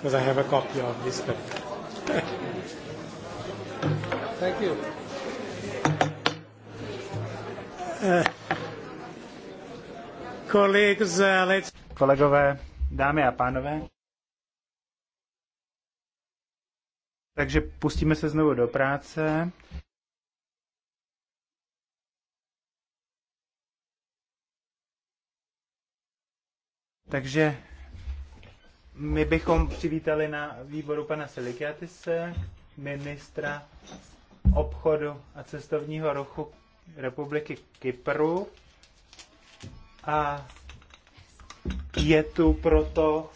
because I have a copy of this paper. Thank you. Uh, colleagues, uh, let's... Kolegové, dámy a pánové, takže pustíme se znovu do práce. Takže my bychom přivítali na výboru pana Silikiatise, ministra obchodu a cestovního ruchu Republiky Kypru. A je tu proto,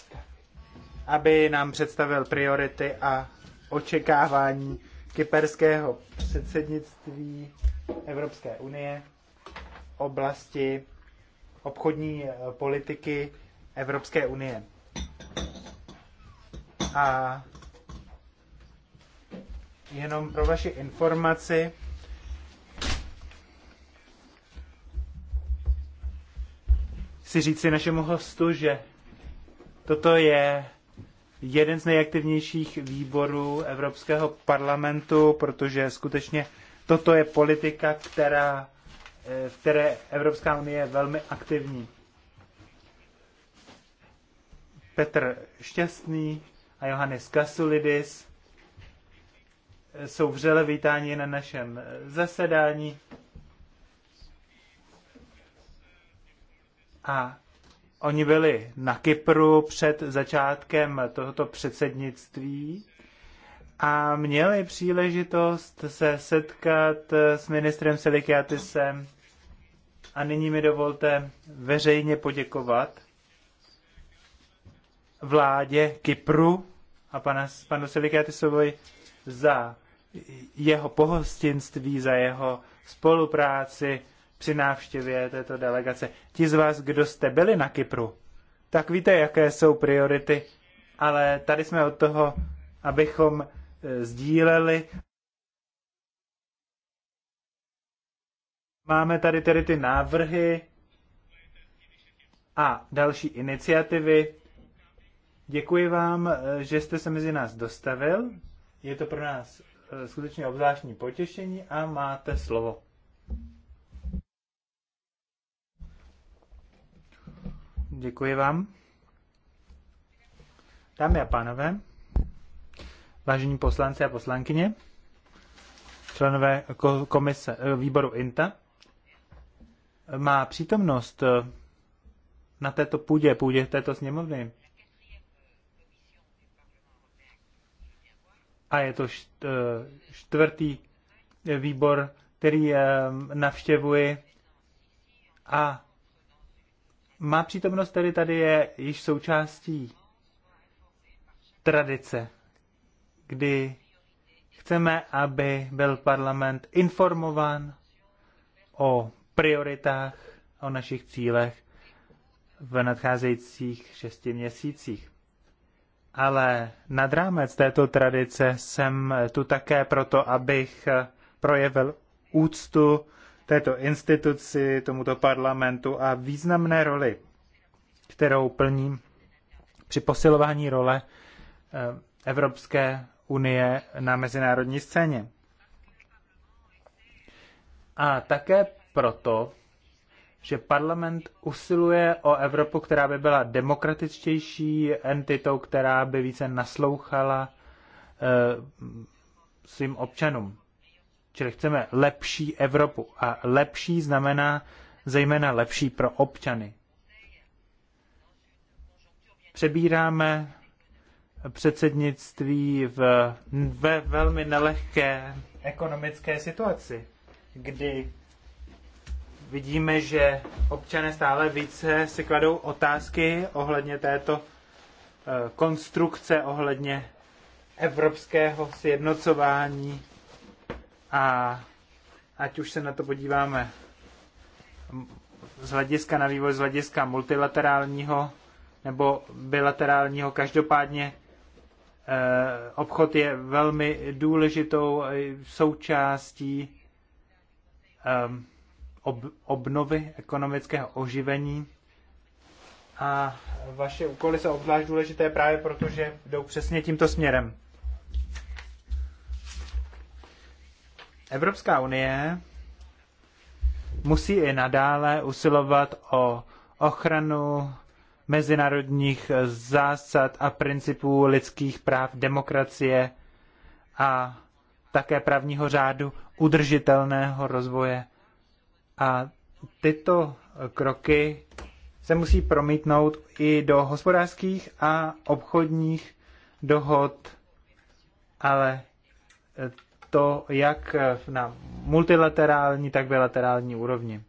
aby nám představil priority a očekávání kyperského předsednictví Evropské unie oblasti obchodní eh, politiky Evropské unie. A jenom pro vaši informaci, chci říci našemu hostu, že toto je jeden z nejaktivnějších výborů Evropského parlamentu, protože skutečně toto je politika, která, eh, v které Evropská unie je velmi aktivní. Petr Šťastný a Johannes Kasulidis jsou vřele vítáni na našem eh, zasedání. A oni byli na Kypru před začátkem tohoto předsednictví a měli příležitost se setkat eh, s ministrem Selikiatisem A nyní mi dovolte veřejně poděkovat vládě Kypru a pana, panu Silikétisovi za jeho pohostinství, za jeho spolupráci při návštěvě této delegace. Ti z vás, kdo jste byli na Kypru, tak víte, jaké jsou priority, ale tady jsme od toho, abychom eh, sdíleli. Máme tady tedy ty návrhy a další iniciativy, Děkuji vám, eh, že jste se mezi nás dostavil. Je to pro nás eh, skutečně obzvláštní potěšení a máte slovo. Děkuji vám. Dámy a pánové, vážení poslanci a poslankyně, členové komise eh, výboru INTA, má přítomnost na této půdě, půdě této sněmovny, a je to eh, čtvrtý eh, výbor, který eh, navštěvuji a má přítomnost tedy tady je již součástí tradice, kdy chceme, aby byl parlament informován o prioritách, o našich cílech v nadcházejících šesti měsících ale nad rámec této tradice jsem tu také proto, abych projevil úctu této instituci, tomuto parlamentu a významné roli, kterou plní při posilování role eh, Evropské unie na mezinárodní scéně. A také proto, že parlament usiluje o Evropu, která by byla demokratičtější entitou, která by více naslouchala e, svým občanům. Čili chceme lepší Evropu. A lepší znamená zejména lepší pro občany. Přebíráme předsednictví v, ve velmi nelehké ekonomické situaci, kdy vidíme, že občané stále více si kladou otázky ohledně této e, konstrukce, ohledně evropského sjednocování a ať už se na to podíváme z hlediska na vývoj, z hlediska multilaterálního nebo bilaterálního, každopádně e, obchod je velmi důležitou e, součástí um, ob, obnovy ekonomického oživení. A vaše úkoly jsou obzvlášť důležité právě proto, že jdou přesně tímto směrem. Evropská unie musí i nadále usilovat o ochranu mezinárodních zásad a principů lidských práv, demokracie a také právního řádu udržitelného rozvoje a tyto kroky se musí promítnout i do hospodářských a obchodních dohod, ale to jak na multilaterální, tak bilaterální úrovni.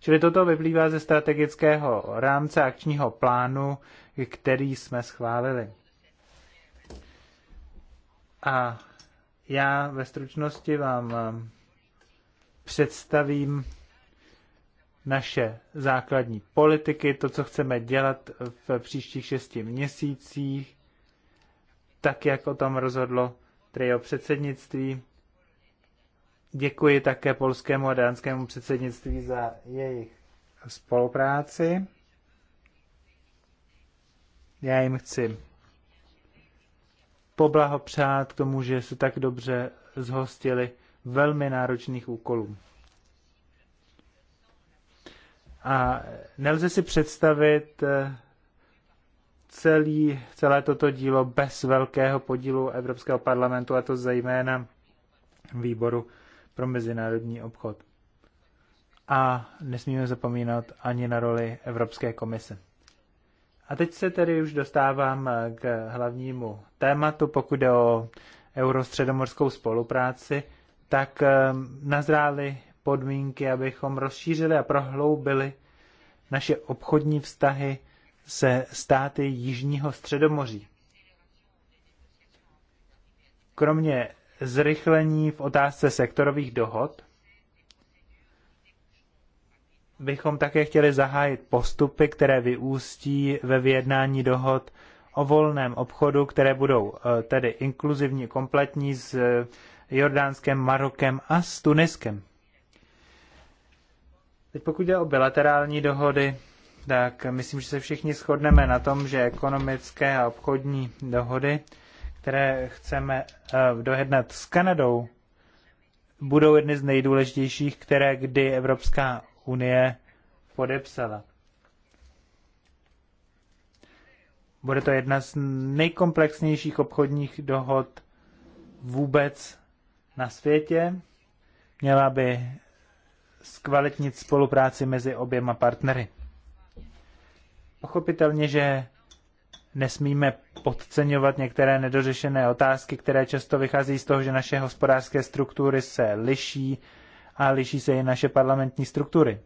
Čili toto vyplývá ze strategického rámce akčního plánu, který jsme schválili. A já ve stručnosti vám představím naše základní politiky, to, co chceme dělat v příštích šesti měsících, tak, jak o tom rozhodlo trio předsednictví. Děkuji také polskému a dánskému předsednictví za jejich spolupráci. Já jim chci poblahopřát k tomu, že se tak dobře zhostili velmi náročných úkolů. A nelze si představit eh, celý, celé toto dílo bez velkého podílu Evropského parlamentu, a to zejména výboru pro mezinárodní obchod. A nesmíme zapomínat ani na roli Evropské komise. A teď se tedy už dostávám eh, k hlavnímu tématu, pokud jde o eurostředomorskou spolupráci, tak eh, nazrály podmínky, abychom rozšířili a prohloubili naše obchodní vztahy se státy Jižního středomoří. Kromě zrychlení v otázce sektorových dohod, bychom také chtěli zahájit postupy, které vyústí ve vyjednání dohod o volném obchodu, které budou eh, tedy inkluzivní, kompletní s eh, Jordánskem, Marokem a s Tuniskem. Teď pokud jde o bilaterální dohody, tak myslím, že se všichni shodneme na tom, že ekonomické a obchodní dohody, které chceme eh, dojednat s Kanadou, budou jedny z nejdůležitějších, které kdy Evropská unie podepsala. Bude to jedna z nejkomplexnějších obchodních dohod vůbec na světě. Měla by zkvalitnit spolupráci mezi oběma partnery. Pochopitelně, že nesmíme podceňovat některé nedořešené otázky, které často vychází z toho, že naše hospodářské struktury se liší a liší se i naše parlamentní struktury.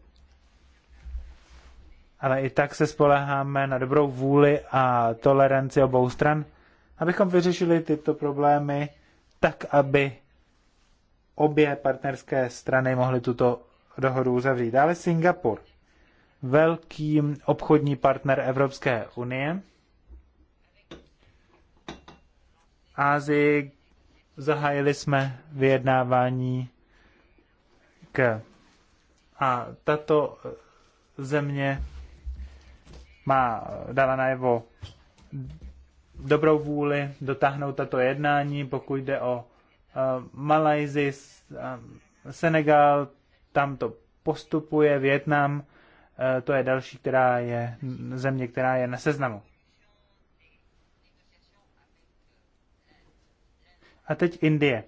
Ale i tak se spoleháme na dobrou vůli a toleranci obou stran, abychom vyřešili tyto problémy tak, aby obě partnerské strany mohly tuto dohodu uzavřít. Dále Singapur, velký obchodní partner Evropské unie. Ázii zahájili jsme vyjednávání k a tato země má dala najevo dobrou vůli dotáhnout tato jednání, pokud jde o uh, eh, Malajzi, eh, Senegal, tam to postupuje, Větnam, eh, to je další, která je země, která je na seznamu. A teď Indie.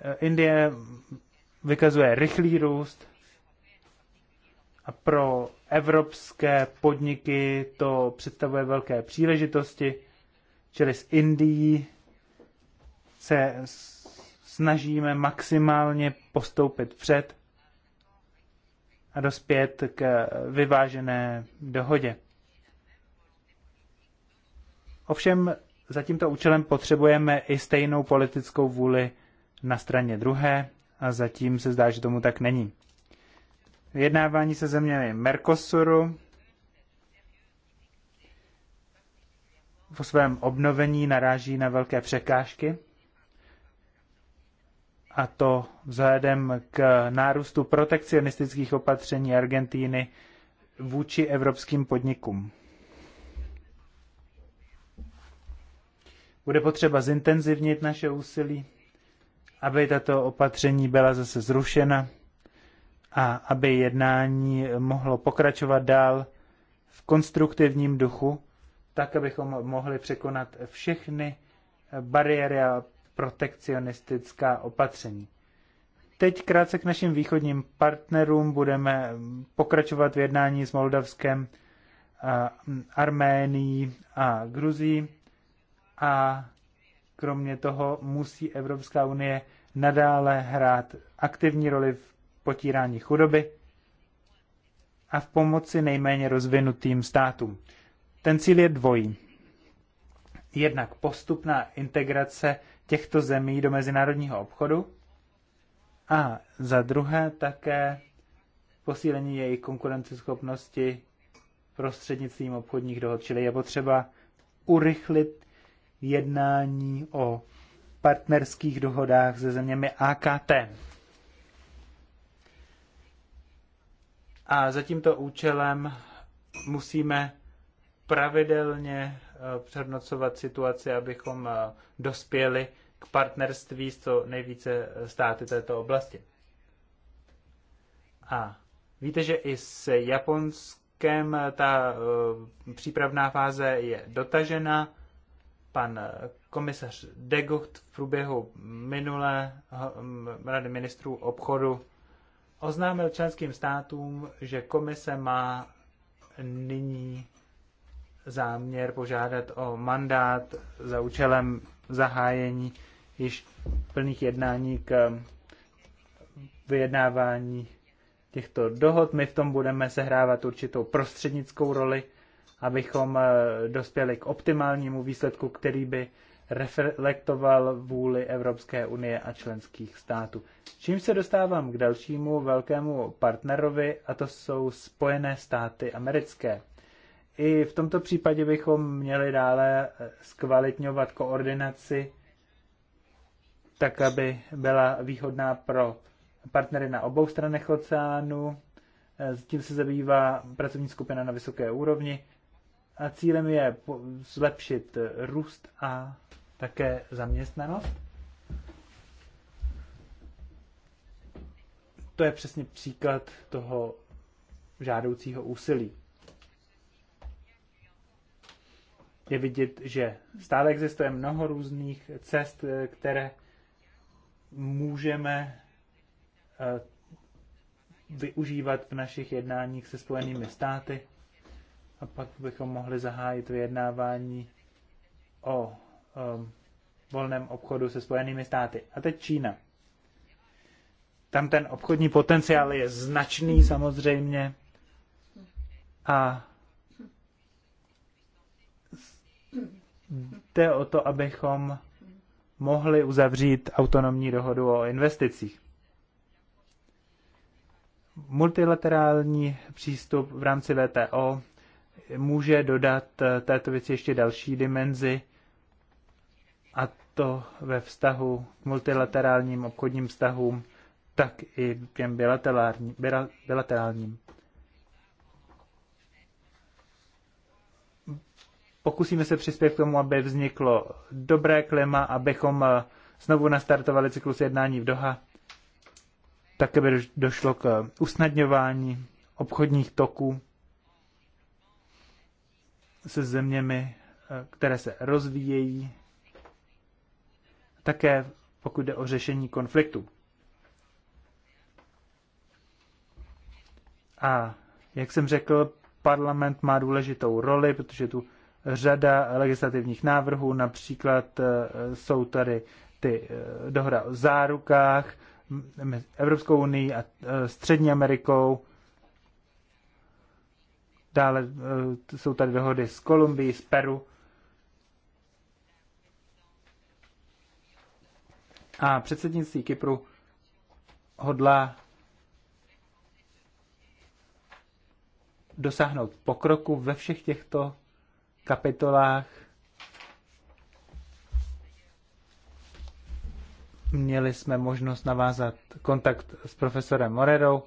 Eh, Indie vykazuje rychlý růst a pro evropské podniky to představuje velké příležitosti, čili z Indií se snažíme maximálně postoupit před a dospět k vyvážené dohodě. Ovšem za tímto účelem potřebujeme i stejnou politickou vůli na straně druhé a zatím se zdá, že tomu tak není. Vyjednávání se zeměmi Mercosuru po svém obnovení naráží na velké překážky, a to vzhledem k nárůstu protekcionistických opatření Argentíny vůči evropským podnikům. Bude potřeba zintenzivnit naše úsilí, aby tato opatření byla zase zrušena a aby jednání mohlo pokračovat dál v konstruktivním duchu, tak abychom mohli překonat všechny bariéry a protekcionistická opatření. Teď krátce k našim východním partnerům budeme pokračovat v jednání s Moldavskem, Arménií a Gruzí a kromě toho musí Evropská unie nadále hrát aktivní roli v potírání chudoby a v pomoci nejméně rozvinutým státům. Ten cíl je dvojí. Jednak postupná integrace těchto zemí do mezinárodního obchodu a za druhé také posílení jejich konkurenceschopnosti prostřednictvím obchodních dohod. Čili je potřeba urychlit jednání o partnerských dohodách se zeměmi AKT. A za tímto účelem musíme pravidelně přednocovat situaci, abychom eh, dospěli k partnerství s co nejvíce státy této oblasti. A víte, že i s Japonskem eh, ta eh, přípravná fáze je dotažena. Pan komisař Degucht v průběhu minulé Rady ministrů obchodu oznámil členským státům, že komise má nyní záměr požádat o mandát za účelem zahájení již plných jednání k vyjednávání těchto dohod. My v tom budeme sehrávat určitou prostřednickou roli, abychom eh, dospěli k optimálnímu výsledku, který by reflektoval vůli Evropské unie a členských států. Čím se dostávám k dalšímu velkému partnerovi, a to jsou Spojené státy americké i v tomto případě bychom měli dále eh, zkvalitňovat koordinaci, tak aby byla výhodná pro partnery na obou stranách oceánu. Eh, tím se zabývá pracovní skupina na vysoké úrovni a cílem je zlepšit růst a také zaměstnanost. To je přesně příklad toho žádoucího úsilí. je vidět, že stále existuje mnoho různých cest, eh, které můžeme eh, využívat v našich jednáních se Spojenými státy a pak bychom mohli zahájit vyjednávání o um, volném obchodu se Spojenými státy. A teď Čína. Tam ten obchodní potenciál je značný samozřejmě a jde o to, abychom mohli uzavřít autonomní dohodu o investicích. Multilaterální přístup v rámci VTO může dodat této věci ještě další dimenzi, a to ve vztahu k multilaterálním obchodním vztahům, tak i k těm bilaterálním. Pokusíme se přispět k tomu, aby vzniklo dobré klima, abychom eh, znovu nastartovali cyklus jednání v Doha, tak aby došlo k eh, usnadňování obchodních toků se zeměmi, eh, které se rozvíjejí, také pokud jde o řešení konfliktu. A jak jsem řekl, parlament má důležitou roli, protože tu řada legislativních návrhů, například eh, jsou tady ty eh, dohoda o zárukách mezi Evropskou unii a eh, Střední Amerikou. Dále jsou tady dohody s Kolumbií, s Peru. A předsednictví Kypru hodlá dosáhnout pokroku ve všech těchto kapitolách měli jsme možnost navázat kontakt s profesorem Morerou.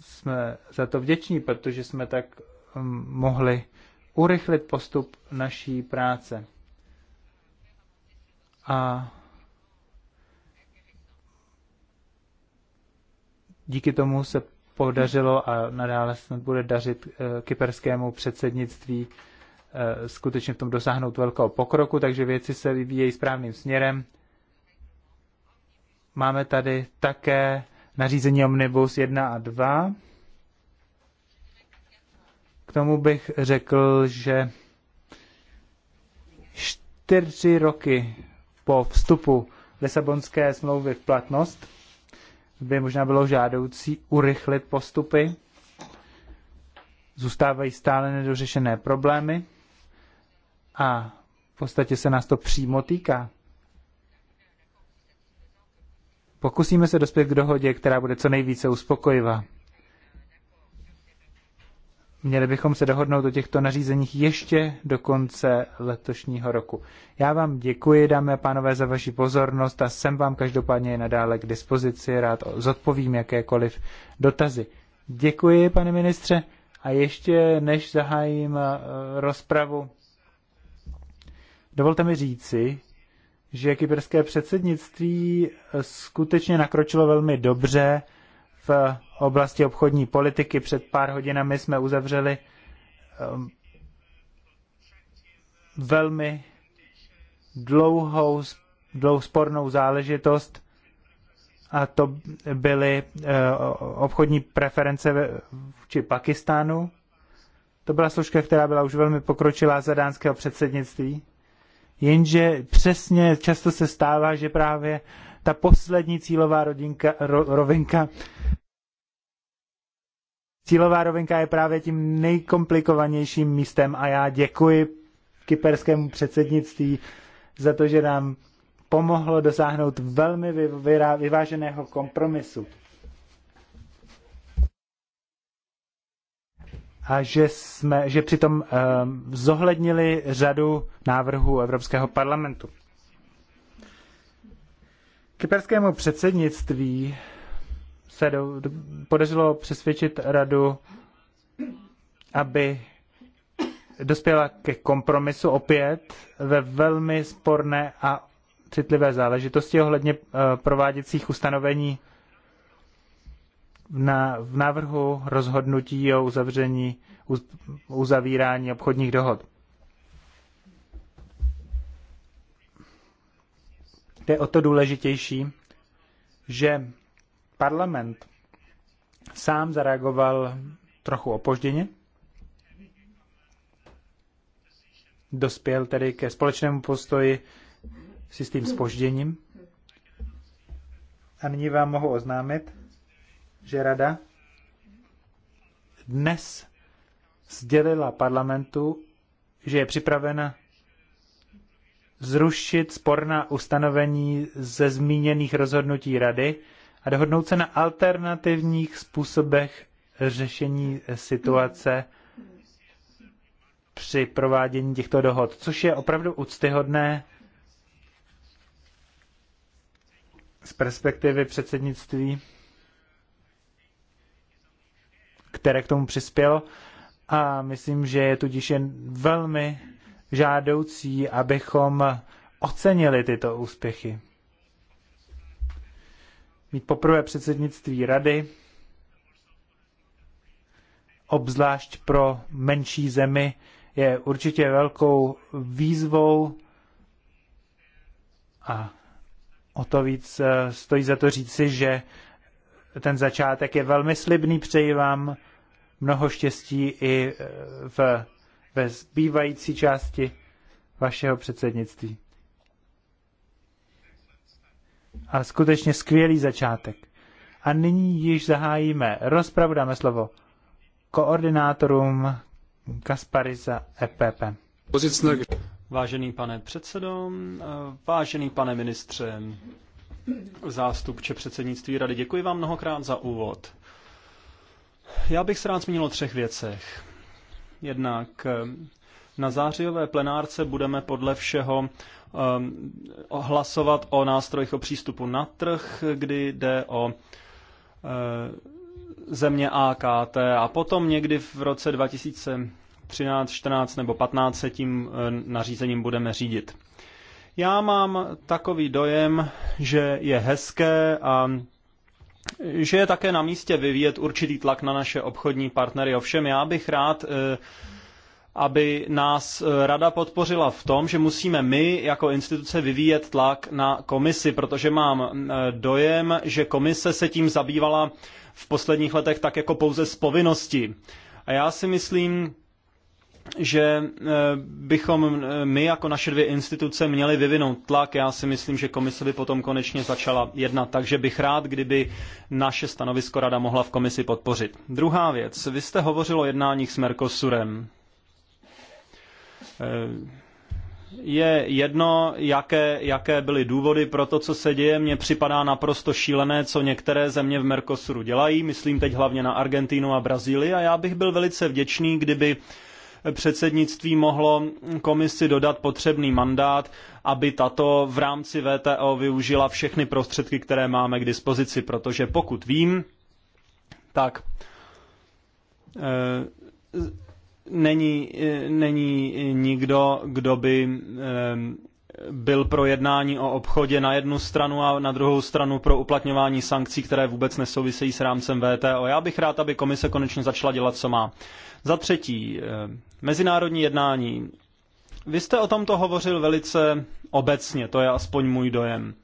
Jsme za to vděční, protože jsme tak mm, mohli urychlit postup naší práce. A díky tomu se podařilo a nadále snad bude dařit eh, kyperskému předsednictví eh, skutečně v tom dosáhnout velkého pokroku, takže věci se vyvíjejí správným směrem. Máme tady také nařízení Omnibus 1 a 2. K tomu bych řekl, že čtyři roky po vstupu Lisabonské smlouvy v platnost by možná bylo žádoucí urychlit postupy. Zůstávají stále nedořešené problémy a v podstatě se nás to přímo týká. Pokusíme se dospět k dohodě, která bude co nejvíce uspokojivá. Měli bychom se dohodnout o těchto nařízeních ještě do konce letošního roku. Já vám děkuji, dámy a pánové, za vaši pozornost a jsem vám každopádně nadále k dispozici. Rád zodpovím jakékoliv dotazy. Děkuji, pane ministře. A ještě než zahájím eh, rozpravu, dovolte mi říci, že kyperské předsednictví eh, skutečně nakročilo velmi dobře v oblasti obchodní politiky. Před pár hodinami jsme uzavřeli ehm, velmi dlouhou, dlouho spornou záležitost a to byly eh, obchodní preference vůči Pakistánu. To byla složka, která byla už velmi pokročilá za dánského předsednictví. Jenže přesně často se stává, že právě ta poslední cílová rodinka, ro, rovinka. Cílová rovinka je právě tím nejkomplikovanějším místem a já děkuji kyperskému předsednictví za to, že nám pomohlo dosáhnout velmi vyváženého kompromisu. A že, jsme, že přitom um, zohlednili řadu návrhů Evropského parlamentu. Kyperskému předsednictví se do, do, podařilo přesvědčit radu, aby dospěla ke kompromisu opět ve velmi sporné a citlivé záležitosti ohledně uh, prováděcích ustanovení na, v návrhu rozhodnutí o uzavření, uz, uzavírání obchodních dohod. To je o to důležitější, že parlament sám zareagoval trochu opožděně, dospěl tedy ke společnému postoji s tím spožděním. A nyní vám mohu oznámit, že Rada dnes sdělila parlamentu, že je připravena zrušit sporná ustanovení ze zmíněných rozhodnutí rady a dohodnout se na alternativních způsobech řešení situace při provádění těchto dohod, což je opravdu úctyhodné z perspektivy předsednictví, které k tomu přispělo. A myslím, že je tudíž jen velmi žádoucí, abychom ocenili tyto úspěchy. Mít poprvé předsednictví rady, obzvlášť pro menší zemi, je určitě velkou výzvou a o to víc eh, stojí za to říci, že ten začátek je velmi slibný. Přeji vám mnoho štěstí i eh, v ve zbývající části vašeho předsednictví. A skutečně skvělý začátek. A nyní již zahájíme rozpravu, dáme slovo koordinátorům Kaspariza EPP. Vážený pane předsedo, vážený pane ministře, zástupče předsednictví rady, děkuji vám mnohokrát za úvod. Já bych se rád zmínil o třech věcech. Jednak eh, na zářijové plenárce budeme podle všeho eh, hlasovat o nástrojích o přístupu na trh, kdy jde o eh, země AKT a potom někdy v roce 2013, 14 nebo 15 se tím nařízením budeme řídit. Já mám takový dojem, že je hezké a že je také na místě vyvíjet určitý tlak na naše obchodní partnery. Ovšem já bych rád eh, aby nás eh, rada podpořila v tom, že musíme my jako instituce vyvíjet tlak na komisi, protože mám eh, dojem, že komise se tím zabývala v posledních letech tak jako pouze z povinnosti. A já si myslím, že eh, bychom eh, my jako naše dvě instituce měli vyvinout tlak. Já si myslím, že komise by potom konečně začala jednat, takže bych rád, kdyby naše stanovisko rada mohla v komisi podpořit. Druhá věc. Vy jste hovořil o jednáních s Mercosurem. Eh, je jedno, jaké, jaké byly důvody pro to, co se děje. Mně připadá naprosto šílené, co některé země v Mercosuru dělají. Myslím teď hlavně na Argentínu a Brazílii a já bych byl velice vděčný, kdyby předsednictví mohlo komisi dodat potřebný mandát, aby tato v rámci VTO využila všechny prostředky, které máme k dispozici, protože pokud vím, tak e, není, e, není nikdo, kdo by e, byl pro jednání o obchodě na jednu stranu a na druhou stranu pro uplatňování sankcí, které vůbec nesouvisejí s rámcem VTO. Já bych rád, aby komise konečně začala dělat, co má. Za třetí, eh, mezinárodní jednání. Vy jste o tomto hovořil velice obecně, to je aspoň můj dojem.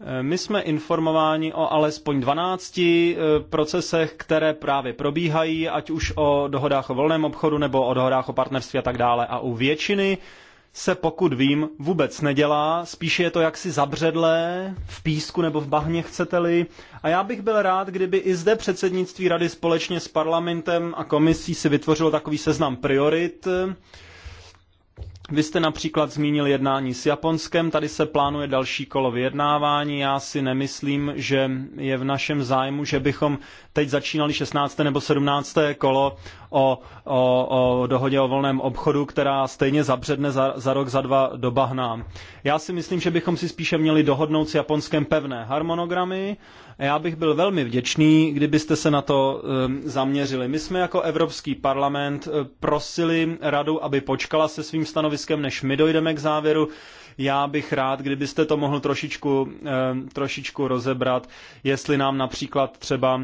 Eh, my jsme informováni o alespoň 12 eh, procesech, které právě probíhají, ať už o dohodách o volném obchodu nebo o dohodách o partnerství a tak dále. A u většiny se, pokud vím, vůbec nedělá. Spíše je to jaksi zabředlé, v písku nebo v bahně chcete-li. A já bych byl rád, kdyby i zde předsednictví rady společně s parlamentem a komisí si vytvořilo takový seznam priorit, vy jste například zmínil jednání s Japonskem, tady se plánuje další kolo vyjednávání. Já si nemyslím, že je v našem zájmu, že bychom teď začínali 16. nebo 17. kolo o, o, o dohodě o volném obchodu, která stejně zabředne za, za rok, za dva do bahna. Já si myslím, že bychom si spíše měli dohodnout s Japonskem pevné harmonogramy. Já bych byl velmi vděčný, kdybyste se na to um, zaměřili. My jsme jako Evropský parlament e, prosili radu, aby počkala se svým stanoviskem stanoviskem, než my dojdeme k závěru. Já bych rád, kdybyste to mohl trošičku, eh, trošičku rozebrat, jestli nám například třeba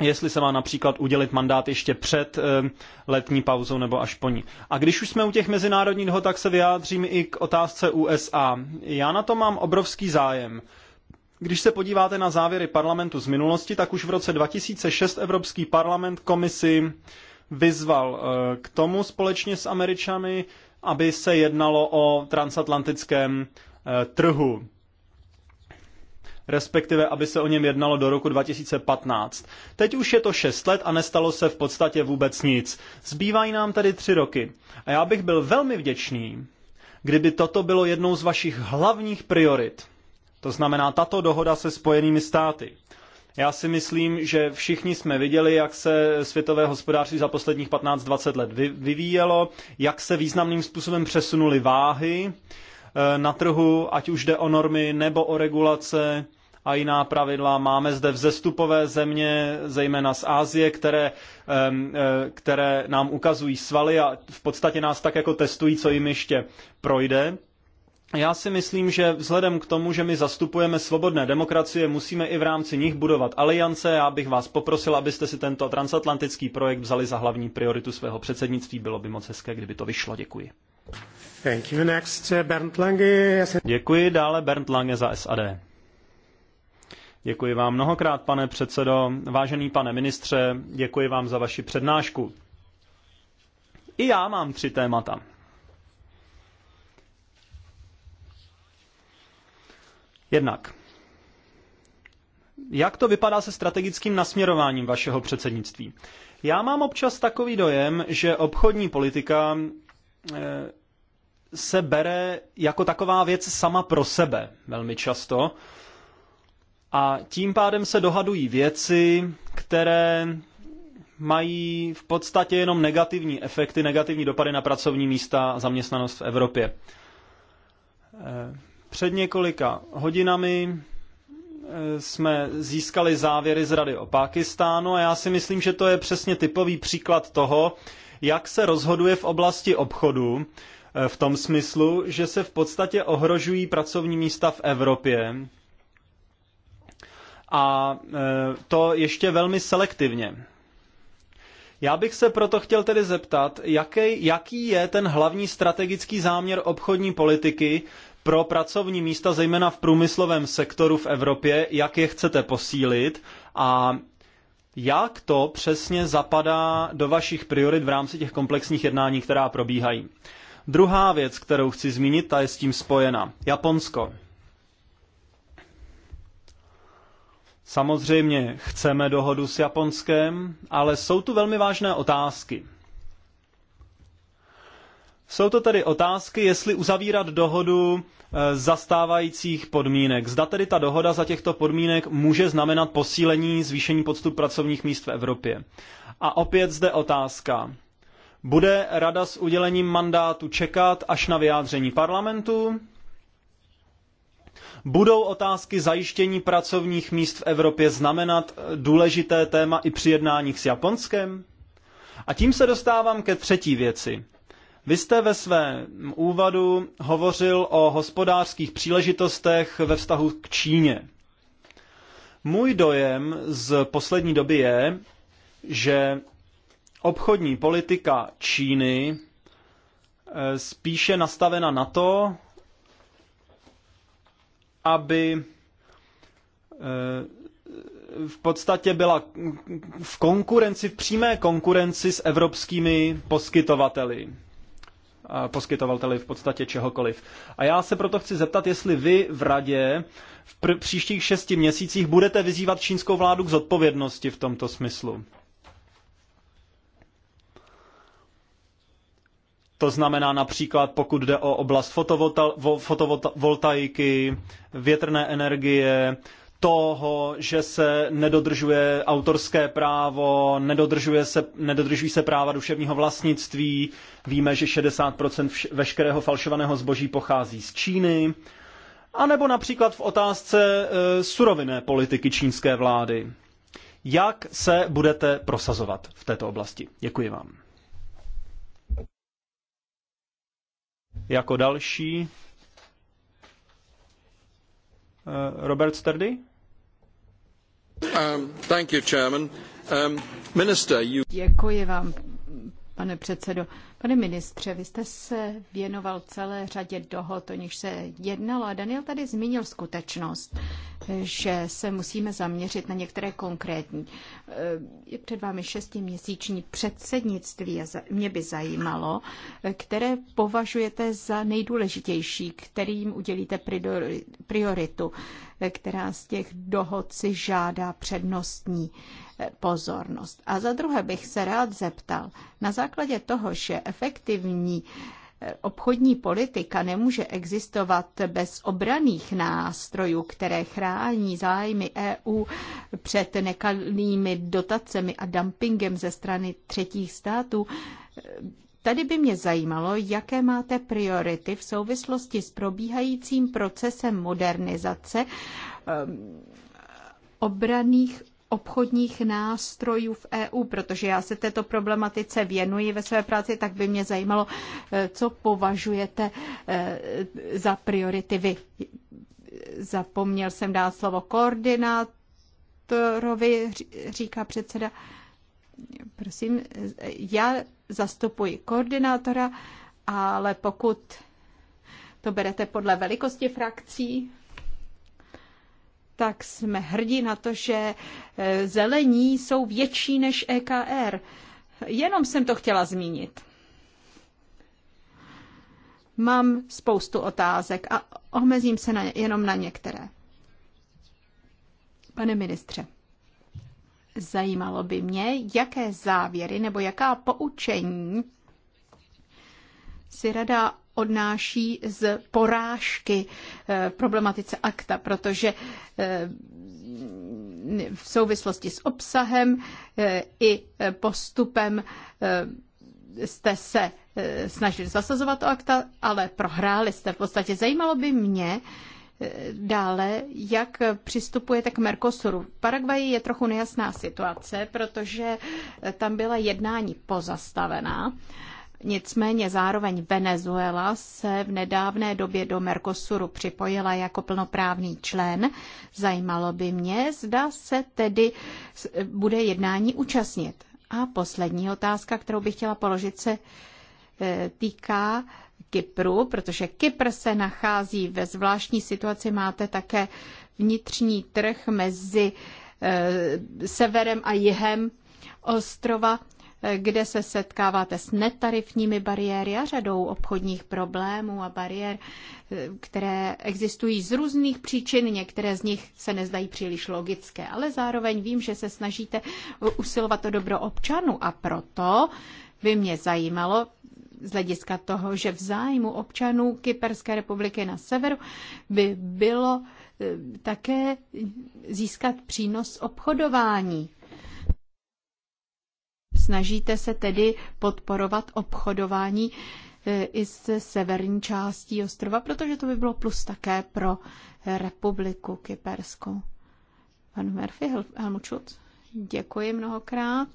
jestli se má například udělit mandát ještě před eh, letní pauzou nebo až po ní. A když už jsme u těch mezinárodních dohod, tak se vyjádřím i k otázce USA. Já na to mám obrovský zájem. Když se podíváte na závěry parlamentu z minulosti, tak už v roce 2006 Evropský parlament komisi vyzval eh, k tomu společně s Američany, aby se jednalo o transatlantickém eh, trhu respektive aby se o něm jednalo do roku 2015. Teď už je to 6 let a nestalo se v podstatě vůbec nic. Zbývají nám tedy 3 roky. A já bych byl velmi vděčný, kdyby toto bylo jednou z vašich hlavních priorit. To znamená tato dohoda se spojenými státy. Já si myslím, že všichni jsme viděli, jak se světové hospodářství za posledních 15-20 let vyvíjelo, jak se významným způsobem přesunuly váhy eh, na trhu, ať už jde o normy nebo o regulace a jiná pravidla. Máme zde vzestupové země, zejména z Asie, které, eh, které nám ukazují svaly a v podstatě nás tak jako testují, co jim ještě projde. Já si myslím, že vzhledem k tomu, že my zastupujeme svobodné demokracie, musíme i v rámci nich budovat aliance. Já bych vás poprosil, abyste si tento transatlantický projekt vzali za hlavní prioritu svého předsednictví. Bylo by moc hezké, kdyby to vyšlo. Děkuji. Thank you. Next, eh, Bernd Lange. Děkuji. Dále Bernd Lange za SAD. Děkuji vám mnohokrát, pane předsedo. Vážený pane ministře, děkuji vám za vaši přednášku. I já mám tři témata. Jednak, jak to vypadá se strategickým nasměrováním vašeho předsednictví? Já mám občas takový dojem, že obchodní politika eh, se bere jako taková věc sama pro sebe velmi často. A tím pádem se dohadují věci, které mají v podstatě jenom negativní efekty, negativní dopady na pracovní místa a zaměstnanost v Evropě. Eh, před několika hodinami eh, jsme získali závěry z Rady o Pákistánu a já si myslím, že to je přesně typový příklad toho, jak se rozhoduje v oblasti obchodu, eh, v tom smyslu, že se v podstatě ohrožují pracovní místa v Evropě. A eh, to ještě velmi selektivně. Já bych se proto chtěl tedy zeptat, jaký, jaký je ten hlavní strategický záměr obchodní politiky pro pracovní místa, zejména v průmyslovém sektoru v Evropě, jak je chcete posílit a jak to přesně zapadá do vašich priorit v rámci těch komplexních jednání, která probíhají. Druhá věc, kterou chci zmínit, ta je s tím spojena. Japonsko. Samozřejmě chceme dohodu s Japonskem, ale jsou tu velmi vážné otázky. Jsou to tedy otázky, jestli uzavírat dohodu eh, zastávajících podmínek. Zda tedy ta dohoda za těchto podmínek může znamenat posílení, zvýšení počtu pracovních míst v Evropě. A opět zde otázka. Bude rada s udělením mandátu čekat až na vyjádření parlamentu? Budou otázky zajištění pracovních míst v Evropě znamenat eh, důležité téma i při jednáních s Japonskem? A tím se dostávám ke třetí věci. Vy jste ve svém úvodu hovořil o hospodářských příležitostech ve vztahu k Číně. Můj dojem z poslední doby je, že obchodní politika Číny eh, spíše nastavena na to, aby eh, v podstatě byla v konkurenci, v přímé konkurenci s evropskými poskytovateli poskytovateli v podstatě čehokoliv. A já se proto chci zeptat, jestli vy v radě v pr- příštích šesti měsících budete vyzývat čínskou vládu k zodpovědnosti v tomto smyslu. To znamená například, pokud jde o oblast fotovoltaiky, větrné energie, toho, že se nedodržuje autorské právo, nedodržuje se, nedodržují se práva duševního vlastnictví. Víme, že 60% veškerého falšovaného zboží pochází z Číny. A nebo například v otázce e, surovinné politiky čínské vlády. Jak se budete prosazovat v této oblasti? Děkuji vám. Jako další e, Robert Sturdy. Um, you, um, minister, you... Děkuji vám, pane předsedo. Pane ministře, vy jste se věnoval celé řadě dohod, o nich se jednalo a Daniel tady zmínil skutečnost, že se musíme zaměřit na některé konkrétní. Je před vámi šestiměsíční předsednictví a mě by zajímalo, které považujete za nejdůležitější, kterým udělíte prioritu, která z těch dohod si žádá přednostní Eh, pozornost. A za druhé bych se rád zeptal, na základě toho, že efektivní eh, obchodní politika nemůže existovat bez obraných nástrojů, které chrání zájmy EU před nekalými dotacemi a dumpingem ze strany třetích států. Eh, tady by mě zajímalo, jaké máte priority v souvislosti s probíhajícím procesem modernizace ehm, obraných obchodních nástrojů v EU, protože já se této problematice věnuji ve své práci, tak by mě zajímalo, eh, co považujete eh, za priority vy. Zapomněl jsem dát slovo koordinátorovi, říká předseda. Prosím, eh, já zastupuji koordinátora, ale pokud to berete podle velikosti frakcí, tak jsme hrdí na to, že e, zelení jsou větší než EKR. Jenom jsem to chtěla zmínit. Mám spoustu otázek a omezím se na, jenom na některé. Pane ministře, zajímalo by mě, jaké závěry nebo jaká poučení si rada odnáší z porážky eh, problematice akta, protože eh, v souvislosti s obsahem eh, i postupem jste se snažili zasazovat o akta, ale prohráli jste. V podstatě zajímalo by mě dále, jak přistupujete k Mercosuru. V Paraguaji je trochu nejasná situace, protože tam byla jednání pozastavená. Nicméně zároveň Venezuela se v nedávné době do Mercosuru připojila jako plnoprávný člen. Zajímalo by mě, zda se tedy bude jednání účastnit. A poslední otázka, kterou bych chtěla položit, se e, týká Kypru, protože Kypr se nachází ve zvláštní situaci. Máte také vnitřní trh mezi e, severem a jihem ostrova kde se setkáváte s netarifními bariéry a řadou obchodních problémů a bariér, eh, které existují z různých příčin. Některé z nich se nezdají příliš logické, ale zároveň vím, že se snažíte usilovat o dobro občanů a proto by mě zajímalo, z hlediska toho, že v zájmu občanů Kyperské republiky na severu by bylo eh, také získat přínos obchodování Snažíte se tedy podporovat obchodování e, i z severní částí ostrova, protože to by bylo plus také pro republiku kyperskou. Pan Murphy, Helmut děkuji mnohokrát.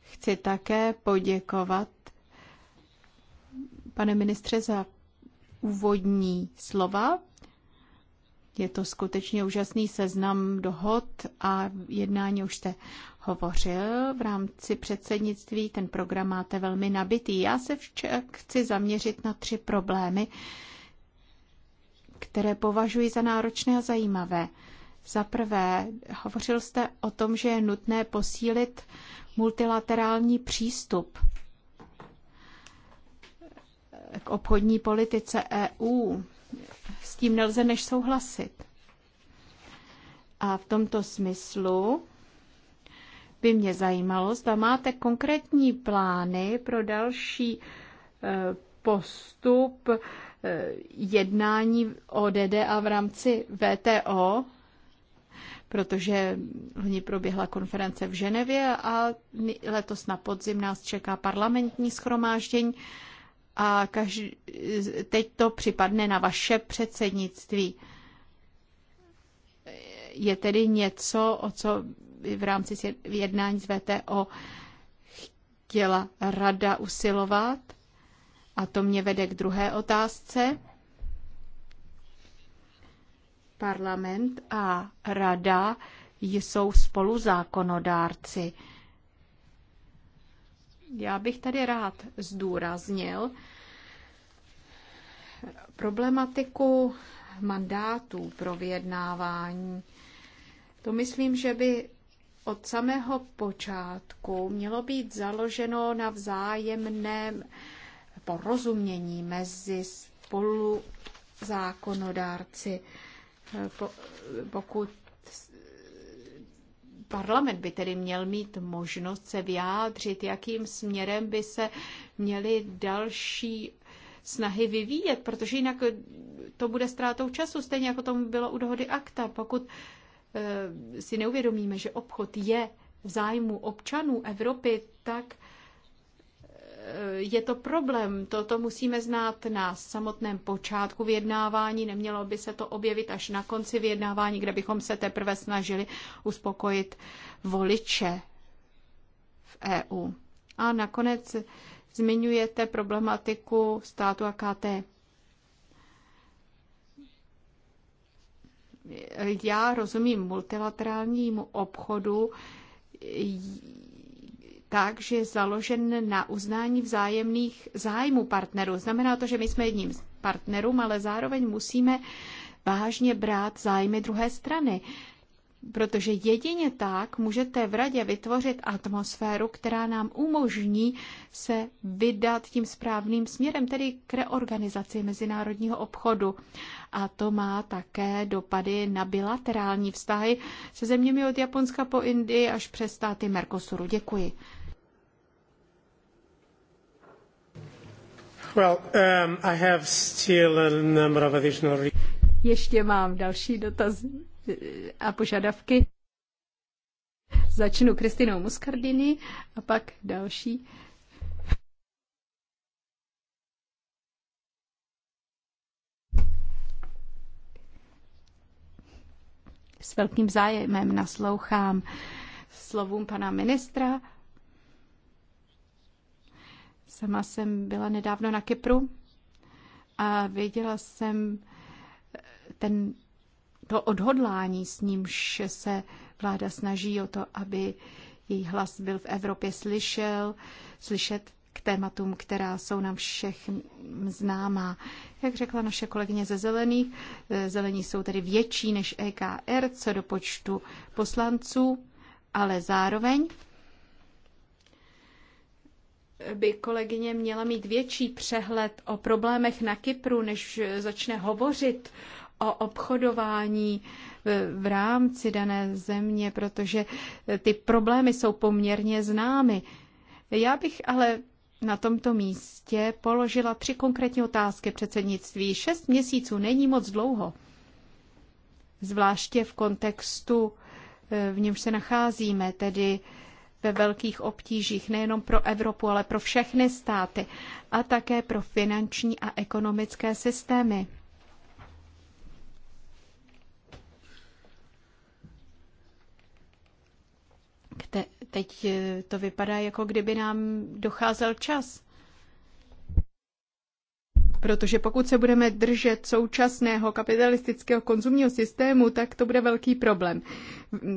Chci také poděkovat, pane ministře, za úvodní slova. Je to skutečně úžasný seznam dohod a jednání už jste hovořil v rámci předsednictví. Ten program máte velmi nabitý. Já se však chci zaměřit na tři problémy, které považuji za náročné a zajímavé. Za prvé, hovořil jste o tom, že je nutné posílit multilaterální přístup k obchodní politice EU tím nelze než souhlasit. A v tomto smyslu by mě zajímalo, zda máte konkrétní plány pro další e, postup e, jednání o a v rámci VTO, protože loni proběhla konference v Ženevě a letos na podzim nás čeká parlamentní schromáždění a každý, teď to připadne na vaše předsednictví. Je tedy něco, o co v rámci jednání z VTO chtěla rada usilovat? A to mě vede k druhé otázce. Parlament a rada jsou spoluzákonodárci. zákonodárci já bych tady rád zdůraznil problematiku mandátů pro vyjednávání. To myslím, že by od samého počátku mělo být založeno na vzájemném porozumění mezi spolu zákonodárci. Pokud Parlament by tedy měl mít možnost se vyjádřit, jakým směrem by se měly další snahy vyvíjet, protože jinak to bude ztrátou času, stejně jako tomu bylo u dohody akta. Pokud eh, si neuvědomíme, že obchod je v zájmu občanů Evropy, tak Eh, je to problém. Toto musíme znát na samotném počátku vyjednávání. Nemělo by se to objevit až na konci vyjednávání, kde bychom se teprve snažili uspokojit voliče v EU. A nakonec zmiňujete problematiku státu KT. Já rozumím multilaterálnímu obchodu tak, že je založen na uznání vzájemných zájmů partnerů. Znamená to, že my jsme jedním z partnerům, ale zároveň musíme vážně brát zájmy druhé strany. Protože jedině tak můžete v radě vytvořit atmosféru, která nám umožní se vydat tím správným směrem, tedy k reorganizaci mezinárodního obchodu. A to má také dopady na bilaterální vztahy se zeměmi od Japonska po Indii až přes státy Mercosuru. Děkuji. Um, Ještě mám další dotaz eh, a požadavky. Začnu Kristinou Muscardini a pak další. S velkým zájemem naslouchám slovům pana ministra Sama jsem byla nedávno na Kypru a věděla jsem eh, ten, to odhodlání, s ním, že se vláda snaží o to, aby její hlas byl v Evropě slyšel, slyšet k tématům, která jsou nám všech známá. Jak řekla naše kolegyně ze Zelených, eh, Zelení jsou tedy větší než EKR co do počtu poslanců, ale zároveň by kolegyně měla mít větší přehled o problémech na Kypru, než začne hovořit o obchodování e, v rámci dané země, protože e, ty problémy jsou poměrně známy. Já bych ale na tomto místě položila tři konkrétní otázky předsednictví. Šest měsíců není moc dlouho, zvláště v kontextu, e, v němž se nacházíme, tedy ve velkých obtížích nejenom pro Evropu, ale pro všechny státy a také pro finanční a ekonomické systémy. Teď eh, to vypadá, jako kdyby nám docházel čas. Protože pokud se budeme držet současného kapitalistického konzumního systému, tak to bude velký problém.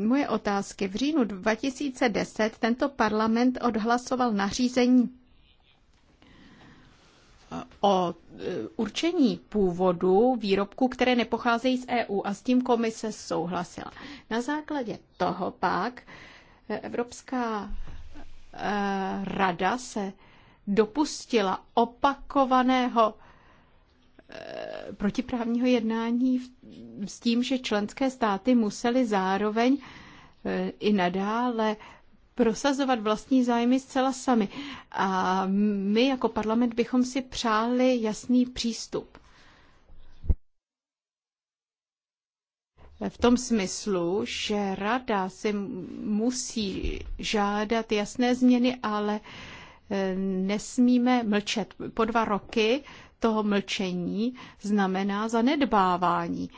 Moje otázky. V říjnu 2010 tento parlament odhlasoval nařízení o eh, určení původu výrobků, které nepocházejí z EU a s tím komise souhlasila. Na základě toho pak eh, Evropská eh, rada se dopustila opakovaného Eh, protiprávního jednání s tím, že členské státy musely zároveň eh, i nadále prosazovat vlastní zájmy zcela sami. A my jako parlament bychom si přáli jasný přístup. V tom smyslu, že rada si musí žádat jasné změny, ale eh, nesmíme mlčet. Po dva roky toho mlčení znamená zanedbávání.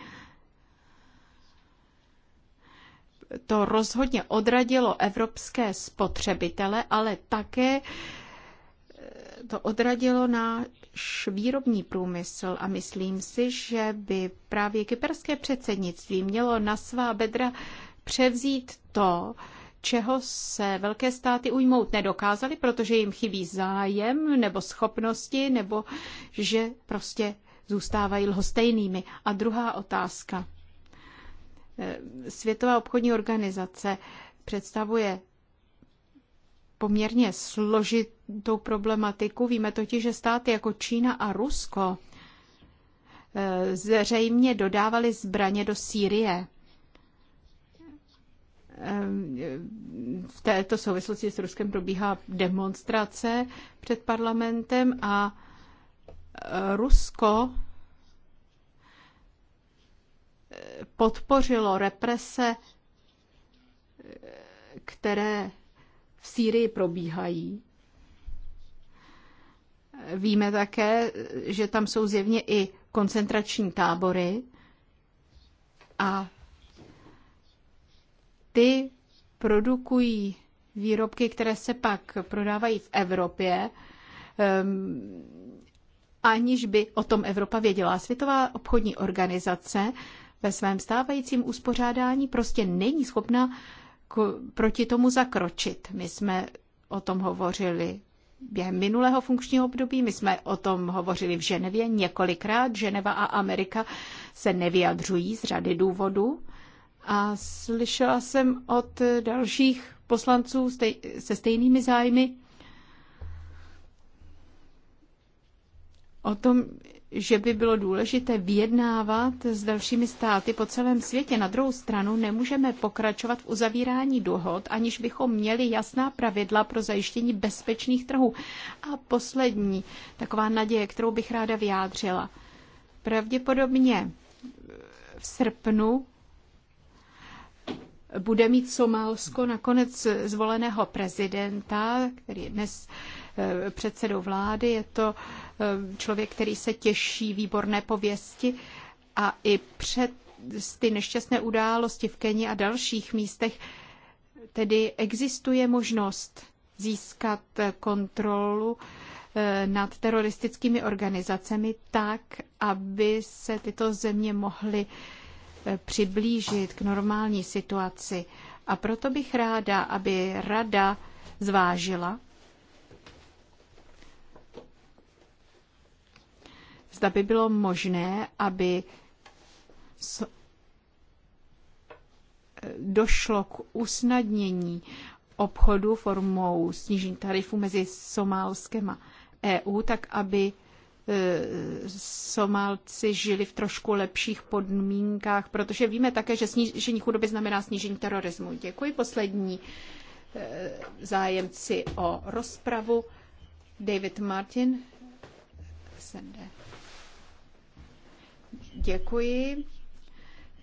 To rozhodně odradilo evropské spotřebitele, ale také eh, to odradilo náš výrobní průmysl a myslím si, že by právě kyperské předsednictví mělo na svá bedra převzít to, čeho se velké státy ujmout nedokázaly, protože jim chybí zájem nebo schopnosti, nebo že prostě zůstávají lhostejnými. A druhá otázka. E, Světová obchodní organizace představuje poměrně složitou problematiku. Víme totiž, že státy jako Čína a Rusko e, zřejmě dodávali zbraně do Sýrie Ehm, v této souvislosti s Ruskem probíhá demonstrace před parlamentem a e, Rusko e, podpořilo represe, e, které v Sýrii probíhají. Víme také, že tam jsou zjevně i koncentrační tábory a ty produkují výrobky, které se pak prodávají v Evropě, ehm, aniž by o tom Evropa věděla. Světová obchodní organizace ve svém stávajícím uspořádání prostě není schopna proti tomu zakročit. My jsme o tom hovořili během minulého funkčního období. My jsme o tom hovořili v Ženevě několikrát. Ženeva a Amerika se nevyjadřují z řady důvodů. A slyšela jsem od dalších poslanců se stejnými zájmy o tom, že by bylo důležité vyjednávat s dalšími státy po celém světě. Na druhou stranu nemůžeme pokračovat v uzavírání dohod, aniž bychom měli jasná pravidla pro zajištění bezpečných trhů. A poslední taková naděje, kterou bych ráda vyjádřila. Pravděpodobně v srpnu bude mít Somálsko nakonec zvoleného prezidenta, který je dnes eh, předsedou vlády. Je to eh, člověk, který se těší výborné pověsti a i před ty nešťastné události v Keni a dalších místech tedy existuje možnost získat eh, kontrolu nad teroristickými organizacemi tak, aby se tyto země mohly Eh, přiblížit k normální situaci. A proto bych ráda, aby rada zvážila, zda by bylo možné, aby došlo k usnadnění obchodu formou snížení tarifů mezi Somálskem a EU, tak aby E, Somálci žili v trošku lepších podmínkách, protože víme také, že snížení chudoby znamená snížení terorismu. Děkuji. Poslední e, zájemci o rozpravu. David Martin. Děkuji.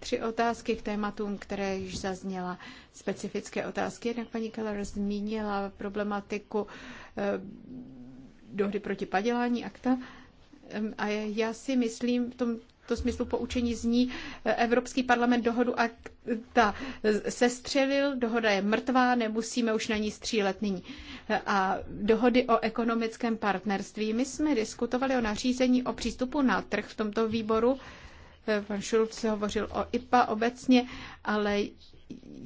Tři otázky k tématům, které již zazněla. Specifické otázky. Jednak paní Keller zmínila problematiku e, dohry proti padělání akta. A já si myslím v tom to smyslu poučení zní, e, Evropský parlament dohodu a ta e, sestřelil, dohoda je mrtvá, nemusíme už na ní střílet nyní. E, a dohody o ekonomickém partnerství. My jsme diskutovali o nařízení o přístupu na trh v tomto výboru. Pan Schulz hovořil o IPA obecně, ale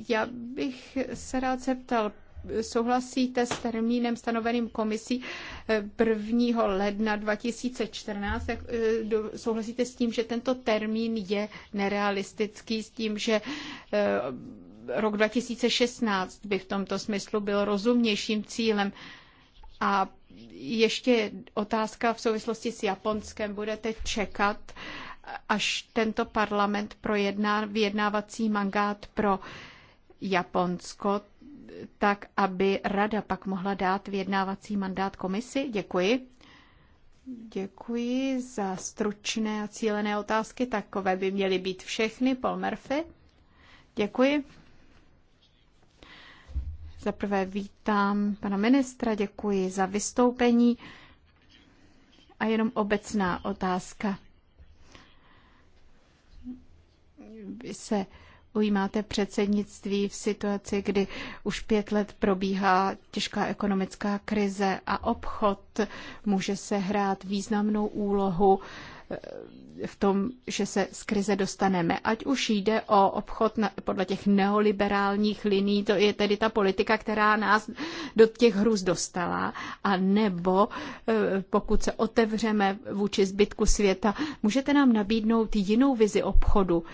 já bych se rád zeptal, souhlasíte s termínem stanoveným komisí 1. Eh, ledna 2014, tak eh, souhlasíte s tím, že tento termín je nerealistický, s tím, že eh, rok 2016 by v tomto smyslu byl rozumnějším cílem. A ještě otázka v souvislosti s Japonskem. Budete čekat, až tento parlament projedná vyjednávací mandát pro Japonsko, tak aby rada pak mohla dát vyjednávací mandát komisi? Děkuji. Děkuji za stručné a cílené otázky. Takové by měly být všechny. Paul Murphy. Děkuji. Za vítám pana ministra, děkuji za vystoupení. A jenom obecná otázka. Vy se ujímáte předsednictví v situaci, kdy už pět let probíhá těžká ekonomická krize a obchod může se hrát významnou úlohu eh, v tom, že se z krize dostaneme. Ať už jde o obchod na, podle těch neoliberálních liní, to je tedy ta politika, která nás do těch hrůz dostala, a nebo eh, pokud se otevřeme vůči zbytku světa, můžete nám nabídnout jinou vizi obchodu,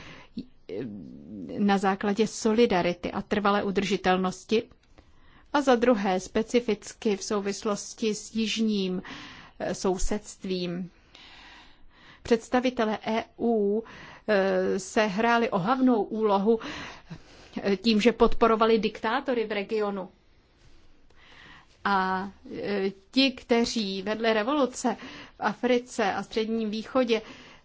na základě solidarity a trvalé udržitelnosti a za druhé specificky v souvislosti s jižním eh, sousedstvím. Představitelé EU eh, se hráli ohavnou úlohu eh, tím, že podporovali diktátory v regionu. A ti, kteří vedli revoluce v Africe a Středním východě,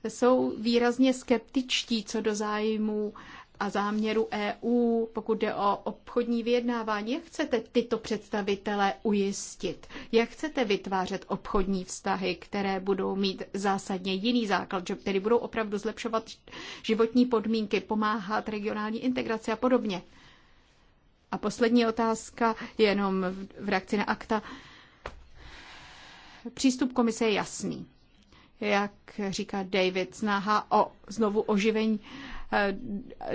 jsou výrazně skeptičtí co do zájmu a záměru EU, pokud jde o obchodní vyjednávání. Jak chcete tyto představitele ujistit? Jak chcete vytvářet obchodní vztahy, které budou mít zásadně jiný základ, které budou opravdu zlepšovat životní podmínky, pomáhat regionální integraci a podobně? A poslední otázka, jenom v reakci na akta. Přístup komise je jasný jak říká David, snaha o znovu oživení eh,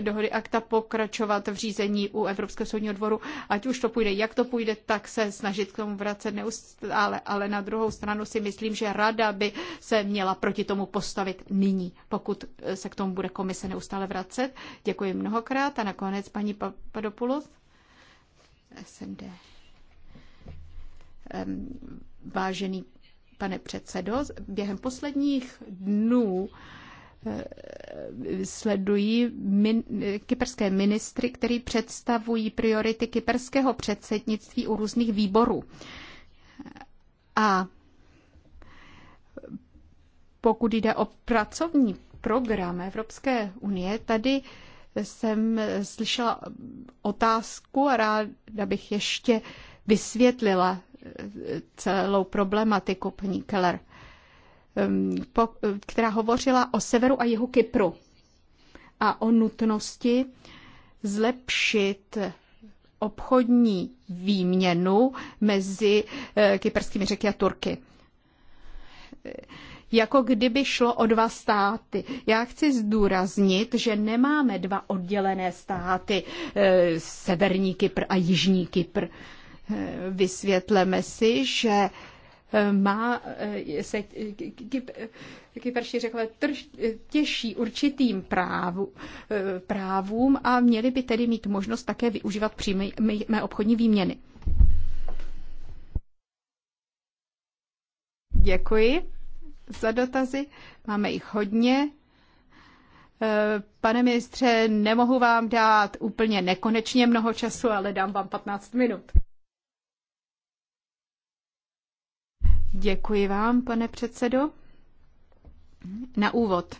dohody akta pokračovat v řízení u Evropského soudního dvoru. Ať už to půjde, jak to půjde, tak se snažit k tomu vracet neustále. Ale na druhou stranu si myslím, že rada by se měla proti tomu postavit nyní, pokud eh, se k tomu bude komise neustále vracet. Děkuji mnohokrát a nakonec paní Papadopoulos. SND. Um, vážený Pane předsedo, během posledních dnů eh, sledují min, kyperské ministry, který představují priority kyperského předsednictví u různých výborů. A pokud jde o pracovní program Evropské unie, tady jsem slyšela otázku a ráda bych ještě vysvětlila celou problematiku, paní Keller, která hovořila o severu a jihu Kypru a o nutnosti zlepšit obchodní výměnu mezi eh, kyperskými řeky a Turky jako kdyby šlo o dva státy. Já chci zdůraznit, že nemáme dva oddělené státy, eh, severní Kypr a jižní Kypr. Vysvětleme si, že eh, má eh, se eh, Kyperši řekla, těší určitým právu, právům a měli by tedy mít možnost také využívat přímé mé obchodní výměny. Děkuji za dotazy. Máme jich hodně. Pane ministře, nemohu vám dát úplně nekonečně mnoho času, ale dám vám 15 minut. Děkuji vám, pane předsedo. Na úvod.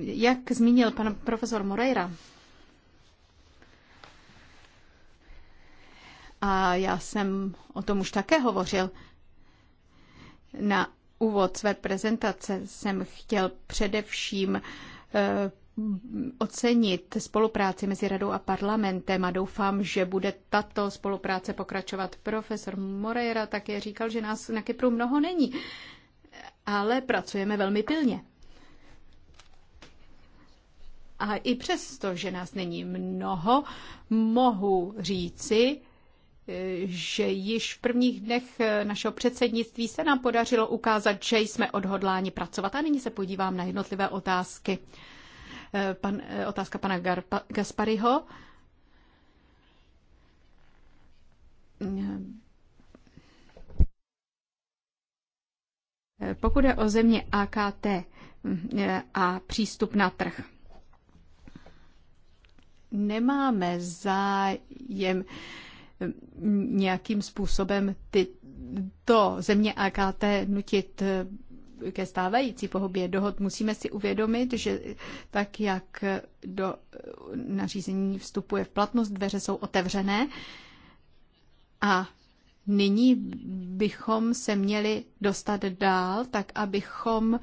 Jak zmínil pan profesor Moreira, a já jsem o tom už také hovořil, na úvod své prezentace jsem chtěl především eh, ocenit spolupráci mezi radou a parlamentem a doufám, že bude tato spolupráce pokračovat. Profesor Moreira také říkal, že nás na Kypru mnoho není, ale pracujeme velmi pilně. A i přesto, že nás není mnoho, mohu říci, že již v prvních dnech našeho předsednictví se nám podařilo ukázat, že jsme odhodláni pracovat. A nyní se podívám na jednotlivé otázky. Eh, pan, eh, otázka pana Garpa, Gaspariho. Eh, pokud je o země AKT mm, a přístup na trh, nemáme zájem mm, nějakým způsobem tyto země AKT nutit ke stávající pohobě dohod, musíme si uvědomit, že tak, jak do nařízení vstupuje v platnost, dveře jsou otevřené a nyní bychom se měli dostat dál, tak abychom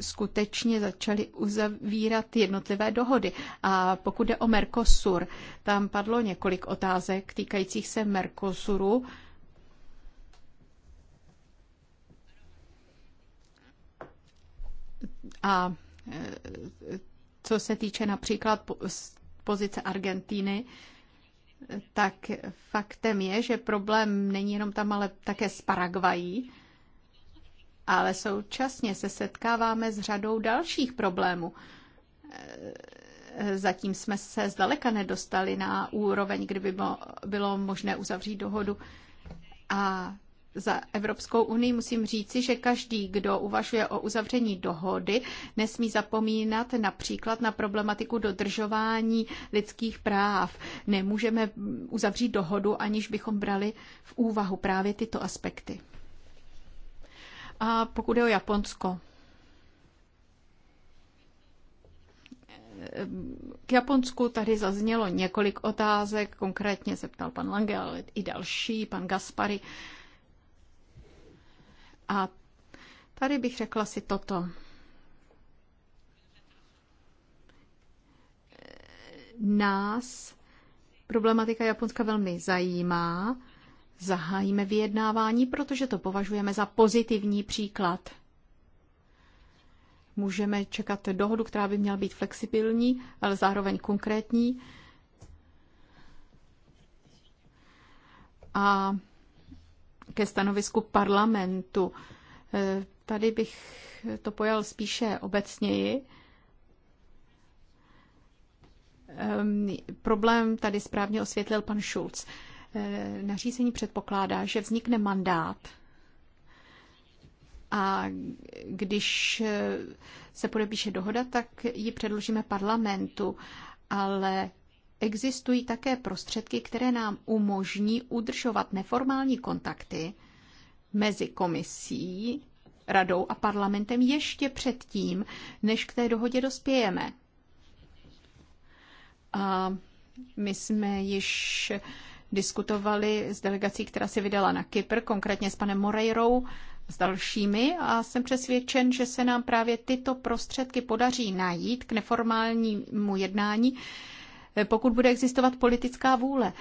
skutečně začali uzavírat jednotlivé dohody. A pokud jde o Mercosur, tam padlo několik otázek týkajících se Mercosuru. A e, co se týče například pozice Argentíny, tak faktem je, že problém není jenom tam, ale také s Paraguají. ale současně se setkáváme s řadou dalších problémů. E, zatím jsme se zdaleka nedostali na úroveň, kdyby bylo možné uzavřít dohodu. A za Evropskou unii musím říci, že každý, kdo uvažuje o uzavření dohody, nesmí zapomínat například na problematiku dodržování lidských práv. Nemůžeme uzavřít dohodu, aniž bychom brali v úvahu právě tyto aspekty. A pokud je o Japonsko, k Japonsku tady zaznělo několik otázek, konkrétně se ptal pan Lange, ale i další, pan Gaspary. A tady bych řekla si toto. Nás problematika Japonska velmi zajímá. Zahájíme vyjednávání, protože to považujeme za pozitivní příklad. Můžeme čekat dohodu, která by měla být flexibilní, ale zároveň konkrétní. A ke stanovisku parlamentu. Eh, tady bych to pojal spíše obecněji. Ehm, problém tady správně osvětlil pan Schulz. Eh, nařízení předpokládá, že vznikne mandát a když eh, se podepíše dohoda, tak ji předložíme parlamentu, ale existují také prostředky, které nám umožní udržovat neformální kontakty mezi komisí, radou a parlamentem ještě předtím, než k té dohodě dospějeme. A my jsme již diskutovali s delegací, která se vydala na Kypr, konkrétně s panem Moreirou, s dalšími a jsem přesvědčen, že se nám právě tyto prostředky podaří najít k neformálnímu jednání, Eh, pokud bude existovat politická vůle,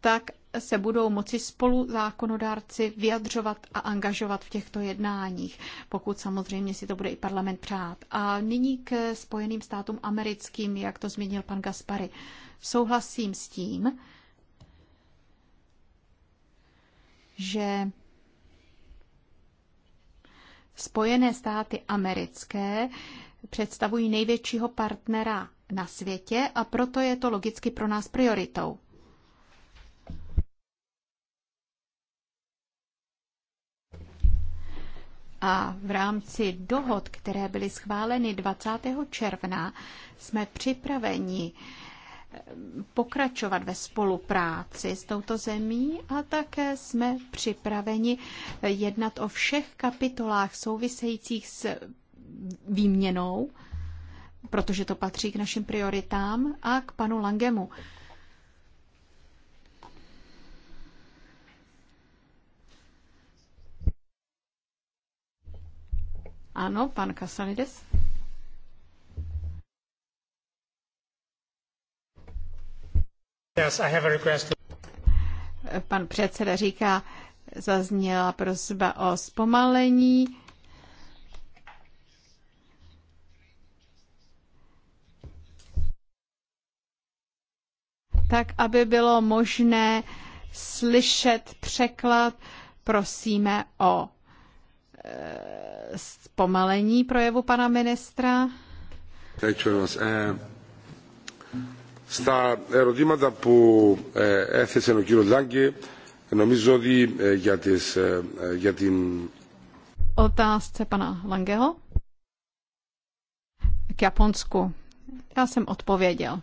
tak se budou moci spolu zákonodárci vyjadřovat a angažovat v těchto jednáních, pokud samozřejmě si to bude i parlament přát. A nyní k Spojeným státům americkým, jak to zmínil pan Gaspary. Souhlasím s tím, že Spojené státy americké představují největšího partnera na světě a proto je to logicky pro nás prioritou. A v rámci dohod, které byly schváleny 20. června, jsme připraveni eh, pokračovat ve spolupráci s touto zemí a také jsme připraveni eh, jednat o všech kapitolách souvisejících s výměnou protože to patří k našim prioritám a k panu Langemu. Ano, pan Kasalides. Yes, I have a request. Pan předseda říká, zazněla prosba o zpomalení tak aby bylo možné slyšet překlad. Prosíme o eh, zpomalení projevu pana ministra. Στα ερωτήματα που έθεσε ο κύριος Λάγκη, νομίζω ότι για, τις, για την... Otázce pana Langeho k Japonsku. Já jsem odpověděl.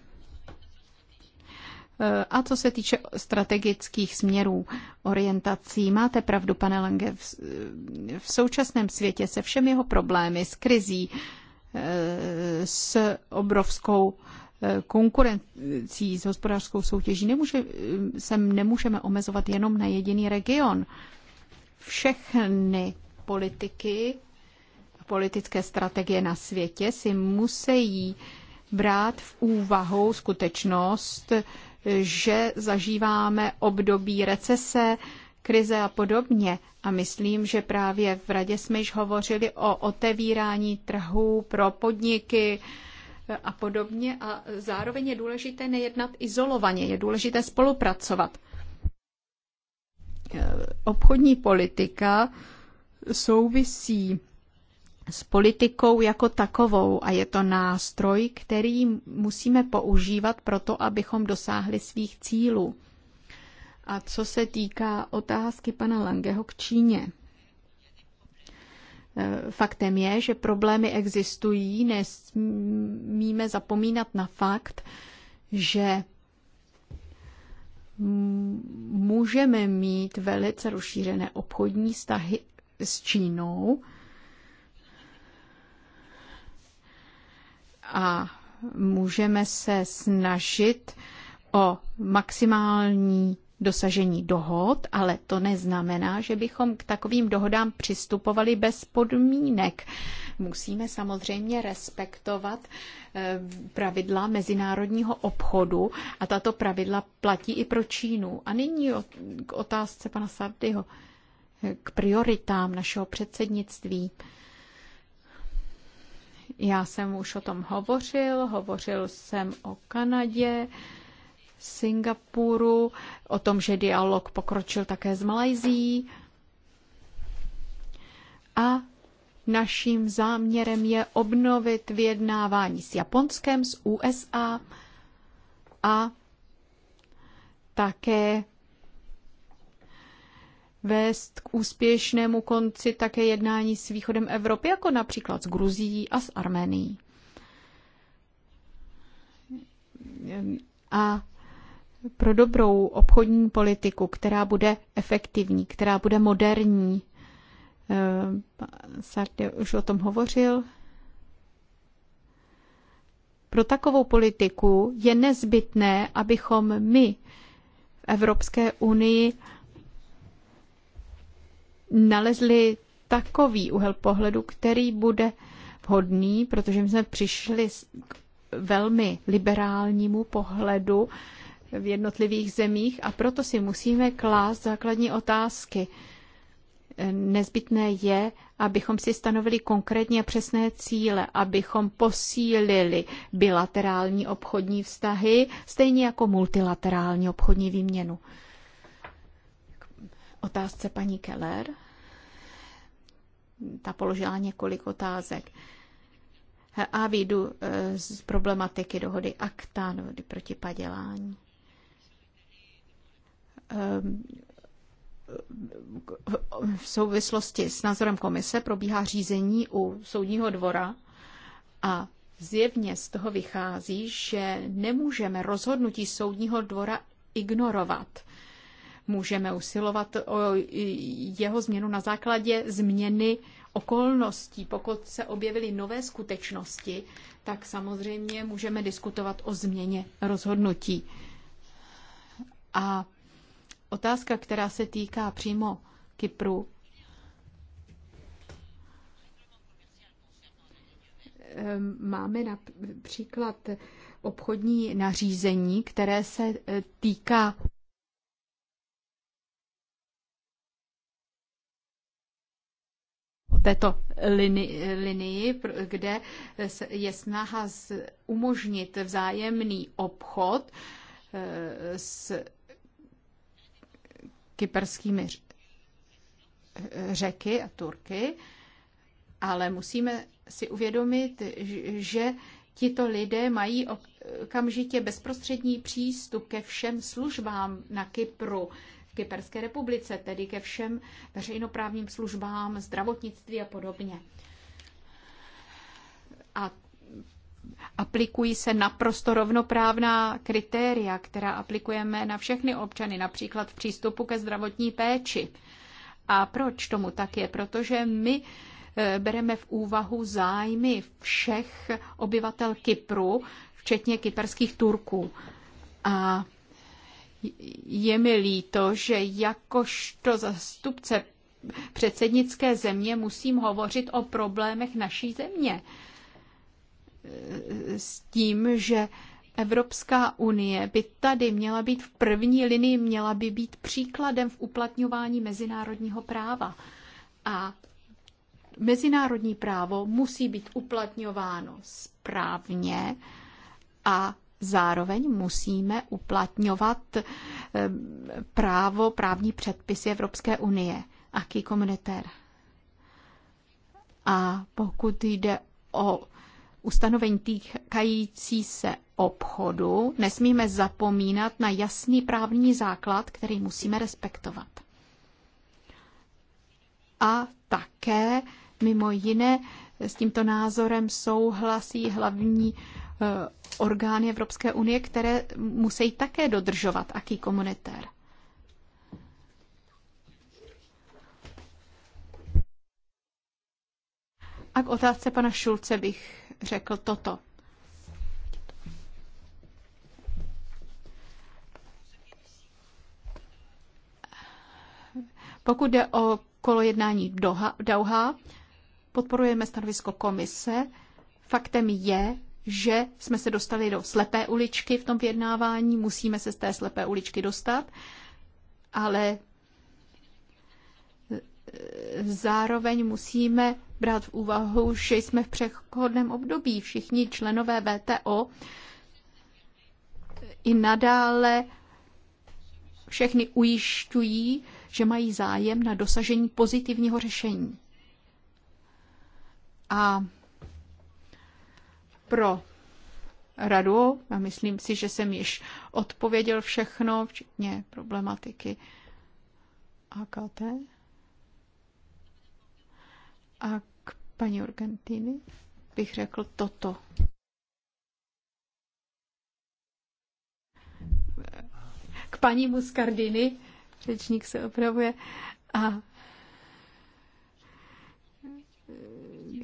Eh, a co se týče strategických směrů, orientací, máte pravdu, pane Lange, v, eh, v současném světě se všem jeho problémy, s krizí, eh, s obrovskou konkurencí, s hospodářskou soutěží, nemůže, se nemůžeme omezovat jenom na jediný region. Všechny politiky a politické strategie na světě si musí brát v úvahu skutečnost, že zažíváme období recese, krize a podobně. A myslím, že právě v radě jsme již hovořili o otevírání trhů pro podniky a podobně. A zároveň je důležité nejednat izolovaně, je důležité spolupracovat. Obchodní politika souvisí s politikou jako takovou a je to nástroj, který musíme používat proto, abychom dosáhli svých cílů. A co se týká otázky pana Langeho k Číně. E, faktem je, že problémy existují, nesmíme zapomínat na fakt, že můžeme mít velice rozšířené obchodní vztahy s Čínou, a můžeme se snažit o maximální dosažení dohod, ale to neznamená, že bychom k takovým dohodám přistupovali bez podmínek. Musíme samozřejmě respektovat eh, pravidla mezinárodního obchodu a tato pravidla platí i pro Čínu. A nyní k otázce pana Sardyho, eh, k prioritám našeho předsednictví. Já jsem už o tom hovořil, hovořil jsem o Kanadě, Singapuru, o tom, že dialog pokročil také z Malajzí. A naším záměrem je obnovit vyjednávání s Japonskem, s USA a také vést k úspěšnému konci také jednání s východem Evropy, jako například s Gruzií a s Arménií. A pro dobrou obchodní politiku, která bude efektivní, která bude moderní, eh, Sartre už o tom hovořil, pro takovou politiku je nezbytné, abychom my v Evropské unii nalezli takový úhel pohledu, který bude vhodný, protože my jsme přišli k velmi liberálnímu pohledu v jednotlivých zemích a proto si musíme klást základní otázky. Nezbytné je, abychom si stanovili konkrétní a přesné cíle, abychom posílili bilaterální obchodní vztahy, stejně jako multilaterální obchodní výměnu otázce paní Keller. Ta položila několik otázek. A výjdu e, z problematiky dohody akta, dohody proti padělání. Ehm, v souvislosti s názorem komise probíhá řízení u soudního dvora a zjevně z toho vychází, že nemůžeme rozhodnutí soudního dvora ignorovat Můžeme usilovat o jeho změnu na základě změny okolností. Pokud se objevily nové skutečnosti, tak samozřejmě můžeme diskutovat o změně rozhodnutí. A otázka, která se týká přímo Kypru, ehm, máme například obchodní nařízení, které se e, týká této linii, kde je snaha umožnit vzájemný obchod eh, s kyperskými řeky a Turky, ale musíme si uvědomit, že tito lidé mají okamžitě bezprostřední přístup ke všem službám na Kypru Kyperské republice, tedy ke všem veřejnoprávním službám, zdravotnictví a podobně. A aplikují se naprosto rovnoprávná kritéria, která aplikujeme na všechny občany, například v přístupu ke zdravotní péči. A proč tomu tak je? Protože my eh, bereme v úvahu zájmy všech obyvatel Kypru, včetně kyperských Turků. A je mi líto, že jakožto zastupce předsednické země musím hovořit o problémech naší země. S tím, že Evropská unie by tady měla být v první linii, měla by být příkladem v uplatňování mezinárodního práva. A mezinárodní právo musí být uplatňováno správně a zároveň musíme uplatňovat eh, právo, právní předpisy Evropské unie, aký komunitér. A pokud jde o ustanovení týkající se obchodu, nesmíme zapomínat na jasný právní základ, který musíme respektovat. A také mimo jiné s tímto názorem souhlasí hlavní Eh, orgány Evropské unie, které musí také dodržovat aký komunitér. A k otázce pana Šulce bych řekl toto. Pokud jde o kolo jednání Doha, Dauha, podporujeme stanovisko komise. Faktem je, že jsme se dostali do slepé uličky v tom vyjednávání, musíme se z té slepé uličky dostat, ale e, zároveň musíme brát v úvahu, že jsme v přechodném období. Všichni členové VTO i nadále všechny ujišťují, že mají zájem na dosažení pozitivního řešení. A pro radu a myslím si, že jsem již odpověděl všechno, včetně problematiky AKT. A k paní Urgentini bych řekl toto. K paní Muscardini, řečník se opravuje, a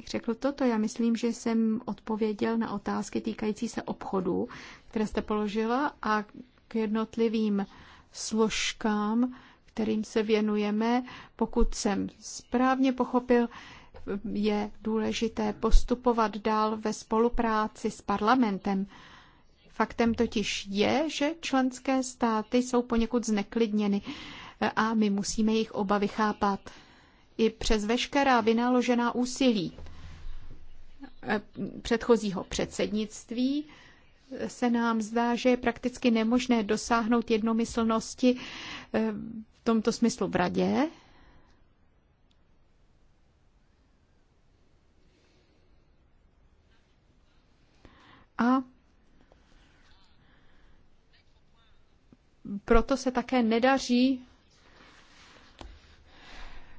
bych řekl toto. Já myslím, že jsem odpověděl na otázky týkající se obchodů, které jste položila a k jednotlivým složkám, kterým se věnujeme. Pokud jsem správně pochopil, je důležité postupovat dál ve spolupráci s parlamentem. Faktem totiž je, že členské státy jsou poněkud zneklidněny eh, a my musíme jejich obavy chápat. I přes veškerá vynaložená úsilí předchozího předsednictví se nám zdá, že je prakticky nemožné dosáhnout jednomyslnosti eh, v tomto smyslu v radě. A proto se také nedaří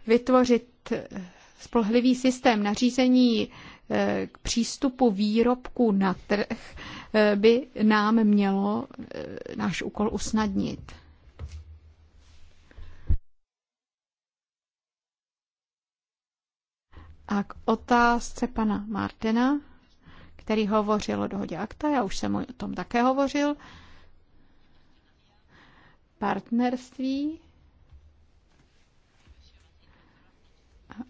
vytvořit eh, spolehlivý systém nařízení Eh, k přístupu výrobků na trh eh, by nám mělo eh, náš úkol usnadnit. A k otázce pana Martina, který hovořil o dohodě akta, já už jsem o tom také hovořil, partnerství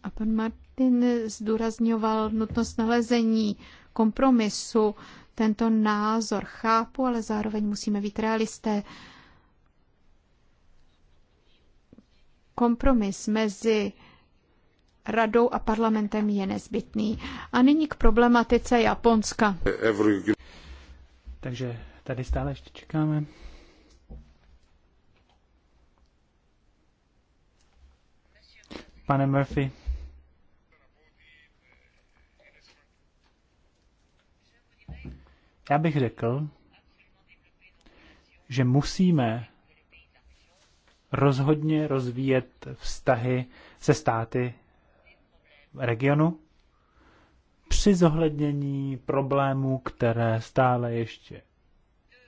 A pan Martin zdůrazňoval nutnost nalezení kompromisu. Tento názor chápu, ale zároveň musíme být realisté. Kompromis mezi radou a parlamentem je nezbytný. A nyní k problematice Japonska. Takže tady stále ještě čekáme. pane Murphy. Já bych řekl, že musíme rozhodně rozvíjet vztahy se státy regionu při zohlednění problémů, které stále ještě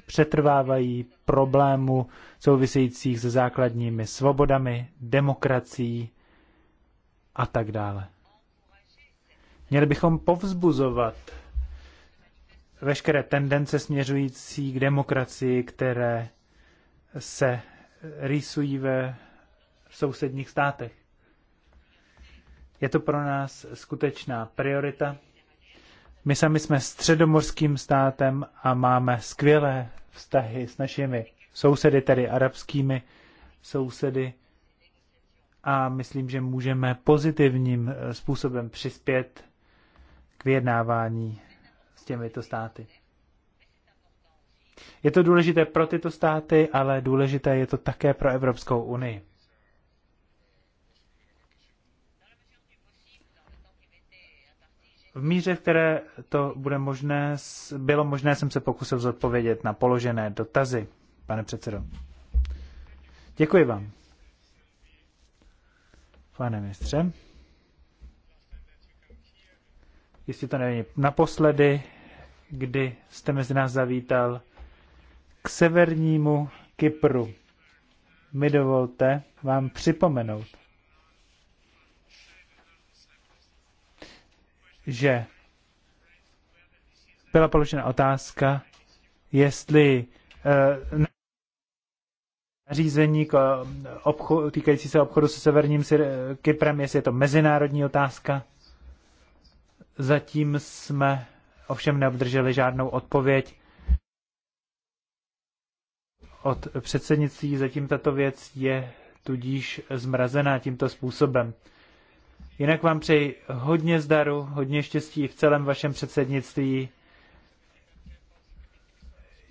přetrvávají, problémů souvisejících se základními svobodami, demokracií a tak dále. Měli bychom povzbuzovat veškeré tendence směřující k demokracii, které se rýsují ve sousedních státech. Je to pro nás skutečná priorita. My sami jsme středomorským státem a máme skvělé vztahy s našimi sousedy, tedy arabskými sousedy a myslím, že můžeme pozitivním eh, způsobem přispět k vyjednávání s těmito státy. Je to důležité pro tyto státy, ale důležité je to také pro Evropskou unii. V míře, v které to bude možné, bylo možné, jsem se pokusil zodpovědět na položené dotazy, pane předsedo. Děkuji vám. Pane mistře, jestli to není naposledy, kdy jste mezi nás zavítal k severnímu Kypru. Mi dovolte vám připomenout, že byla položena otázka, jestli uh, nařízení k eh, obcho, týkající se obchodu se severním eh, Kyprem, jestli je to mezinárodní otázka. Zatím jsme ovšem neobdrželi žádnou odpověď od předsednictví. Zatím tato věc je tudíž zmrazená tímto způsobem. Jinak vám přeji hodně zdaru, hodně štěstí v celém vašem předsednictví.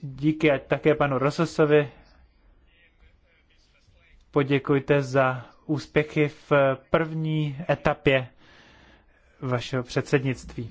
Díky a také panu Rososovi poděkujte za úspěchy v první etapě vašeho předsednictví.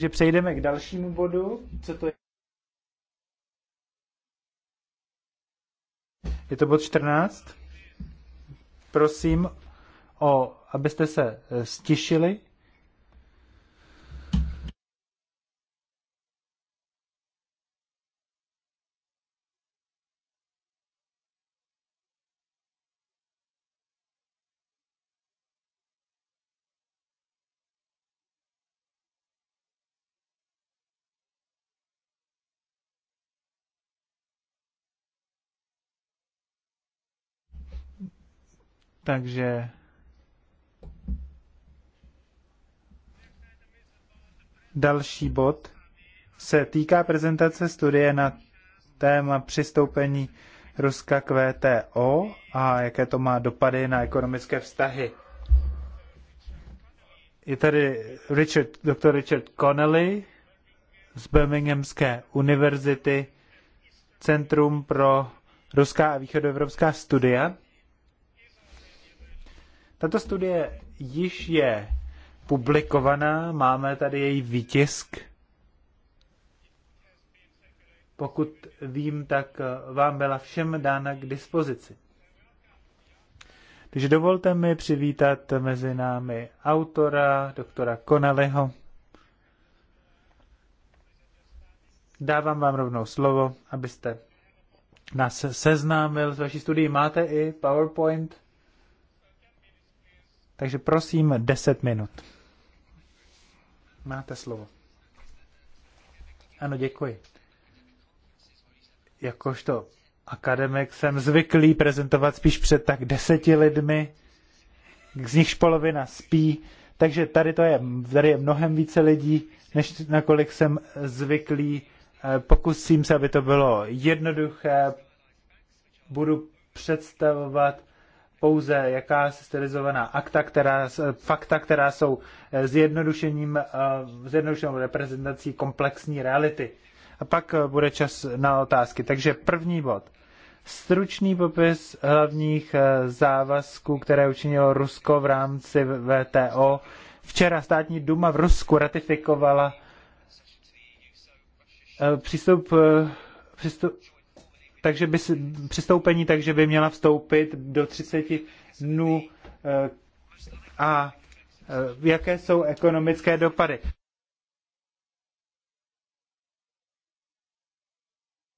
že přejdeme k dalšímu bodu, co to je? Je to bod 14. Prosím, o, abyste se stišili. Eh, Takže další bod se týká prezentace studie na téma přistoupení Ruska k VTO a jaké to má dopady na ekonomické vztahy. Je tady Richard, doktor Richard Connelly z Birminghamské univerzity, Centrum pro ruská a východoevropská studia tato studie již je publikovaná, máme tady její výtisk. Pokud vím, tak eh, vám byla všem dána k dispozici. Takže dovolte mi přivítat mezi námi autora, doktora Konaleho. Dávám vám rovnou slovo, abyste nás seznámil s vaší studií. Máte i PowerPoint? Takže prosím, 10 minut. Máte slovo. Ano, děkuji. Jakožto akademik jsem zvyklý prezentovat spíš před tak deseti lidmi, z nichž polovina spí, takže tady, to je, tady je mnohem více lidí, než nakolik jsem zvyklý. Eh, pokusím se, aby to bylo jednoduché. Budu představovat pouze jaká stylizovaná akta, která, fakta, která jsou eh, zjednodušením, eh, zjednodušenou reprezentací komplexní reality. A pak eh, bude čas na otázky. Takže první bod. Stručný popis hlavních závazků, které učinilo Rusko v rámci VTO. Včera státní duma v Rusku ratifikovala přístup, přístup takže by, přistoupení, takže by měla vstoupit do 30 dnů eh, a eh, jaké jsou ekonomické dopady.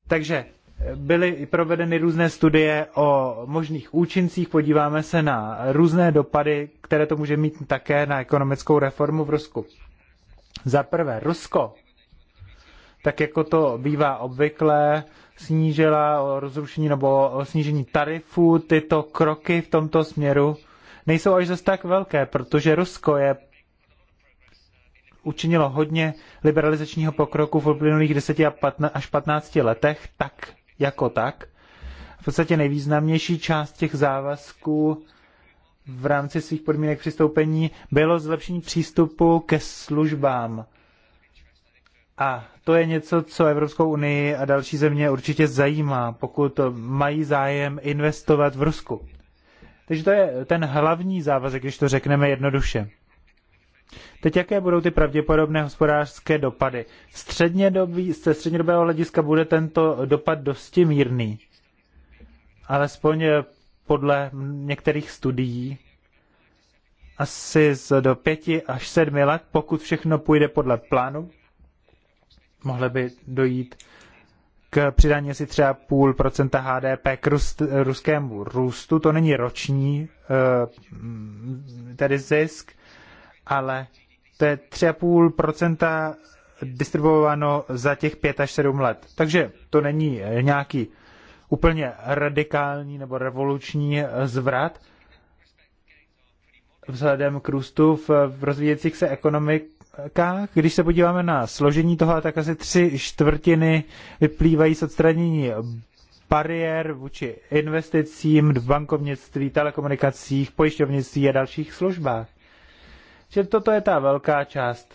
Takže eh, byly provedeny různé studie o možných účincích, podíváme se na různé dopady, které to může mít také na ekonomickou reformu v Rusku. Za prvé, Rusko tak jako to bývá obvykle, snížila o rozrušení nebo o snížení tarifů. Tyto kroky v tomto směru nejsou až zase tak velké, protože Rusko je učinilo hodně liberalizačního pokroku v uplynulých 10 až 15 letech, tak jako tak. V podstatě nejvýznamnější část těch závazků v rámci svých podmínek přistoupení bylo zlepšení přístupu ke službám a to je něco, co Evropskou unii a další země určitě zajímá, pokud mají zájem investovat v Rusku. Takže to je ten hlavní závazek, když to řekneme jednoduše. Teď jaké budou ty pravděpodobné hospodářské dopady? Střednědobí, ze střednědobého hlediska bude tento dopad dosti mírný. Alespoň eh, podle některých studií asi z do pěti až sedmi let, pokud všechno půjde podle plánu, mohly by dojít k přidání asi třeba půl procenta HDP k ruskému růstu. To není roční eh, tedy zisk, ale to je 3,5% distribuováno za těch 5 až 7 let. Takže to není nějaký úplně radikální nebo revoluční zvrat. Vzhledem k růstu v rozvíjejících se ekonomik, tabulkách, když se podíváme na složení toho, tak asi tři čtvrtiny vyplývají z odstranění bariér vůči investicím, v bankovnictví, telekomunikacích, pojišťovnictví a dalších službách. Že toto je ta velká část.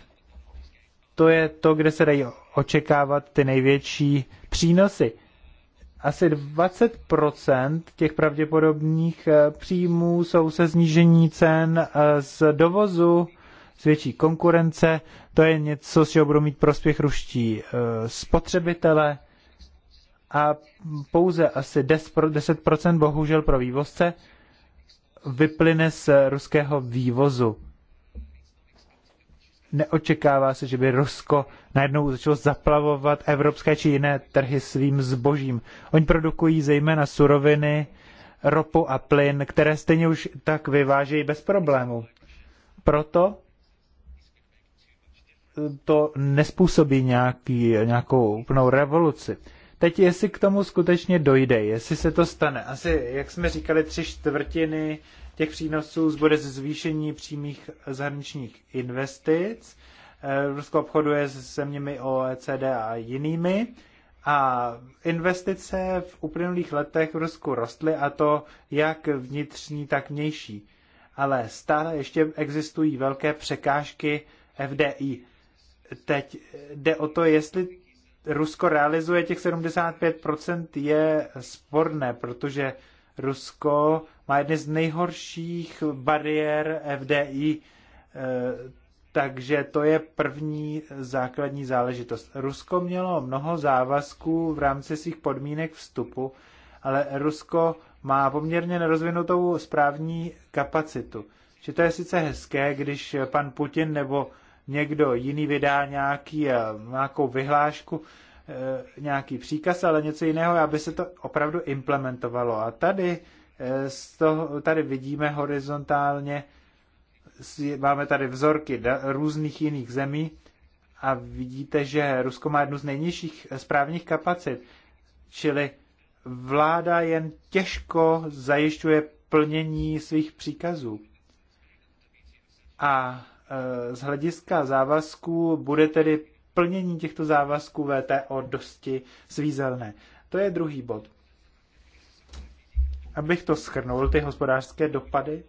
To je to, kde se dají očekávat ty největší přínosy. Asi 20% těch pravděpodobných eh, příjmů jsou se snížení cen eh, z dovozu s větší konkurence, to je něco, z čeho budou mít prospěch ruští eh, spotřebitele a pouze asi 10% bohužel pro vývozce vyplyne z ruského vývozu. Neočekává se, že by Rusko najednou začalo zaplavovat evropské či jiné trhy svým zbožím. Oni produkují zejména suroviny, ropu a plyn, které stejně už tak vyvážejí bez problému. Proto to nespůsobí nějaký, nějakou úplnou revoluci. Teď, jestli k tomu skutečně dojde, jestli se to stane, asi, jak jsme říkali, tři čtvrtiny těch přínosů bude ze zvýšení přímých zahraničních investic. Eh, Rusko obchoduje s zeměmi OECD a jinými. A investice v uplynulých letech v Rusku rostly, a to jak vnitřní, tak vnější. Ale stále ještě existují velké překážky FDI teď jde o to, jestli Rusko realizuje těch 75%, je sporné, protože Rusko má jedny z nejhorších bariér FDI, eh, takže to je první základní záležitost. Rusko mělo mnoho závazků v rámci svých podmínek vstupu, ale Rusko má poměrně nerozvinutou správní kapacitu. Že to je sice hezké, když pan Putin nebo někdo jiný vydá nějaký, eh, nějakou vyhlášku, eh, nějaký příkaz, ale něco jiného, aby se to opravdu implementovalo. A tady, eh, z toho, tady vidíme horizontálně, máme tady vzorky různých jiných zemí a vidíte, že Rusko má jednu z nejnižších správních kapacit, čili vláda jen těžko zajišťuje plnění svých příkazů. A Eh, z hlediska závazků bude tedy plnění těchto závazků VTO dosti svízelné. To je druhý bod. Abych to schrnul, ty hospodářské dopady,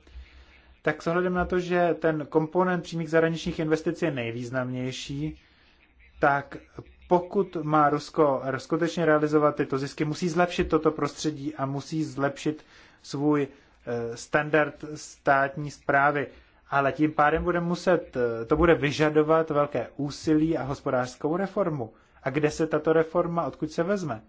tak s ohledem na to, že ten komponent přímých zahraničních investic je nejvýznamnější, tak pokud má Rusko skutečně realizovat tyto zisky, musí zlepšit toto prostředí a musí zlepšit svůj eh, standard státní zprávy ale tím pádem bude muset, to bude vyžadovat velké úsilí a hospodářskou reformu. A kde se tato reforma, odkud se vezme?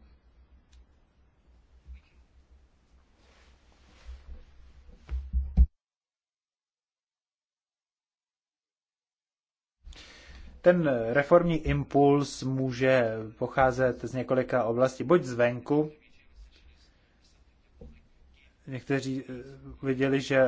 Ten reformní impuls může pocházet z několika oblastí, buď zvenku, někteří eh, viděli, že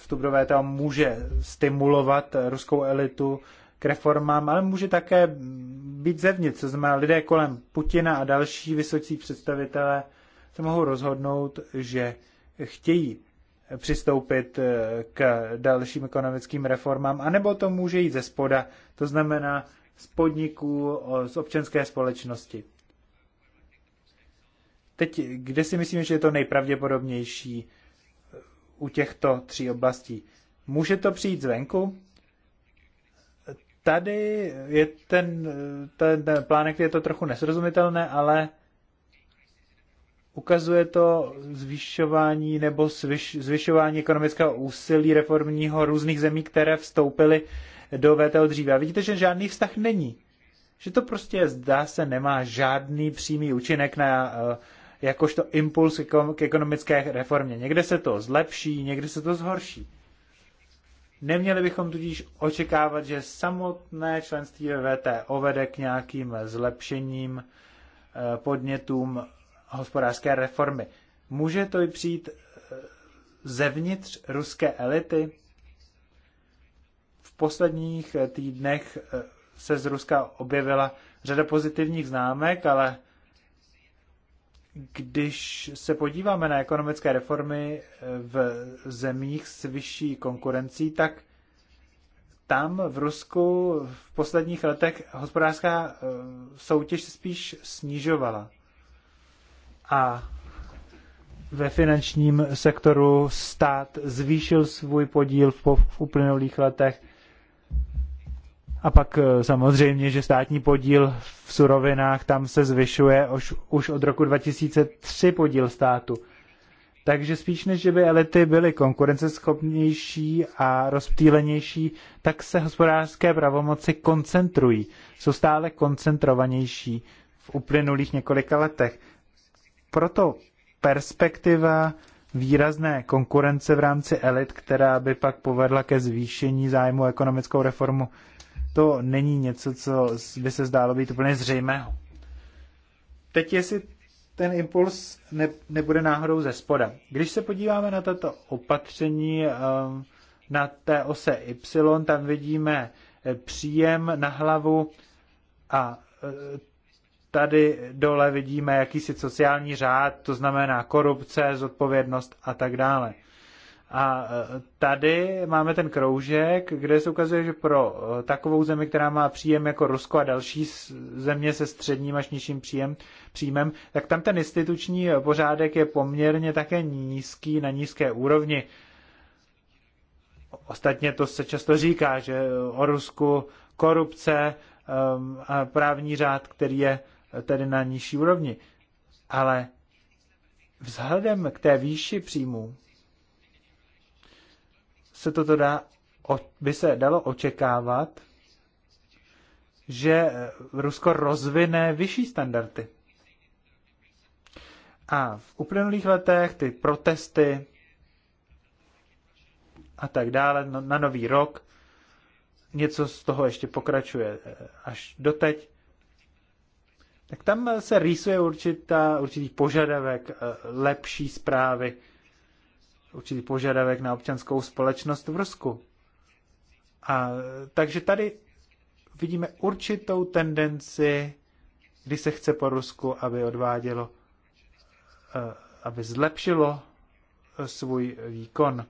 vstup do VTO může stimulovat ruskou elitu k reformám, ale může také být zevnitř, co znamená lidé kolem Putina a další vysocí představitelé se mohou rozhodnout, že chtějí přistoupit eh, k dalším ekonomickým reformám, anebo to může jít ze spoda, to znamená z podniků, z občanské společnosti. Teď, kde si myslím, že je to nejpravděpodobnější eh, u těchto tří oblastí? Může to přijít zvenku? Tady je ten, eh, ten, ten plánek, je to trochu nesrozumitelné, ale ukazuje to zvyšování nebo zvyš, zvyšování ekonomického úsilí reformního různých zemí, které vstoupily do VTO dříve. A vidíte, že žádný vztah není. Že to prostě zdá se nemá žádný přímý účinek na eh, jakožto impuls k ekonomické reformě. Někde se to zlepší, někde se to zhorší. Neměli bychom tudíž očekávat, že samotné členství ve VTO vede k nějakým zlepšením eh, podnětům hospodářské reformy. Může to i přijít eh, zevnitř ruské elity? V posledních eh, týdnech se z Ruska objevila řada pozitivních známek, ale když se podíváme na ekonomické reformy eh, v zemích s vyšší konkurencí, tak tam v Rusku v posledních letech hospodářská eh, soutěž spíš snižovala. A ve finančním sektoru stát zvýšil svůj podíl v uplynulých letech a pak eh, samozřejmě, že státní podíl v surovinách tam se zvyšuje už, už od roku 2003 podíl státu. Takže spíš než, že by elity byly konkurenceschopnější a rozptýlenější, tak se hospodářské pravomoci koncentrují. Jsou stále koncentrovanější v uplynulých několika letech. Proto perspektiva výrazné konkurence v rámci elit, která by pak povedla ke zvýšení zájmu ekonomickou reformu to není něco, co by se zdálo být úplně zřejmého. Teď jestli ten impuls ne, nebude náhodou ze spoda. Když se podíváme na tato opatření ehm, na té ose Y, tam vidíme eh, příjem na hlavu a eh, tady dole vidíme jakýsi sociální řád, to znamená korupce, zodpovědnost a tak dále. A e, tady máme ten kroužek, kde se ukazuje, že pro e, takovou zemi, která má příjem jako Rusko a další země se středním až nižším příjem, příjmem, tak tam ten instituční pořádek je poměrně také nízký, na nízké úrovni. Ostatně to se často říká, že o Rusku korupce a právní řád, který je tedy na nižší úrovni. Ale vzhledem k té výši příjmů se toto dá, by se dalo očekávat, že eh, Rusko rozvine vyšší standardy. A v uplynulých letech ty protesty a tak dále na nový rok, něco z toho ještě pokračuje eh, až doteď, tak tam se rýsuje určitá, určitý požadavek eh, lepší zprávy určitý požadavek na občanskou společnost v Rusku. A, takže tady vidíme určitou tendenci, kdy se chce po Rusku, aby odvádělo, eh, aby zlepšilo eh, svůj výkon.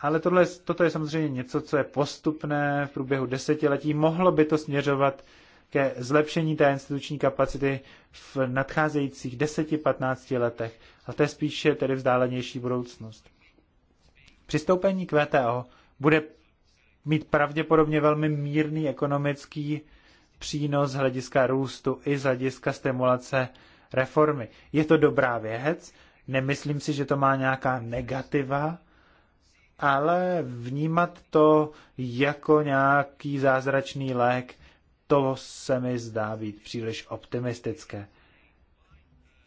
Ale tohle, toto je samozřejmě něco, co je postupné v průběhu desetiletí. Mohlo by to směřovat ke zlepšení té instituční kapacity v nadcházejících 10-15 letech a to je spíše tedy vzdálenější budoucnost. Přistoupení k VTO bude mít pravděpodobně velmi mírný ekonomický přínos z hlediska růstu i z hlediska stimulace reformy. Je to dobrá věc, nemyslím si, že to má nějaká negativa, ale vnímat to jako nějaký zázračný lék, to se mi zdá být příliš optimistické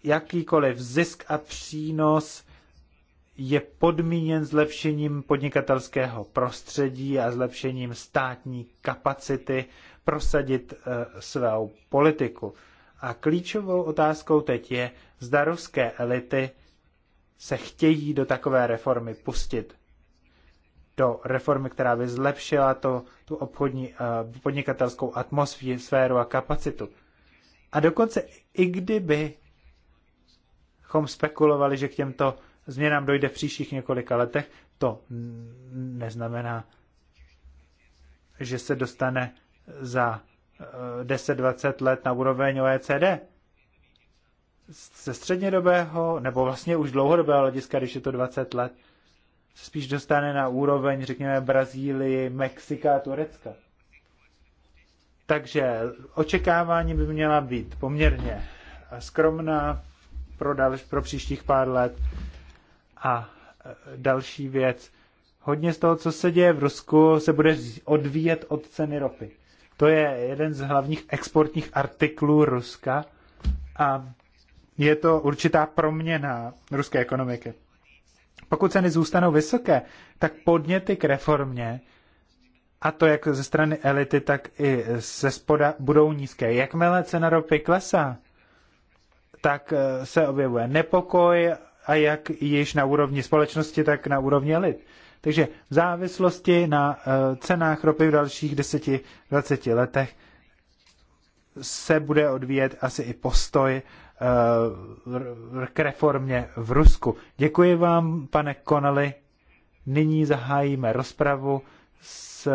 jakýkoliv zisk a přínos je podmíněn zlepšením podnikatelského prostředí a zlepšením státní kapacity prosadit eh, svou politiku. A klíčovou otázkou teď je, zda ruské elity se chtějí do takové reformy pustit. Do reformy, která by zlepšila to, tu obchodní eh, podnikatelskou atmosféru a kapacitu. A dokonce i kdyby bychom spekulovali, že k těmto změnám dojde v příštích několika letech. To neznamená, že se dostane za 10-20 eh, let na úroveň OECD. Ze střednědobého, nebo vlastně už dlouhodobého hlediska, když je to 20 let, se spíš dostane na úroveň, řekněme, Brazílii, Mexika a Turecka. Takže očekávání by měla být poměrně skromná, pro, dal, pro příštích pár let. A e, další věc. Hodně z toho, co se děje v Rusku, se bude odvíjet od ceny ropy. To je jeden z hlavních exportních artiklů Ruska a je to určitá proměna ruské ekonomiky. Pokud ceny zůstanou vysoké, tak podněty k reformě, a to jak ze strany elity, tak i ze spoda, budou nízké. Jakmile cena ropy klesá, tak eh, se objevuje nepokoj a jak již na úrovni společnosti, tak na úrovni lid. Takže v závislosti na eh, cenách ropy v dalších 10-20 letech se bude odvíjet asi i postoj eh, k reformě v Rusku. Děkuji vám, pane Konali. Nyní zahájíme rozpravu s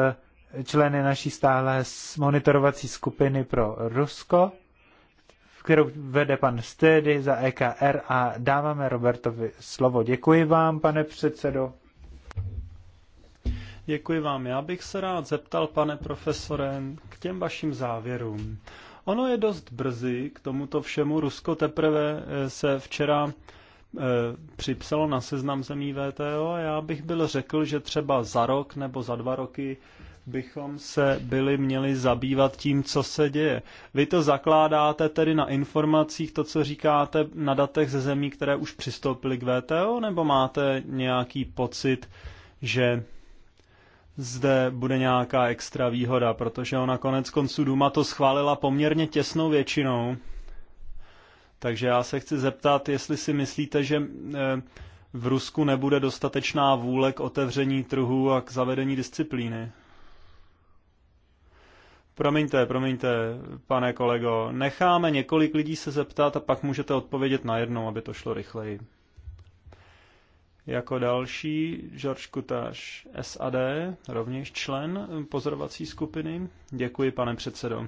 členy naší stále monitorovací skupiny pro Rusko kterou vede pan Stedy za EKR a dáváme Robertovi slovo. Děkuji vám, pane předsedo. Děkuji vám. Já bych se rád zeptal, pane profesore, k těm vašim závěrům. Ono je dost brzy k tomuto všemu. Rusko teprve eh, se včera eh, připsalo na seznam zemí VTO a já bych byl řekl, že třeba za rok nebo za dva roky bychom se byli měli zabývat tím, co se děje. Vy to zakládáte tedy na informacích, to, co říkáte na datech ze zemí, které už přistoupily k VTO, nebo máte nějaký pocit, že zde bude nějaká extra výhoda, protože ona konec konců Duma to schválila poměrně těsnou většinou. Takže já se chci zeptat, jestli si myslíte, že e, v Rusku nebude dostatečná vůle k otevření trhu a k zavedení disciplíny. Promiňte, promiňte, pane kolego, necháme několik lidí se zeptat a pak můžete odpovědět najednou, aby to šlo rychleji. Jako další George Kutáš SAD, rovněž člen pozorovací skupiny. Děkuji, pane předsedo.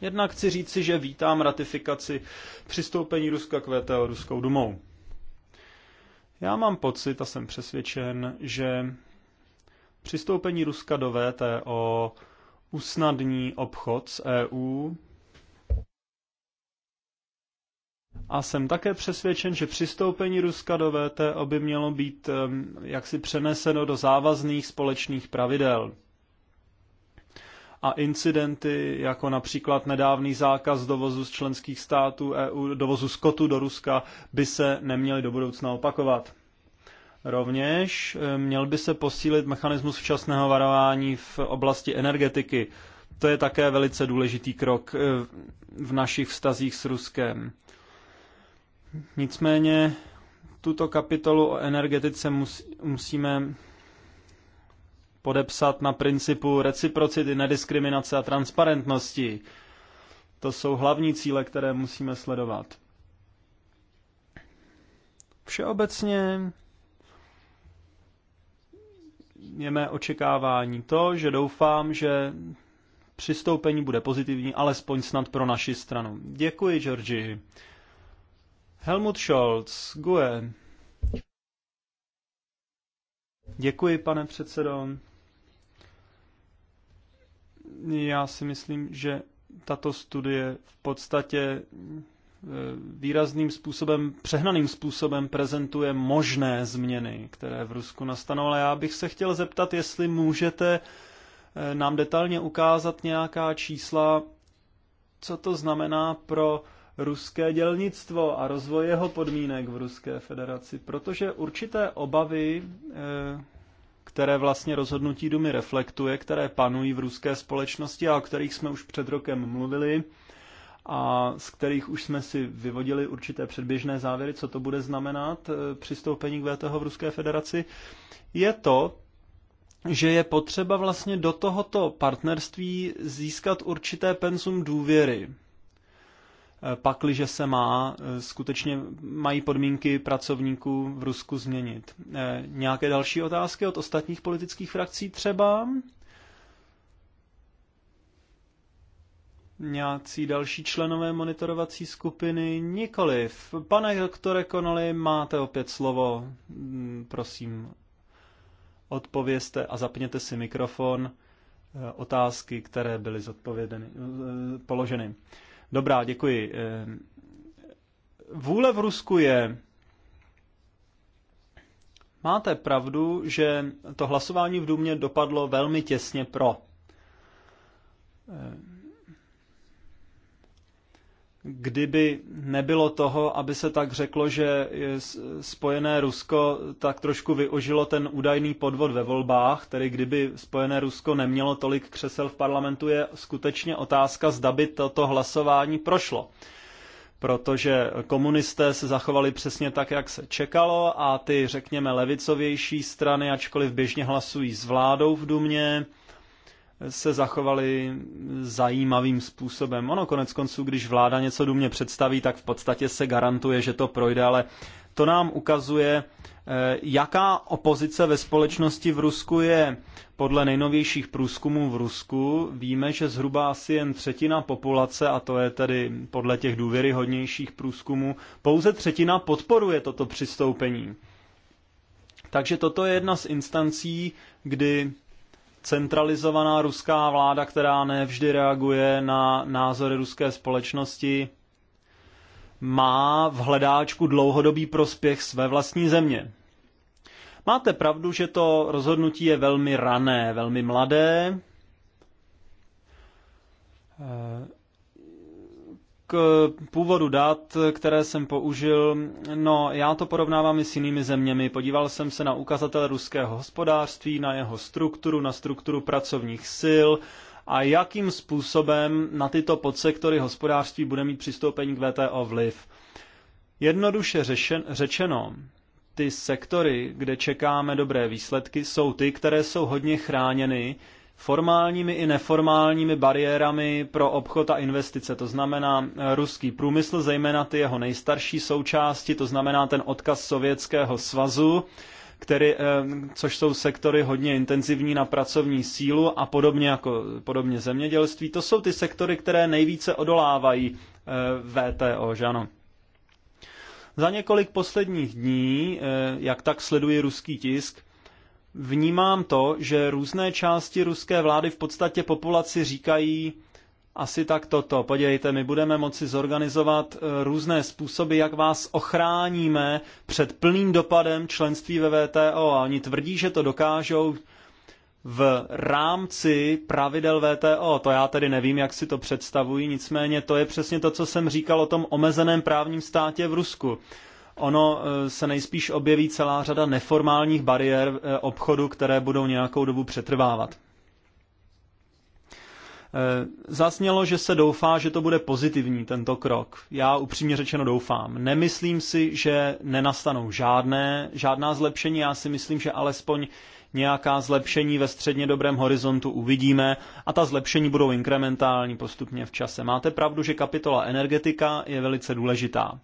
Jednak chci říci, že vítám ratifikaci přistoupení Ruska k VTO Ruskou dumou. Já mám pocit a jsem přesvědčen, že Přistoupení Ruska do VTO usnadní obchod s EU a jsem také přesvědčen, že přistoupení Ruska do VTO by mělo být jaksi přeneseno do závazných společných pravidel. A incidenty, jako například nedávný zákaz dovozu z členských států EU, dovozu skotu do Ruska, by se neměly do budoucna opakovat. Rovněž eh, měl by se posílit mechanismus včasného varování v oblasti energetiky. To je také velice důležitý krok eh, v našich vztazích s Ruskem. Nicméně tuto kapitolu o energetice musíme podepsat na principu reciprocity, nediskriminace a transparentnosti. To jsou hlavní cíle, které musíme sledovat. Všeobecně je mé očekávání to, že doufám, že přistoupení bude pozitivní, alespoň snad pro naši stranu. Děkuji, Georgi. Helmut Scholz, GUE. Děkuji, pane předsedo. Já si myslím, že tato studie v podstatě Eh, výrazným způsobem, přehnaným způsobem prezentuje možné změny, které v Rusku nastanou, ale já bych se chtěl zeptat, jestli můžete eh, nám detailně ukázat nějaká čísla, co to znamená pro ruské dělnictvo a rozvoj jeho podmínek v Ruské federaci, protože určité obavy, eh, které vlastně rozhodnutí Dumy reflektuje, které panují v ruské společnosti a o kterých jsme už před rokem mluvili, a z kterých už jsme si vyvodili určité předběžné závěry, co to bude znamenat eh, přistoupení k VTH v Ruské federaci, je to, že je potřeba vlastně do tohoto partnerství získat určité pensum důvěry. Eh, pakliže se má, eh, skutečně mají podmínky pracovníků v Rusku změnit. Nějaké další otázky od ostatních politických frakcí třeba? nějací další členové monitorovací skupiny? Nikoliv. Pane doktore Konoli, máte opět slovo. Mm, prosím, odpovězte a zapněte si mikrofon eh, otázky, které byly zodpovědeny, eh, položeny. Dobrá, děkuji. Eh, vůle v Rusku je Máte pravdu, že to hlasování v Důmě dopadlo velmi těsně pro kdyby nebylo toho, aby se tak řeklo, že spojené Rusko tak trošku vyožilo ten údajný podvod ve volbách, tedy kdyby spojené Rusko nemělo tolik křesel v parlamentu, je skutečně otázka, zda by toto hlasování prošlo. Protože komunisté se zachovali přesně tak, jak se čekalo a ty, řekněme, levicovější strany, ačkoliv běžně hlasují s vládou v Dumě, se zachovali zajímavým způsobem. Ono konec konců, když vláda něco důmě představí, tak v podstatě se garantuje, že to projde, ale to nám ukazuje, eh, jaká opozice ve společnosti v Rusku je. Podle nejnovějších průzkumů v Rusku víme, že zhruba asi jen třetina populace, a to je tedy podle těch důvěryhodnějších průzkumů, pouze třetina podporuje toto přistoupení. Takže toto je jedna z instancí, kdy centralizovaná ruská vláda, která nevždy reaguje na názory ruské společnosti, má v hledáčku dlouhodobý prospěch své vlastní země. Máte pravdu, že to rozhodnutí je velmi rané, velmi mladé k původu dat, které jsem použil, no já to porovnávám i s jinými zeměmi. Podíval jsem se na ukazatele ruského hospodářství, na jeho strukturu, na strukturu pracovních sil a jakým způsobem na tyto podsektory hospodářství bude mít přistoupení k VTO vliv. Jednoduše řešen, řečeno, ty sektory, kde čekáme dobré výsledky, jsou ty, které jsou hodně chráněny formálními i neformálními bariérami pro obchod a investice. To znamená eh, ruský průmysl, zejména ty jeho nejstarší součásti, to znamená ten odkaz Sovětského svazu, který, eh, což jsou sektory hodně intenzivní na pracovní sílu a podobně jako podobně zemědělství. To jsou ty sektory, které nejvíce odolávají eh, VTO, že ano? Za několik posledních dní, jak tak sleduji ruský tisk, vnímám to, že různé části ruské vlády v podstatě populaci říkají asi tak toto. Podívejte, my budeme moci zorganizovat eh, různé způsoby, jak vás ochráníme před plným dopadem členství ve VTO. A oni tvrdí, že to dokážou v rámci pravidel VTO. To já tedy nevím, jak si to představují, nicméně to je přesně to, co jsem říkal o tom omezeném právním státě v Rusku ono eh, se nejspíš objeví celá řada neformálních bariér eh, obchodu, které budou nějakou dobu přetrvávat. Eh, Zasnělo, že se doufá, že to bude pozitivní tento krok. Já upřímně řečeno doufám. Nemyslím si, že nenastanou žádné, žádná zlepšení. Já si myslím, že alespoň nějaká zlepšení ve středně dobrém horizontu uvidíme a ta zlepšení budou inkrementální postupně v čase. Máte pravdu, že kapitola energetika je velice důležitá.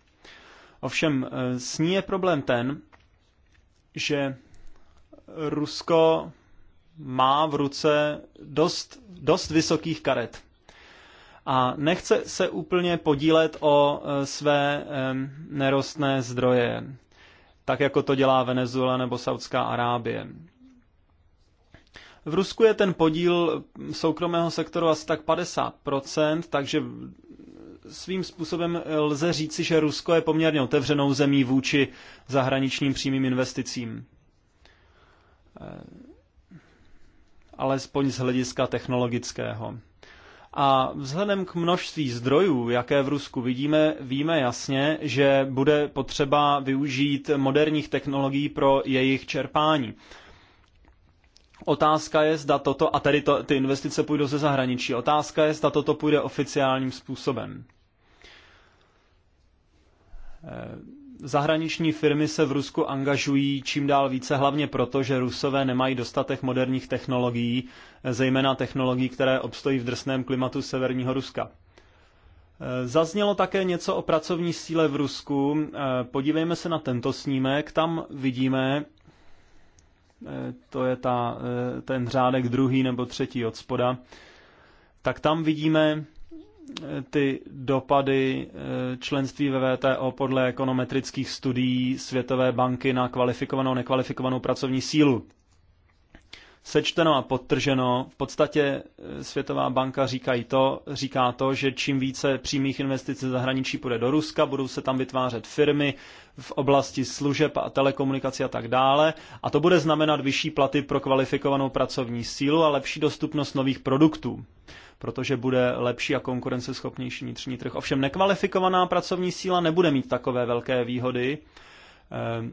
Ovšem eh, s ní je problém ten, že Rusko má v ruce dost, dost vysokých karet a nechce se úplně podílet o eh, své nerostné zdroje, tak jako to dělá Venezuela nebo Saudská Arábie. V Rusku je ten podíl soukromého sektoru asi tak 50%, takže svým způsobem lze říci, že Rusko je poměrně otevřenou zemí vůči zahraničním přímým investicím. Eh, alespoň z hlediska technologického. A vzhledem k množství zdrojů, jaké v Rusku vidíme, víme jasně, že bude potřeba využít moderních technologií pro jejich čerpání. Otázka je, zda toto, a tedy to, ty investice půjdou ze zahraničí, otázka je, zda toto půjde oficiálním způsobem. Eh, zahraniční firmy se v Rusku angažují čím dál více, hlavně proto, že Rusové nemají dostatek moderních technologií, eh, zejména technologií, které obstojí v drsném klimatu severního Ruska. Eh, zaznělo také něco o pracovní síle v Rusku. Podívejme se na tento snímek. Tam vidíme, to je ta, ten řádek druhý nebo třetí od spoda, tak tam vidíme ty dopady eh, členství ve VTO podle ekonometrických studií Světové banky na kvalifikovanou, nekvalifikovanou pracovní sílu. Sečteno a podtrženo, v podstatě eh, Světová banka říkají to, říká to, že čím více přímých investic ze zahraničí půjde do Ruska, budou se tam vytvářet firmy v oblasti služeb a telekomunikací a tak dále. A to bude znamenat vyšší platy pro kvalifikovanou pracovní sílu a lepší dostupnost nových produktů protože bude lepší a konkurenceschopnější vnitřní trh. Ovšem nekvalifikovaná pracovní síla nebude mít takové velké výhody. Ehm,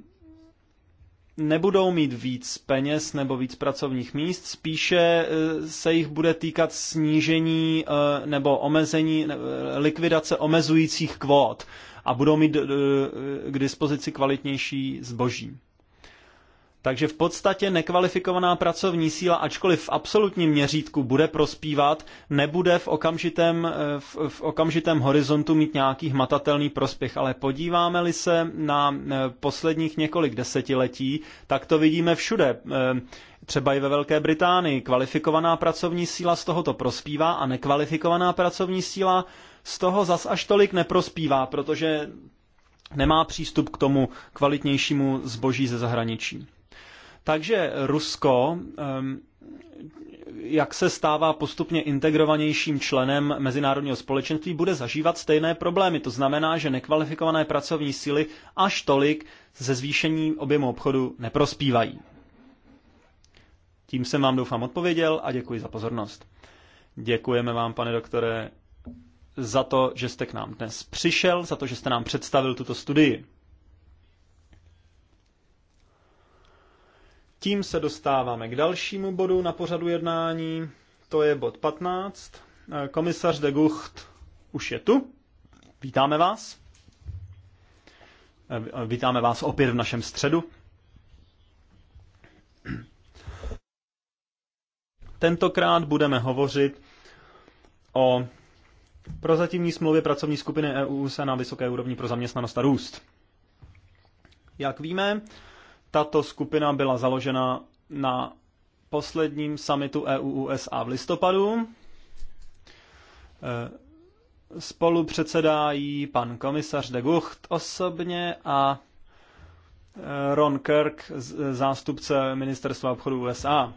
nebudou mít víc peněz nebo víc pracovních míst, spíše e, se jich bude týkat snížení e, nebo omezení, e, likvidace omezujících kvót a budou mít k dispozici kvalitnější zboží. Takže v podstatě nekvalifikovaná pracovní síla, ačkoliv v absolutním měřítku bude prospívat, nebude v okamžitém, eh, v, v okamžitém horizontu mít nějaký hmatatelný prospěch. Ale podíváme-li se na eh, posledních několik desetiletí, tak to vidíme všude. Eh, třeba i ve Velké Británii kvalifikovaná pracovní síla z tohoto prospívá a nekvalifikovaná pracovní síla z toho zas až tolik neprospívá, protože nemá přístup k tomu kvalitnějšímu zboží ze zahraničí. Takže Rusko, jak se stává postupně integrovanějším členem mezinárodního společenství, bude zažívat stejné problémy. To znamená, že nekvalifikované pracovní síly až tolik ze zvýšení objemu obchodu neprospívají. Tím jsem vám doufám odpověděl a děkuji za pozornost. Děkujeme vám, pane doktore, za to, že jste k nám dnes přišel, za to, že jste nám představil tuto studii. Tím se dostáváme k dalšímu bodu na pořadu jednání, to je bod 15. Eh, komisař de Gucht už je tu. Vítáme vás. Eh, vítáme vás opět v našem středu. Tentokrát budeme hovořit o prozatímní smlouvě pracovní skupiny EU se na vysoké úrovni pro zaměstnanost a růst. Jak víme, tato skupina byla založena na posledním summitu EU-USA v listopadu. Eh, Spolu předsedá jí pan komisař de Gucht osobně a eh, Ron Kirk, zástupce ministerstva obchodu USA.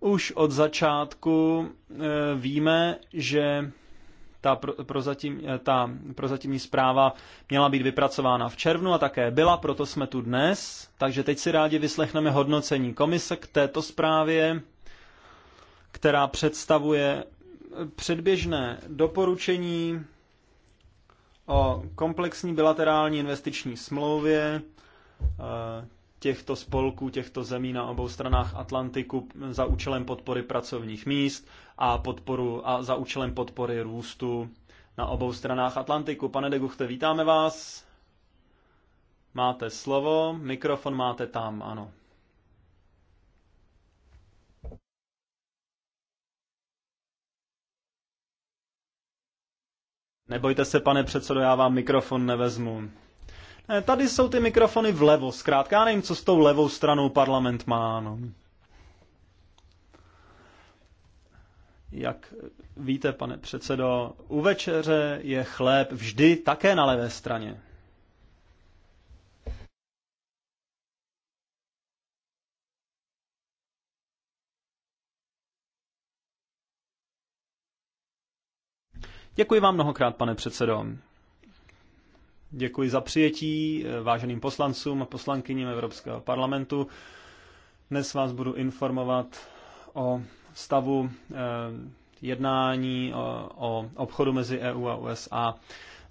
Už od začátku eh, víme, že ta, prozatím, eh, ta prozatímní zpráva měla být vypracována v červnu a také byla, proto jsme tu dnes. Takže teď si rádi vyslechneme hodnocení komise k této zprávě, která představuje předběžné doporučení o komplexní bilaterální investiční smlouvě eh, těchto spolků, těchto zemí na obou stranách Atlantiku za účelem podpory pracovních míst a, podporu, a za účelem podpory růstu na obou stranách Atlantiku. Pane de Guchte, vítáme vás. Máte slovo, mikrofon máte tam, ano. Nebojte se, pane předsedo, já vám mikrofon nevezmu. Eh, tady jsou ty mikrofony vlevo, zkrátka. Já nevím, co s tou levou stranou parlament má. No. Jak víte, pane předsedo, u večeře je chléb vždy také na levé straně. Děkuji vám mnohokrát, pane předsedo. Děkuji za přijetí eh, váženým poslancům a poslankyním Evropského parlamentu. Dnes vás budu informovat o stavu eh, jednání o, obchodu mezi EU a USA,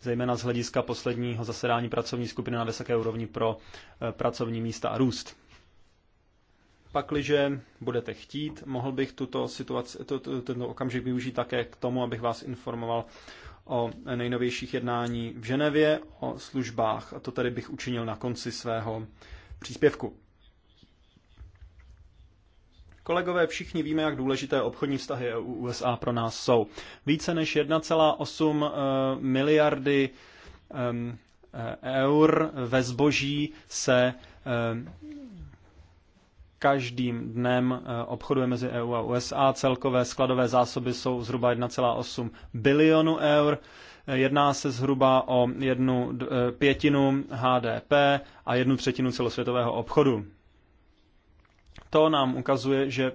zejména z hlediska posledního zasedání pracovní skupiny na vysoké úrovni pro eh, pracovní místa a růst. Pakliže budete chtít, mohl bych tuto situaci, tento okamžik využít také k tomu, abych vás informoval o nejnovějších jednání v Ženevě o službách. A to tady bych učinil na konci svého příspěvku. Kolegové, všichni víme, jak důležité obchodní vztahy u usa pro nás jsou. Více než 1,8 eh, miliardy eh, eh, eur ve zboží se každým dnem eh, obchoduje mezi EU a USA. Celkové skladové zásoby jsou zhruba 1,8 bilionu eur. Eh, jedná se zhruba o jednu eh, pětinu HDP a jednu třetinu celosvětového obchodu. To nám ukazuje, že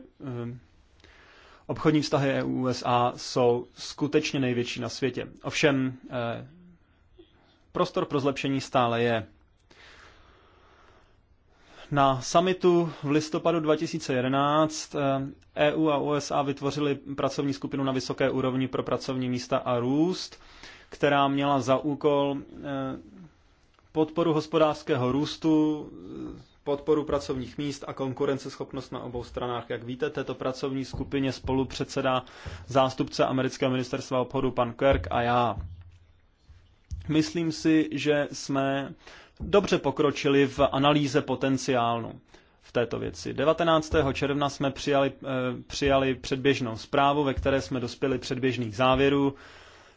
obchodní vztahy EU-USA jsou skutečně největší na světě. Ovšem, prostor pro zlepšení stále je. Na summitu v listopadu 2011 EU eh, e a USA vytvořili pracovní skupinu na vysoké úrovni pro pracovní místa a růst, která měla za úkol eh, podporu hospodářského růstu, podporu pracovních míst a konkurenceschopnost na obou stranách. Jak víte, této pracovní skupině spolu předsedá zástupce amerického ministerstva obchodu pan Kirk a já. Myslím si, že jsme dobře pokročili v analýze potenciálu v této věci. 19. června jsme přijali, eh, přijali předběžnou zprávu, ve které jsme dospěli předběžných závěrů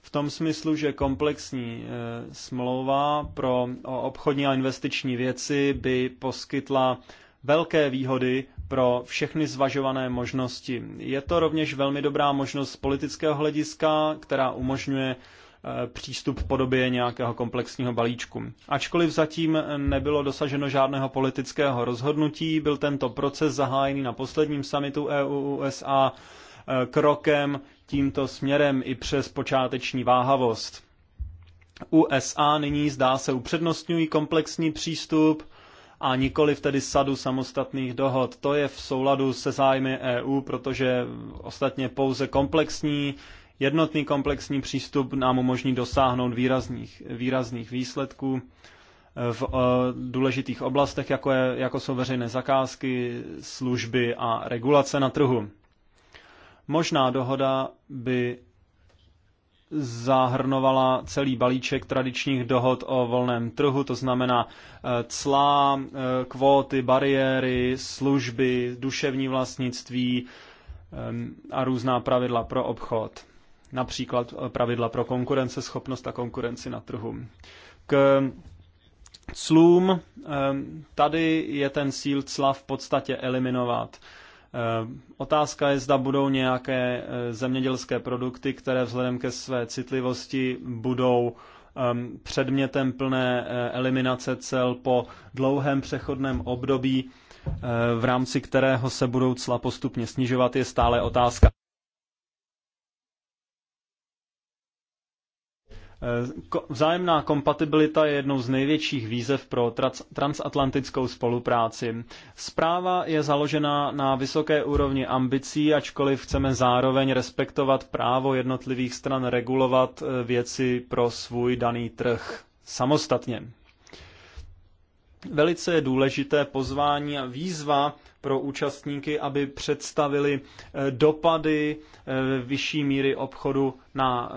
v tom smyslu, že komplexní eh, smlouva pro obchodní a investiční věci by poskytla velké výhody pro všechny zvažované možnosti. Je to rovněž velmi dobrá možnost z politického hlediska, která umožňuje Eh, přístup v podobě nějakého komplexního balíčku. Ačkoliv zatím nebylo dosaženo žádného politického rozhodnutí, byl tento proces zahájený na posledním summitu EU-USA eh, krokem tímto směrem i přes počáteční váhavost. USA nyní zdá se upřednostňují komplexní přístup a nikoli tedy sadu samostatných dohod. To je v souladu se zájmy EU, protože ostatně pouze komplexní Jednotný komplexní přístup nám umožní dosáhnout výrazných, výrazných výsledků eh, v eh, důležitých oblastech, jako, je, jako jsou veřejné zakázky, služby a regulace na trhu. Možná dohoda by zahrnovala celý balíček tradičních dohod o volném trhu, to znamená eh, clá, kvóty, bariéry, služby, duševní vlastnictví a různá pravidla pro obchod například eh, pravidla pro konkurenceschopnost a konkurenci na trhu. K clům eh, tady je ten síl cla v podstatě eliminovat. Eh, otázka je, zda budou nějaké zemědělské produkty, které vzhledem ke své citlivosti budou ehm, předmětem plné eliminace cel po dlouhém přechodném období, v rámci kterého se budou cla postupně snižovat, je stále otázka. Eh, vzájemná kompatibilita je jednou z největších výzev pro transatlantickou spolupráci. Zpráva je založena na vysoké úrovni ambicí, ačkoliv chceme zároveň respektovat právo jednotlivých stran regulovat eh, věci pro svůj daný trh samostatně. Velice je důležité pozvání a výzva pro účastníky, aby představili eh, dopady vyšší míry obchodu na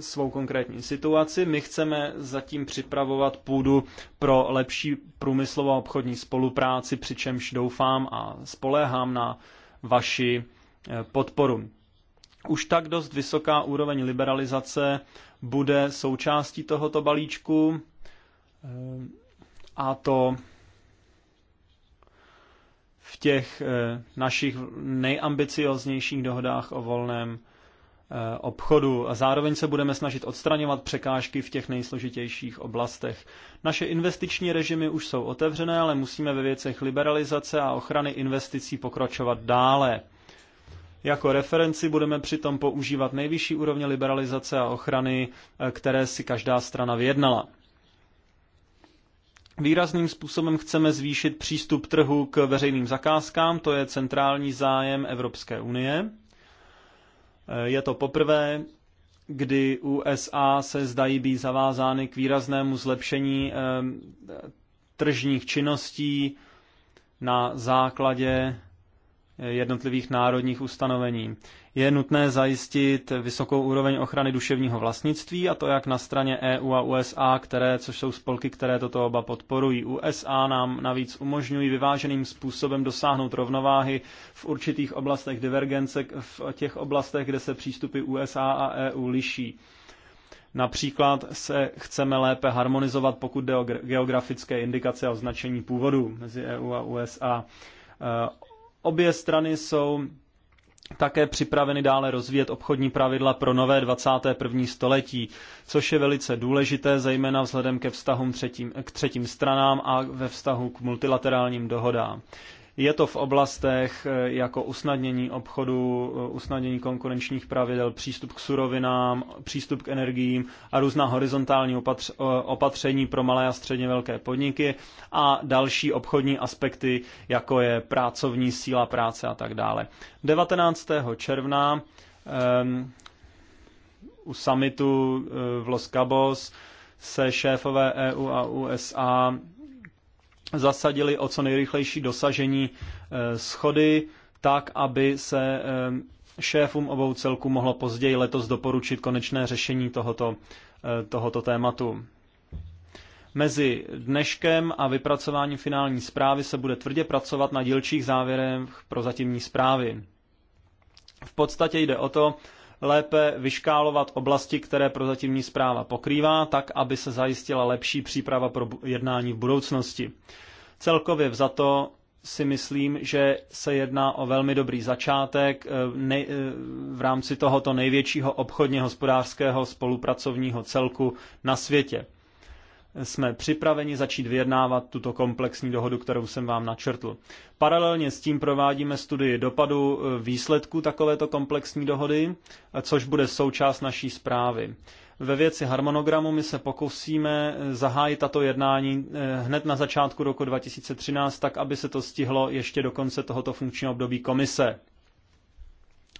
svou konkrétní situaci. My chceme zatím připravovat půdu pro lepší průmyslovou obchodní spolupráci, přičemž doufám a spoléhám na vaši eh, podporu. Už tak dost vysoká úroveň liberalizace bude součástí tohoto balíčku eh, a to v těch eh, našich nejambicioznějších dohodách o volném Eh, obchodu a zároveň se budeme snažit odstraňovat překážky v těch nejsložitějších oblastech. Naše investiční režimy už jsou otevřené, ale musíme ve věcech liberalizace a ochrany investicí pokračovat dále. Jako referenci budeme přitom používat nejvyšší úrovně liberalizace a ochrany, eh, které si každá strana vyjednala. Výrazným způsobem chceme zvýšit přístup trhu k veřejným zakázkám, to je centrální zájem Evropské unie. Eh, je to poprvé, kdy USA se zdají být zavázány k výraznému zlepšení eh, tržních činností na základě jednotlivých národních ustanovení. Je nutné zajistit vysokou úroveň ochrany duševního vlastnictví, a to jak na straně EU a USA, které, což jsou spolky, které toto oba podporují. USA nám navíc umožňují vyváženým způsobem dosáhnout rovnováhy v určitých oblastech divergence, v těch oblastech, kde se přístupy USA a EU liší. Například se chceme lépe harmonizovat, pokud jde o geografické indikace a označení původu mezi EU a USA Obě strany jsou také připraveny dále rozvíjet obchodní pravidla pro nové 21. století, což je velice důležité, zejména vzhledem ke vztahům třetím, k třetím stranám a ve vztahu k multilaterálním dohodám. Je to v oblastech eh, jako usnadnění obchodu, eh, usnadnění konkurenčních pravidel, přístup k surovinám, přístup k energiím a různá horizontální opatř, eh, opatření pro malé a středně velké podniky a další obchodní aspekty, jako je pracovní síla práce a tak dále. 19. června um, u summitu v Los Cabos se šéfové EU a USA zasadili o co nejrychlejší dosažení eh, schody, tak, aby se eh, šéfům obou celků mohlo později letos doporučit konečné řešení tohoto, eh, tohoto tématu. Mezi dneškem a vypracováním finální zprávy se bude tvrdě pracovat na dílčích závěrech pro zatímní zprávy. V podstatě jde o to, lépe vyškálovat oblasti, které prozatímní zpráva pokrývá, tak, aby se zajistila lepší příprava pro jednání v budoucnosti. Celkově za to si myslím, že se jedná o velmi dobrý začátek eh, eh, v rámci tohoto největšího obchodně hospodářského spolupracovního celku na světě jsme připraveni začít vyjednávat tuto komplexní dohodu, kterou jsem vám načrtl. Paralelně s tím provádíme studii dopadu eh, výsledku takovéto komplexní dohody, eh, což bude součást naší zprávy. Ve věci harmonogramu my se pokusíme eh, zahájit tato jednání hned na začátku roku 2013, tak aby se to stihlo ještě do konce tohoto funkčního období komise.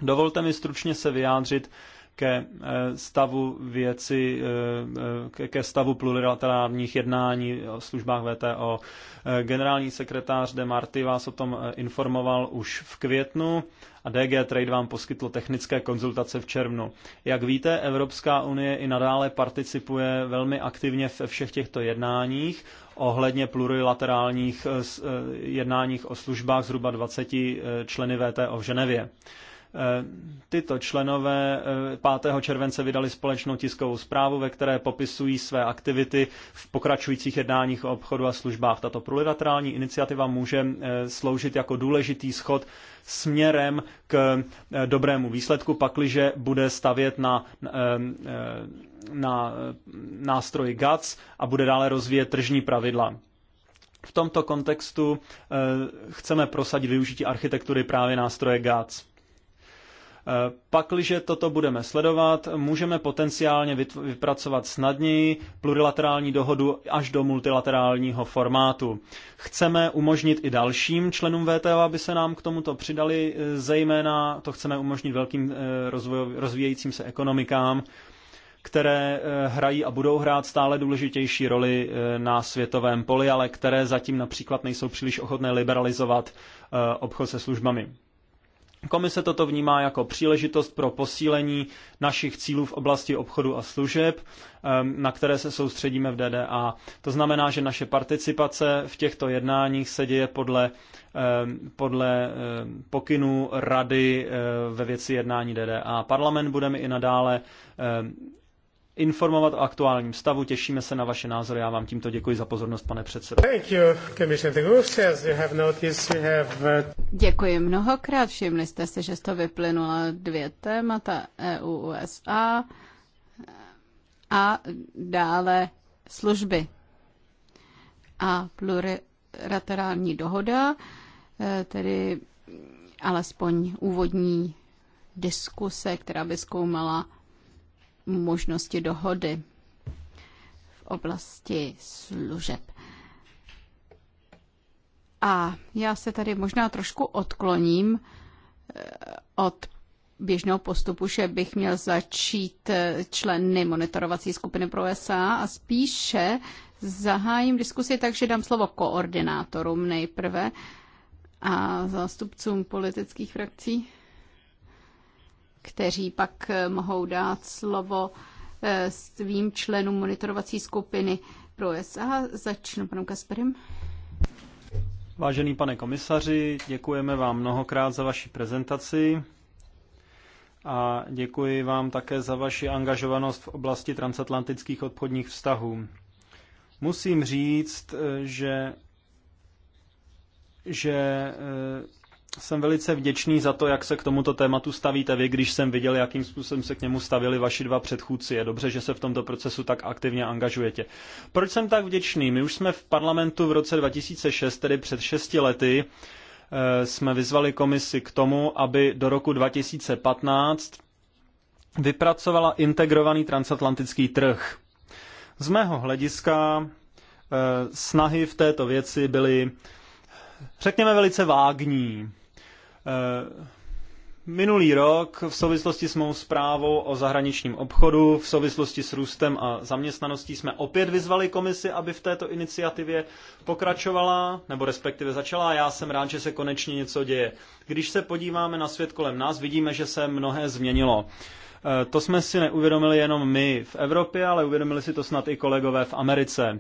Dovolte mi stručně se vyjádřit ke eh, stavu věci, eh, eh, ke stavu plurilaterálních jednání o službách VTO. Generální sekretář De Marty vás o tom informoval už v květnu a DG Trade vám poskytlo technické konzultace v červnu. Jak víte, Evropská unie i nadále participuje velmi aktivně ve všech těchto jednáních ohledně plurilaterálních jednáních o službách zhruba 20 členy VTO v Ženevě. Eh, tyto členové 5. Eh, července vydali společnou tiskovou zprávu, ve které popisují své aktivity v pokračujících jednáních o obchodu a službách. Tato plurilaterální iniciativa může eh, sloužit jako důležitý schod směrem k dobrému výsledku, pakliže bude stavět na, na nástroji GATS a bude dále rozvíjet tržní pravidla. V tomto kontextu chceme prosadit využití architektury právě nástroje GATS. Pakliže toto budeme sledovat, můžeme potenciálně vypracovat snadněji plurilaterální dohodu až do multilaterálního formátu. Chceme umožnit i dalším členům VTO, aby se nám k tomuto přidali, zejména to chceme umožnit velkým eh, rozvíjejícím se ekonomikám, které eh, hrají a budou hrát stále důležitější roli eh, na světovém poli, ale které zatím například nejsou příliš ochotné liberalizovat obchod se službami. Komise toto vnímá jako příležitost pro posílení našich cílů v oblasti obchodu a služeb, ehm, na které se soustředíme v DDA. To znamená, že naše participace v těchto jednáních se děje podle, ehm, podle ehm, pokynů rady eh, ve věci jednání DDA. Parlament budeme i nadále informovat o aktuálním stavu. Těšíme se na vaše názory. Já vám tímto děkuji za pozornost, pane předsedo. Uh, děkuji mnohokrát. Všimli jste si, že z toho vyplynula dvě témata EU-USA a dále služby a plurilaterální dohoda, eh, tedy alespoň úvodní diskuse, která by zkoumala možnosti dohody v oblasti služeb. A já se tady možná trošku odkloním eh, od běžného postupu, že bych měl začít eh, členy monitorovací skupiny pro USA a spíše zahájím diskusi tak, že dám slovo koordinátorům nejprve a zástupcům politických frakcí kteří pak eh, mohou dát slovo eh, svým členům monitorovací skupiny pro USA. Začnu panem Kasperem. Vážený pane komisaři, děkujeme vám mnohokrát za vaši prezentaci a děkuji vám také za vaši angažovanost v oblasti transatlantických obchodních vztahů. Musím říct, eh, že, že jsem velice vděčný za to, jak se k tomuto tématu stavíte vy, když jsem viděl, jakým způsobem se k němu stavili vaši dva předchůdci. Je dobře, že se v tomto procesu tak aktivně angažujete. Proč jsem tak vděčný? My už jsme v parlamentu v roce 2006, tedy před šesti lety, eh, jsme vyzvali komisi k tomu, aby do roku 2015 vypracovala integrovaný transatlantický trh. Z mého hlediska eh, snahy v této věci byly, řekněme, velice vágní. Eh, minulý rok v souvislosti s mou zprávou o zahraničním obchodu, v souvislosti s růstem a zaměstnaností jsme opět vyzvali komisi, aby v této iniciativě pokračovala, nebo respektive začala. Já jsem rád, že se konečně něco děje. Když se podíváme na svět kolem nás, vidíme, že se mnohé změnilo. Eh, to jsme si neuvědomili jenom my v Evropě, ale uvědomili si to snad i kolegové v Americe.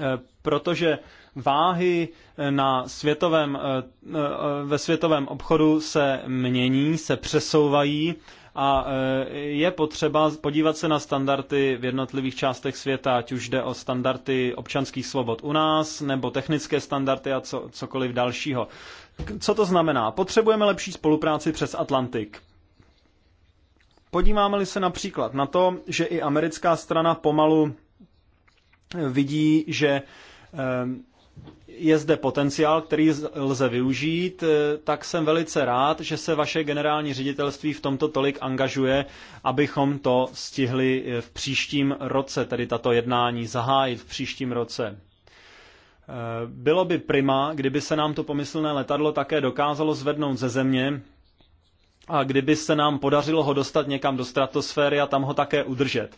Eh, protože váhy na světovém, eh, eh, ve světovém obchodu se mění, se přesouvají a eh, je potřeba podívat se na standardy v jednotlivých částech světa, ať už jde o standardy občanských svobod u nás, nebo technické standardy a co, cokoliv dalšího. Co to znamená? Potřebujeme lepší spolupráci přes Atlantik. Podíváme-li se například na to, že i americká strana pomalu vidí, že je zde potenciál, který lze využít, eh, tak jsem velice rád, že se vaše generální ředitelství v tomto tolik angažuje, abychom to stihli eh, v příštím roce, tedy tato jednání zahájit v příštím roce. Eh, bylo by prima, kdyby se nám to pomyslné letadlo také dokázalo zvednout ze země a kdyby se nám podařilo ho dostat někam do stratosféry a tam ho také udržet.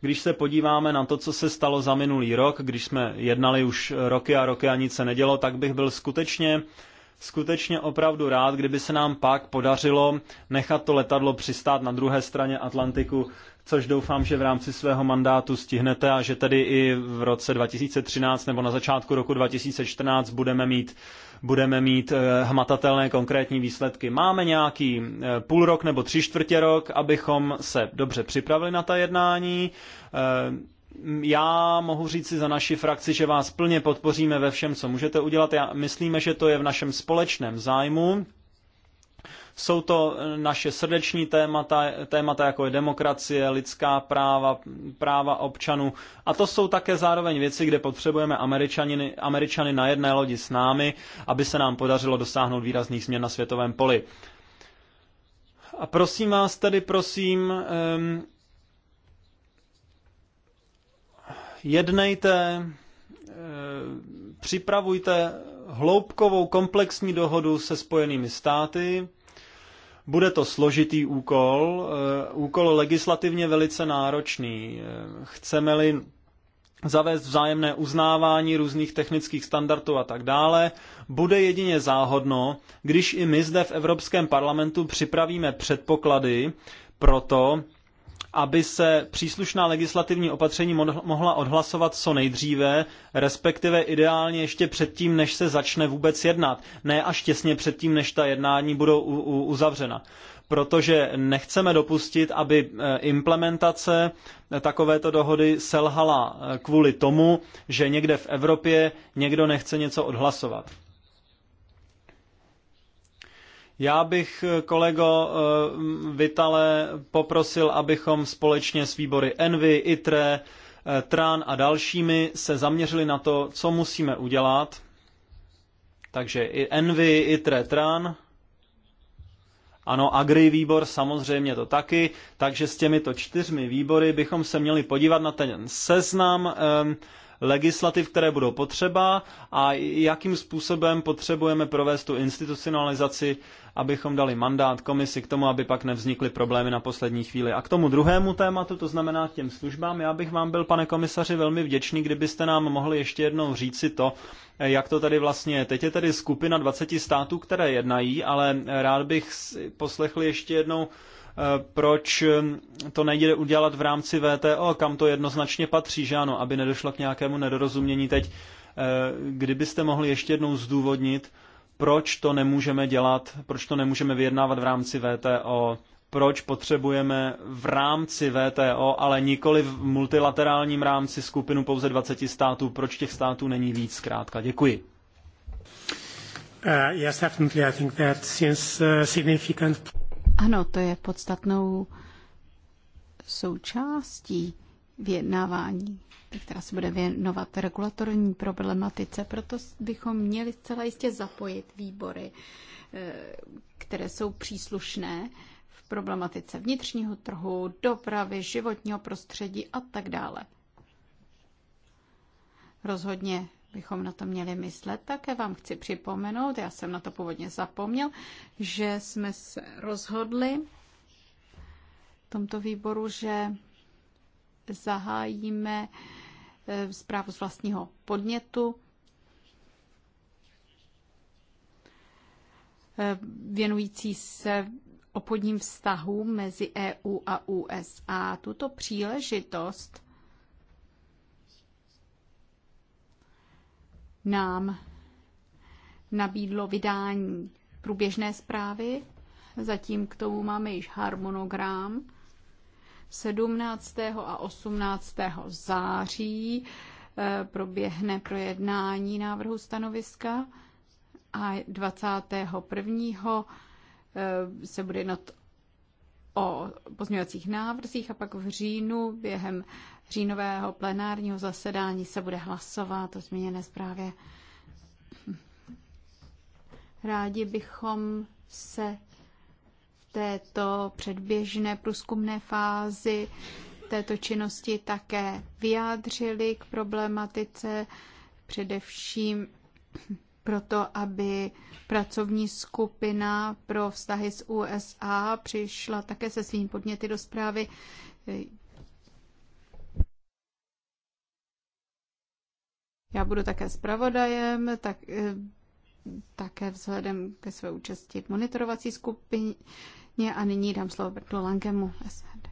Když se podíváme na to, co se stalo za minulý rok, když jsme jednali už roky a roky a nic se nedělo, tak bych byl skutečně skutečně opravdu rád, kdyby se nám pak podařilo nechat to letadlo přistát na druhé straně Atlantiku, což doufám, že v rámci svého mandátu stihnete a že tedy i v roce 2013 nebo na začátku roku 2014 budeme mít budeme mít eh, hmatatelné konkrétní výsledky. Máme nějaký eh, půl rok nebo tři čtvrtě rok, abychom se dobře připravili na ta jednání. Eh, já mohu říci za naši frakci, že vás plně podpoříme ve všem, co můžete udělat. Já myslíme, že to je v našem společném zájmu jsou to naše srdeční témata, témata jako je demokracie, lidská práva, práva občanů. A to jsou také zároveň věci, kde potřebujeme američany, na jedné lodi s námi, aby se nám podařilo dosáhnout výrazných změn na světovém poli. A prosím vás tedy, prosím, um, jednejte, eh, připravujte hloubkovou komplexní dohodu se Spojenými státy, bude to složitý úkol, eh, úkol legislativně velice náročný. Eh, chceme-li zavést vzájemné uznávání různých technických standardů a tak dále, bude jedině záhodno, když i my zde v Evropském parlamentu připravíme předpoklady pro to, aby se příslušná legislativní opatření mohla odhlasovat co nejdříve, respektive ideálně ještě předtím, než se začne vůbec jednat, ne až těsně předtím, než ta jednání budou uzavřena. Protože nechceme dopustit, aby eh, implementace eh, takovéto dohody selhala eh, kvůli tomu, že někde v Evropě někdo nechce něco odhlasovat. Já bych, eh, kolego eh, Vitale, poprosil, abychom společně s výbory Envy, ITRE, eh, TRAN a dalšími se zaměřili na to, co musíme udělat. Takže i Envy, ITRE, TRAN, ano, Agri výbor samozřejmě to taky, takže s těmito čtyřmi výbory bychom se měli podívat na ten seznam um, legislativ, které budou potřeba a jakým způsobem potřebujeme provést tu institucionalizaci, abychom dali mandát komisi k tomu, aby pak nevznikly problémy na poslední chvíli. A k tomu druhému tématu, to znamená k těm službám, já bych vám byl, pane komisaři, velmi vděčný, kdybyste nám mohli ještě jednou říci to, jak to tady vlastně je. Teď je tady skupina 20 států, které jednají, ale rád bych poslechl ještě jednou proč to nejde udělat v rámci VTO, kam to jednoznačně patří, že ano, aby nedošlo k nějakému nedorozumění teď. Eh, kdybyste mohli ještě jednou zdůvodnit, proč to nemůžeme dělat, proč to nemůžeme vyjednávat v rámci VTO, proč potřebujeme v rámci VTO, ale nikoli v multilaterálním rámci skupinu pouze 20 států, proč těch států není víc, zkrátka. Děkuji. Uh, yes, definitely. I think that's uh, significant. Ano, to je podstatnou součástí vyjednávání, která se bude věnovat regulatorní problematice. Proto bychom měli zcela jistě zapojit výbory, eh, které jsou příslušné v problematice vnitřního trhu, dopravy, životního prostředí a tak dále. Rozhodně bychom na to měli myslet. Také vám chci připomenout, já jsem na to původně zapomněl, že jsme se rozhodli v tomto výboru, že zahájíme eh, zprávu z vlastního podnětu. Eh, věnující se obchodním vztahům mezi EU a USA. Tuto příležitost nám nabídlo vydání průběžné zprávy. Zatím k tomu máme již harmonogram. 17. a 18. září eh, proběhne projednání návrhu stanoviska a 21. Eh, se bude jednat o pozměňovacích návrzích a pak v říjnu během říjnového plenárního zasedání se bude hlasovat o změněné zprávě. Rádi bychom se v této předběžné průzkumné fázi této činnosti také vyjádřili k problematice, především proto, aby pracovní skupina pro vztahy s USA přišla také se svým podněty do zprávy. Já budu také zpravodajem, tak, eh, také vzhledem ke své účasti v monitorovací skupině a nyní dám slovo Bertu Langemu, SHD.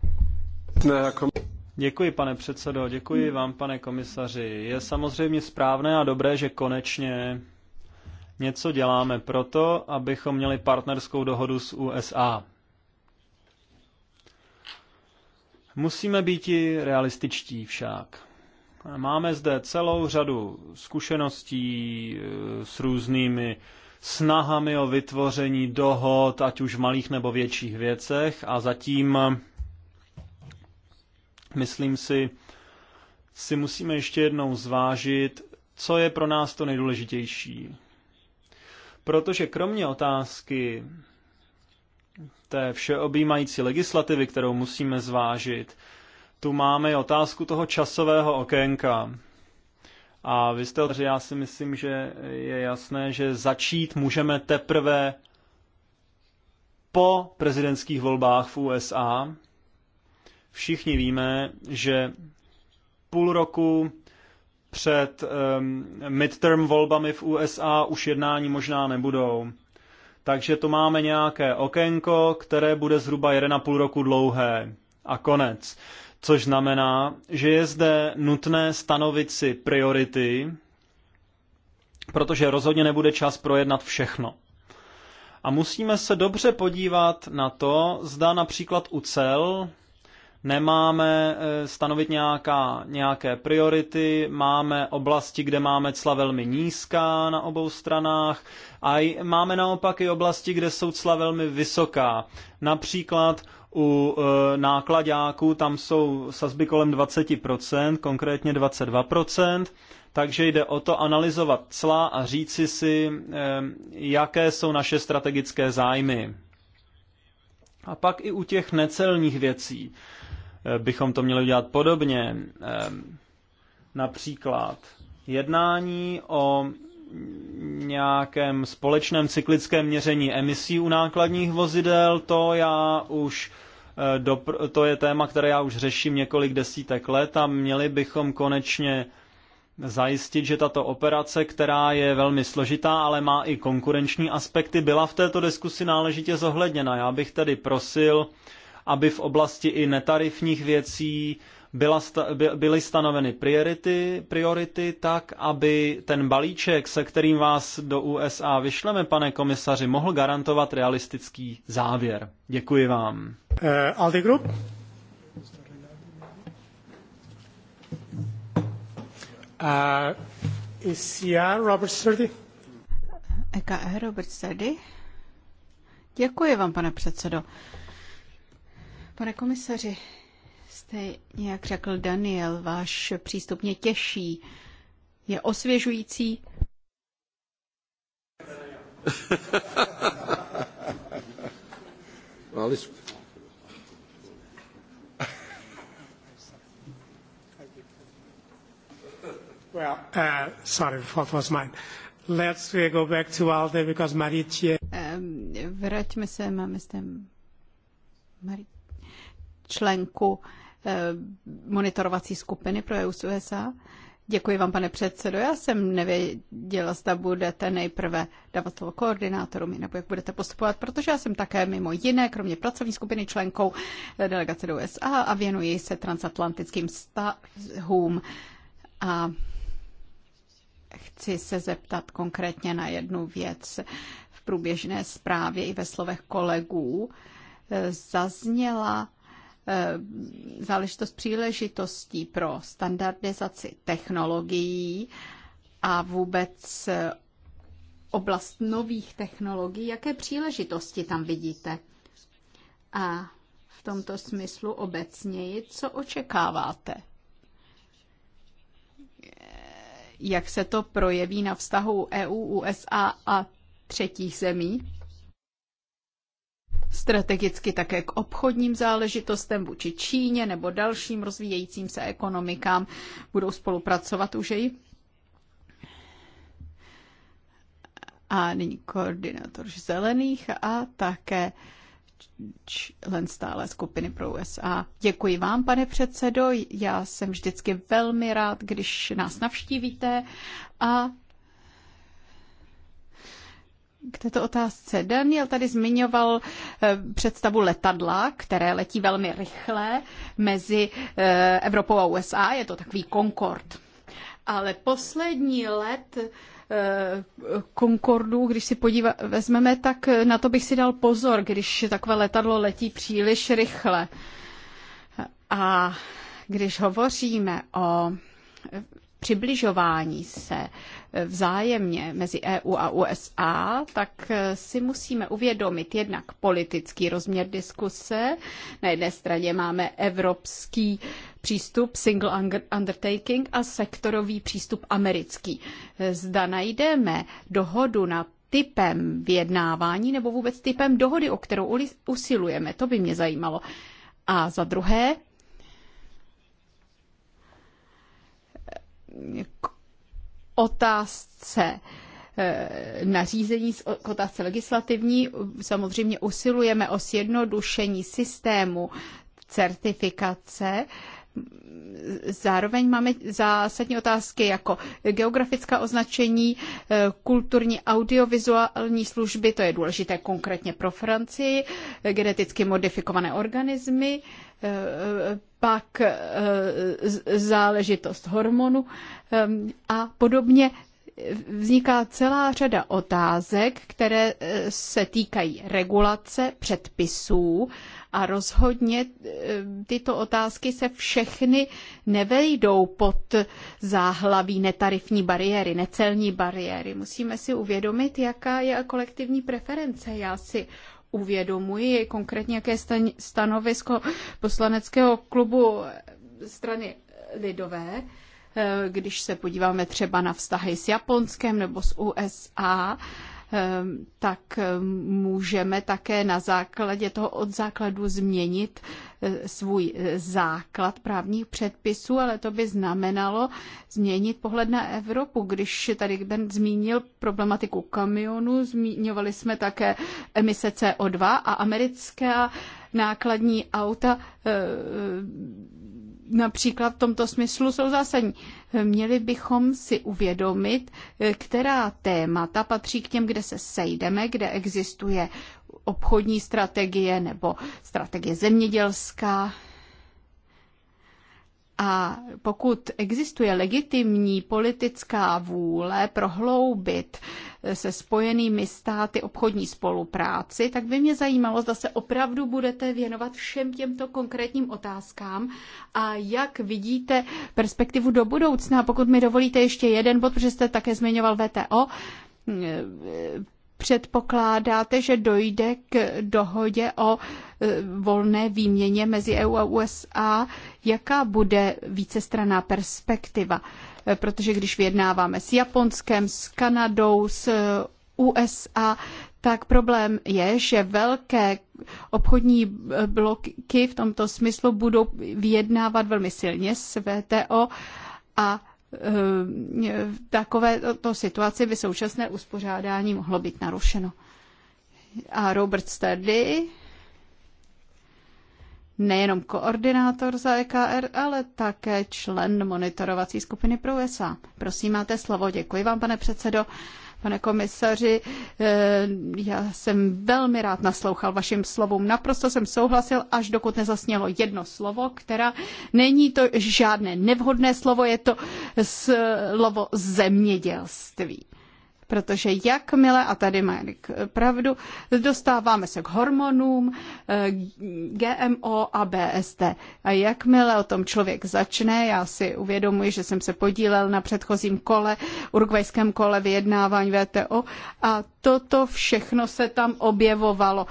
Děkuji, pane předsedo, děkuji vám, pane komisaři. Je samozřejmě správné a dobré, že konečně něco děláme proto, abychom měli partnerskou dohodu s USA. Musíme být i realističtí však. Máme zde celou řadu zkušeností eh, s různými snahami o vytvoření dohod, ať už v malých nebo větších věcech a zatím, eh, myslím si, si musíme ještě jednou zvážit, co je pro nás to nejdůležitější. Protože kromě otázky té všeobjímající legislativy, kterou musíme zvážit, tu máme otázku toho časového okénka. A vy jste, že já si myslím, že je jasné, že začít můžeme teprve po prezidentských volbách v USA. Všichni víme, že půl roku před um, midterm volbami v USA už jednání možná nebudou. Takže to máme nějaké okénko, které bude zhruba 1,5 roku dlouhé. A konec což znamená, že je zde nutné stanovit si priority, protože rozhodně nebude čas projednat všechno. A musíme se dobře podívat na to, zda například u cel nemáme eh, stanovit nějaká, nějaké priority, máme oblasti, kde máme cla velmi nízká na obou stranách a máme naopak i oblasti, kde jsou cla velmi vysoká. Například u e, nákladáků tam jsou sazby kolem 20%, konkrétně 22%, takže jde o to analyzovat cla a říci si, e, jaké jsou naše strategické zájmy. A pak i u těch necelních věcí e, bychom to měli udělat podobně. Například jednání o nějakém společném cyklickém měření emisí u nákladních vozidel, to já už eh, dopr- to je téma, které já už řeším několik desítek let a měli bychom konečně zajistit, že tato operace, která je velmi složitá, ale má i konkurenční aspekty, byla v této diskusi náležitě zohledněna. Já bych tedy prosil, aby v oblasti i netarifních věcí byla sta, byly stanoveny priority, priority tak, aby ten balíček, se kterým vás do USA vyšleme, pane komisaři, mohl garantovat realistický závěr. Děkuji vám. Uh, eh, Aldi Group? Uh, eh, ICR Robert Sturdy? EKR e, Robert Sturdy? Děkuji vám, pane předsedo. Pane komisaři, Stejně jak řekl Daniel, váš přístup mě těší, je osvěžující. well, uh, sorry, was mine? Let's go back to because vraťme se, máme zde Marit... členku Eh, monitorovací skupiny pro EU USA. Děkuji vám, pane předsedo. Já jsem nevěděla, zda budete nejprve dávat slovo koordinátorům, nebo jak budete postupovat, protože já jsem také mimo jiné, kromě pracovní skupiny, členkou delegace do USA a věnuji se transatlantickým vztahům. A chci se zeptat konkrétně na jednu věc. V průběžné zprávě i ve slovech kolegů eh, zazněla Eh, záležitost příležitostí pro standardizaci technologií a vůbec eh, oblast nových technologií. Jaké příležitosti tam vidíte? A v tomto smyslu obecněji, co očekáváte? Eh, jak se to projeví na vztahu EU, USA a třetích zemí? strategicky také k obchodním záležitostem vůči Číně nebo dalším rozvíjejícím se ekonomikám. Budou spolupracovat už i. A nyní koordinátor zelených a také člen stále skupiny pro USA. Děkuji vám, pane předsedo. Já jsem vždycky velmi rád, když nás navštívíte a k této otázce. Daniel tady zmiňoval eh, představu letadla, které letí velmi rychle mezi eh, Evropou a USA. Je to takový Concorde. Ale poslední let eh, Concordu, když si podíva, vezmeme, tak na to bych si dal pozor, když takové letadlo letí příliš rychle. A když hovoříme o přibližování se vzájemně mezi EU a USA, tak eh, si musíme uvědomit jednak politický rozměr diskuse. Na jedné straně máme evropský přístup single undertaking a sektorový přístup americký. Eh, zda najdeme dohodu na typem vyjednávání nebo vůbec typem dohody, o kterou usilujeme. To by mě zajímalo. A za druhé, otázce eh, nařízení k otázce legislativní. Samozřejmě usilujeme o sjednodušení systému certifikace. Zároveň máme zásadní otázky jako geografická označení, eh, kulturní audiovizuální služby, to je důležité konkrétně pro Francii, eh, geneticky modifikované organismy, pak eh, záležitost hormonu eh, a podobně vzniká celá řada otázek, které eh, se týkají regulace předpisů a rozhodně tyto otázky se všechny nevejdou pod záhlaví netarifní bariéry, necelní bariéry. Musíme si uvědomit, jaká je kolektivní preference. Já si uvědomuji konkrétně, jaké stanovisko poslaneckého klubu strany lidové, eh, když se podíváme třeba na vztahy s Japonskem nebo s USA, eh, tak eh, můžeme také na základě toho od základu změnit E, svůj e, základ právních předpisů, ale to by znamenalo změnit pohled na Evropu. Když tady Ben zmínil problematiku kamionů, zmínili jsme také emise CO2 a americká nákladní auta e, například v tomto smyslu jsou zásadní. Měli bychom si uvědomit, která témata patří k těm, kde se sejdeme, kde existuje obchodní strategie nebo strategie zemědělská. A pokud existuje legitimní politická vůle prohloubit se spojenými státy obchodní spolupráci, tak by mě zajímalo, zda se opravdu budete věnovat všem těmto konkrétním otázkám a jak vidíte perspektivu do budoucna. Pokud mi dovolíte ještě jeden bod, protože jste také zmiňoval VTO, Předpokládáte, že dojde k dohodě o e, volné výměně mezi EU a USA? Jaká bude vícestraná perspektiva? E, protože když vyjednáváme s Japonskem, s Kanadou, s e, USA, tak problém je, že velké obchodní bloky v tomto smyslu budou vyjednávat velmi silně s VTO a Eh, v to situaci by současné uspořádání mohlo být narušeno. A Robert Sturdy, nejenom koordinátor za EKR, ale také člen monitorovací skupiny pro USA. Prosím, máte slovo. Děkuji vám, pane předsedo. Uh, Pane komisaři, eh, já jsem velmi rád naslouchal vašim slovům. Naprosto jsem souhlasil, až dokud nezasnělo jedno slovo, která není to žádné nevhodné slovo, je to slovo zemědělství protože jakmile, a tady má pravdu, dostáváme se k hormonům, eh, GMO a BST. A jakmile o tom člověk začne, já si uvědomuji, že jsem se podílel na předchozím kole, urugvajském kole vyjednávání VTO a toto všechno se tam objevovalo.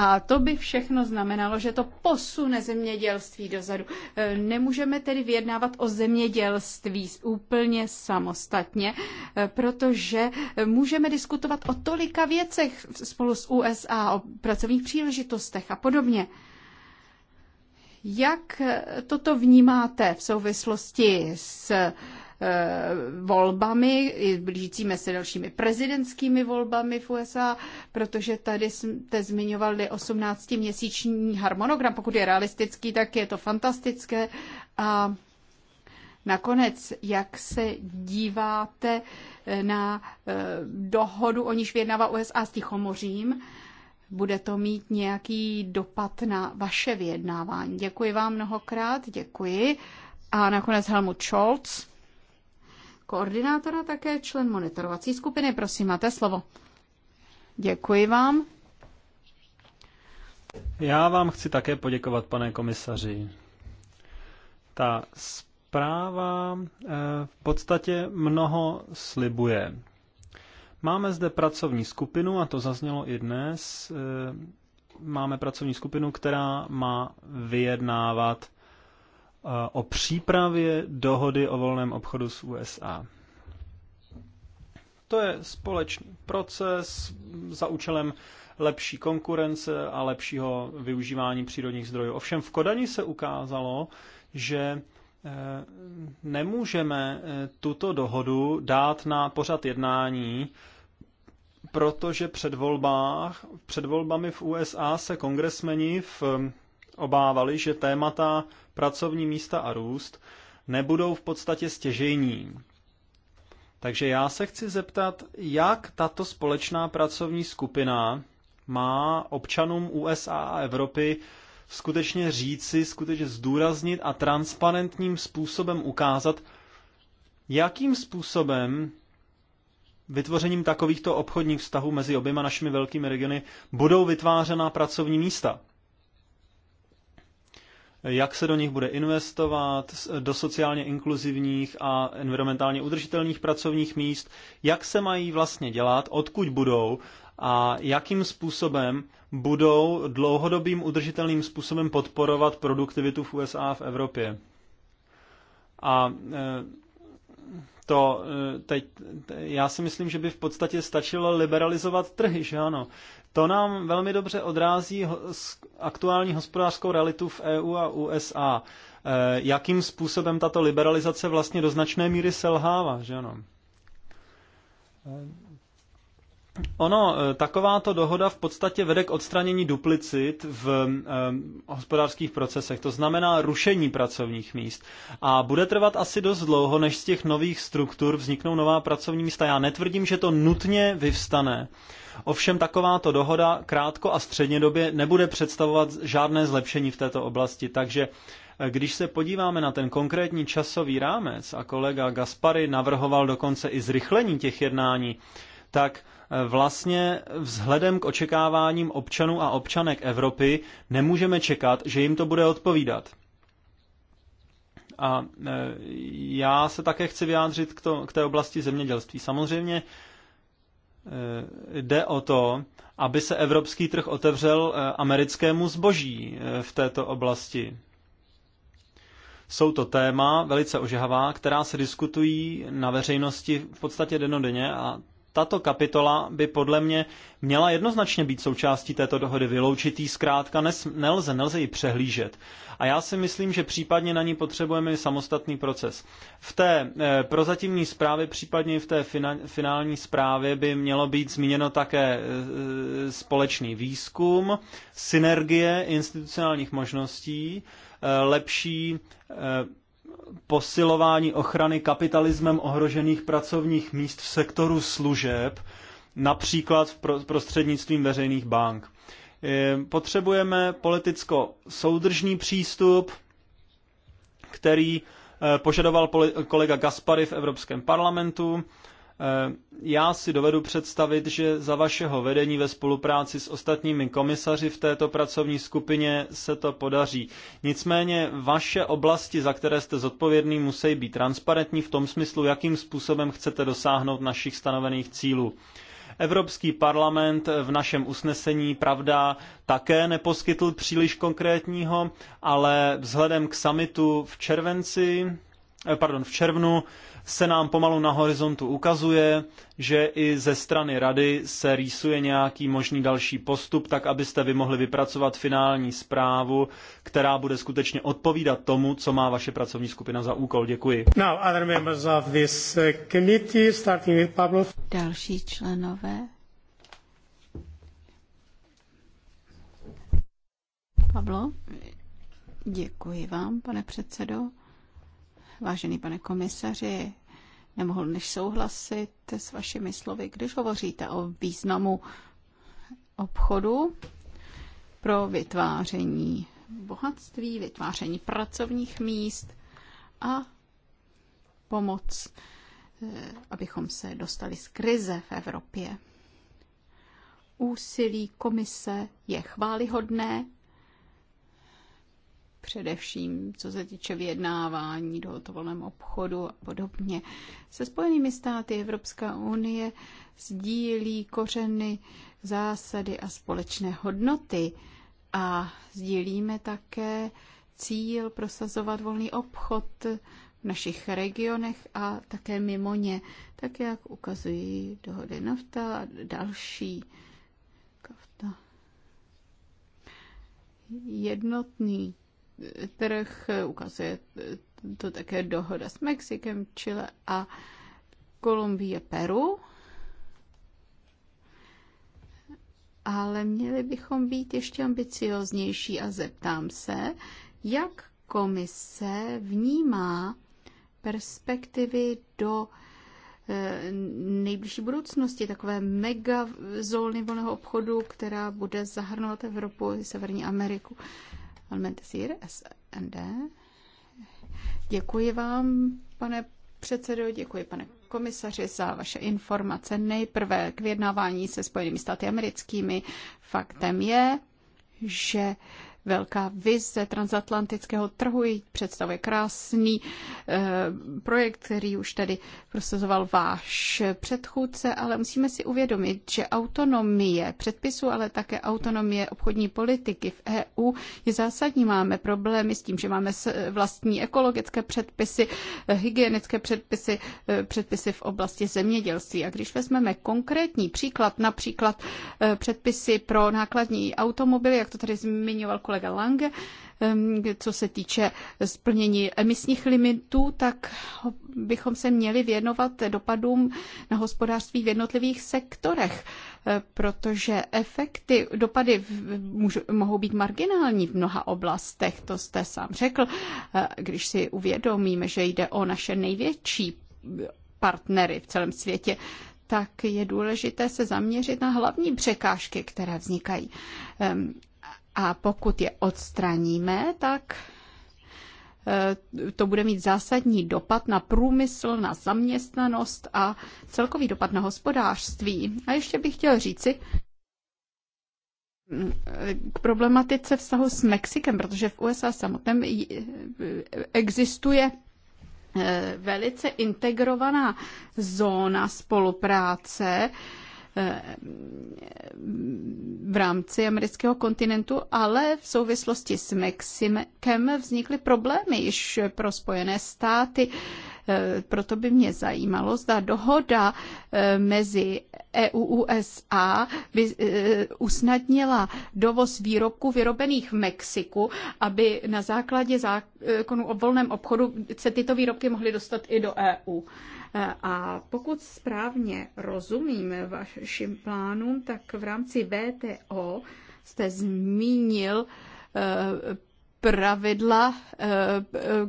A to by všechno znamenalo, že to posune zemědělství dozadu. E, nemůžeme tedy vyjednávat o zemědělství úplně samostatně, e, protože můžeme diskutovat o tolika věcech spolu s USA, o pracovních příležitostech a podobně. Jak toto vnímáte v souvislosti s Eh, volbami, i blížícími se dalšími prezidentskými volbami v USA, protože tady jste zmiňovali 18-měsíční harmonogram. Pokud je realistický, tak je to fantastické. A Nakonec, jak se díváte eh, na eh, dohodu, o níž vyjednává USA s Tichomořím, bude to mít nějaký dopad na vaše vyjednávání. Děkuji vám mnohokrát, děkuji. A nakonec Helmut Scholz koordinátora, také člen monitorovací skupiny. Prosím, máte slovo. Děkuji vám. Já vám chci také poděkovat, pane komisaři. Ta zpráva eh, v podstatě mnoho slibuje. Máme zde pracovní skupinu, a to zaznělo i dnes. Eh, máme pracovní skupinu, která má vyjednávat o přípravě dohody o volném obchodu s USA. To je společný proces za účelem lepší konkurence a lepšího využívání přírodních zdrojů. Ovšem v Kodani se ukázalo, že eh, nemůžeme eh, tuto dohodu dát na pořad jednání, protože před, volbách, před volbami v USA se kongresmeni v, eh, obávali, že témata pracovní místa a růst nebudou v podstatě stěžejní. Takže já se chci zeptat, jak tato společná pracovní skupina má občanům USA a Evropy skutečně říci, skutečně zdůraznit a transparentním způsobem ukázat, jakým způsobem vytvořením takovýchto obchodních vztahů mezi oběma našimi velkými regiony budou vytvářena pracovní místa jak se do nich bude investovat, do sociálně inkluzivních a environmentálně udržitelných pracovních míst, jak se mají vlastně dělat, odkud budou a jakým způsobem budou dlouhodobým udržitelným způsobem podporovat produktivitu v USA a v Evropě. A e, to e, teď, já si myslím, že by v podstatě stačilo liberalizovat trhy, že ano. To nám velmi dobře odrází aktuální hospodářskou realitu v EU a USA. E, jakým způsobem tato liberalizace vlastně do značné míry selhává, že ano? E, ono, e, takováto dohoda v podstatě vede k odstranění duplicit v eh, hospodářských procesech, to znamená rušení pracovních míst. A bude trvat asi dost dlouho, než z těch nových struktur vzniknou nová pracovní místa. Já netvrdím, že to nutně vyvstane, Ovšem takováto dohoda krátko a střednědobě nebude představovat žádné zlepšení v této oblasti, takže eh, když se podíváme na ten konkrétní časový rámec a kolega Gaspary navrhoval dokonce i zrychlení těch jednání, tak eh, vlastně vzhledem k očekáváním občanů a občanek Evropy nemůžeme čekat, že jim to bude odpovídat. A eh, já se také chci vyjádřit k, to, k té oblasti zemědělství. Samozřejmě Eh, jde o to, aby se evropský trh otevřel eh, americkému zboží eh, v této oblasti. Jsou to téma velice ožehavá, která se diskutují na veřejnosti v podstatě denodenně a tato kapitola by podle mě měla jednoznačně být součástí této dohody. Vyloučitý zkrátka nes, nelze, nelze ji přehlížet. A já si myslím, že případně na ní potřebujeme samostatný proces. V té e, prozatímní zprávě, případně v té fina, finální zprávě by mělo být zmíněno také e, společný výzkum, synergie institucionálních možností, e, lepší e, posilování ochrany kapitalismem ohrožených pracovních míst v sektoru služeb, například v prostřednictvím veřejných bank. Potřebujeme politicko-soudržný přístup, který eh, požadoval kolega Gaspary v Evropském parlamentu Eh, já si dovedu představit, že za vašeho vedení ve spolupráci s ostatními komisaři v této pracovní skupině se to podaří. Nicméně vaše oblasti, za které jste zodpovědný, musí být transparentní v tom smyslu, jakým způsobem chcete dosáhnout našich stanovených cílů. Evropský parlament v našem usnesení, pravda, také neposkytl příliš konkrétního, ale vzhledem k samitu v červenci Eh, pardon, v červnu se nám pomalu na horizontu ukazuje, že i ze strany rady se rýsuje nějaký možný další postup, tak abyste vy mohli vypracovat finální zprávu, která bude skutečně odpovídat tomu, co má vaše pracovní skupina za úkol. Děkuji. Now, other members of this eh, committee, starting with Pablo. Další členové. Pablo, děkuji vám, pane předsedo. Vážený pane komisaři, nemohl než souhlasit s vašimi slovy, když hovoříte o významu obchodu pro vytváření bohatství, vytváření pracovních míst a pomoc, eh, abychom se dostali z krize v Evropě. Úsilí komise je chválihodné především co se týče vyjednávání do volném obchodu a podobně. Se Spojenými státy Evropská unie sdílí kořeny, zásady a společné hodnoty a sdílíme také cíl prosazovat volný obchod v našich regionech a také mimo ně, tak jak ukazují dohody NAFTA a další. Jednotný trh, ukazuje to také dohoda s Mexikem, Chile a Kolumbie, Peru. Ale měli bychom být ještě ambicioznější a zeptám se, jak komise vnímá perspektivy do eh, nejbližší budoucnosti, takové mega zóny volného obchodu, která bude zahrnovat Evropu i Severní Ameriku. Almentesir, SND. Děkuji vám, pane předsedo, děkuji pane komisaři za vaše informace. Nejprve k vyjednávání se Spojenými státy americkými. Faktem je, že velká vize transatlantického trhu. Představuje krásný eh, projekt, který už tady prosazoval váš předchůdce, ale musíme si uvědomit, že autonomie předpisu, ale také autonomie obchodní politiky v EU je zásadní. Máme problémy s tím, že máme eh, vlastní ekologické předpisy, eh, hygienické předpisy, předpisy v oblasti zemědělství. A když vezmeme konkrétní příklad, například předpisy pro nákladní automobily, jak to tady zmiňoval kolega kolega Lange. Co se týče splnění emisních limitů, tak bychom se měli věnovat dopadům na hospodářství v jednotlivých sektorech, e, protože efekty, dopady mohou být marginální v mnoha oblastech, to jste sám řekl. E, když si uvědomíme, že jde o naše největší partnery v celém světě, tak je důležité se zaměřit na hlavní překážky, které vznikají. A pokud je odstraníme, tak eh, to bude mít zásadní dopad na průmysl, na zaměstnanost a celkový dopad na hospodářství. A ještě bych chtěl říci mm, eh, k problematice vztahu s Mexikem, protože v USA samotném eh, existuje velice integrovaná zóna spolupráce, v rámci amerického kontinentu, ale v souvislosti s Mexikem vznikly problémy již pro Spojené státy. E, proto by mě zajímalo, zda dohoda e, mezi EU-USA by e, usnadnila dovoz výrobků vyrobených v Mexiku, aby na základě zákonu o volném obchodu se tyto výrobky mohly dostat i do EU. A pokud správně rozumím vašim plánům, tak v rámci VTO jste zmínil eh, pravidla, eh,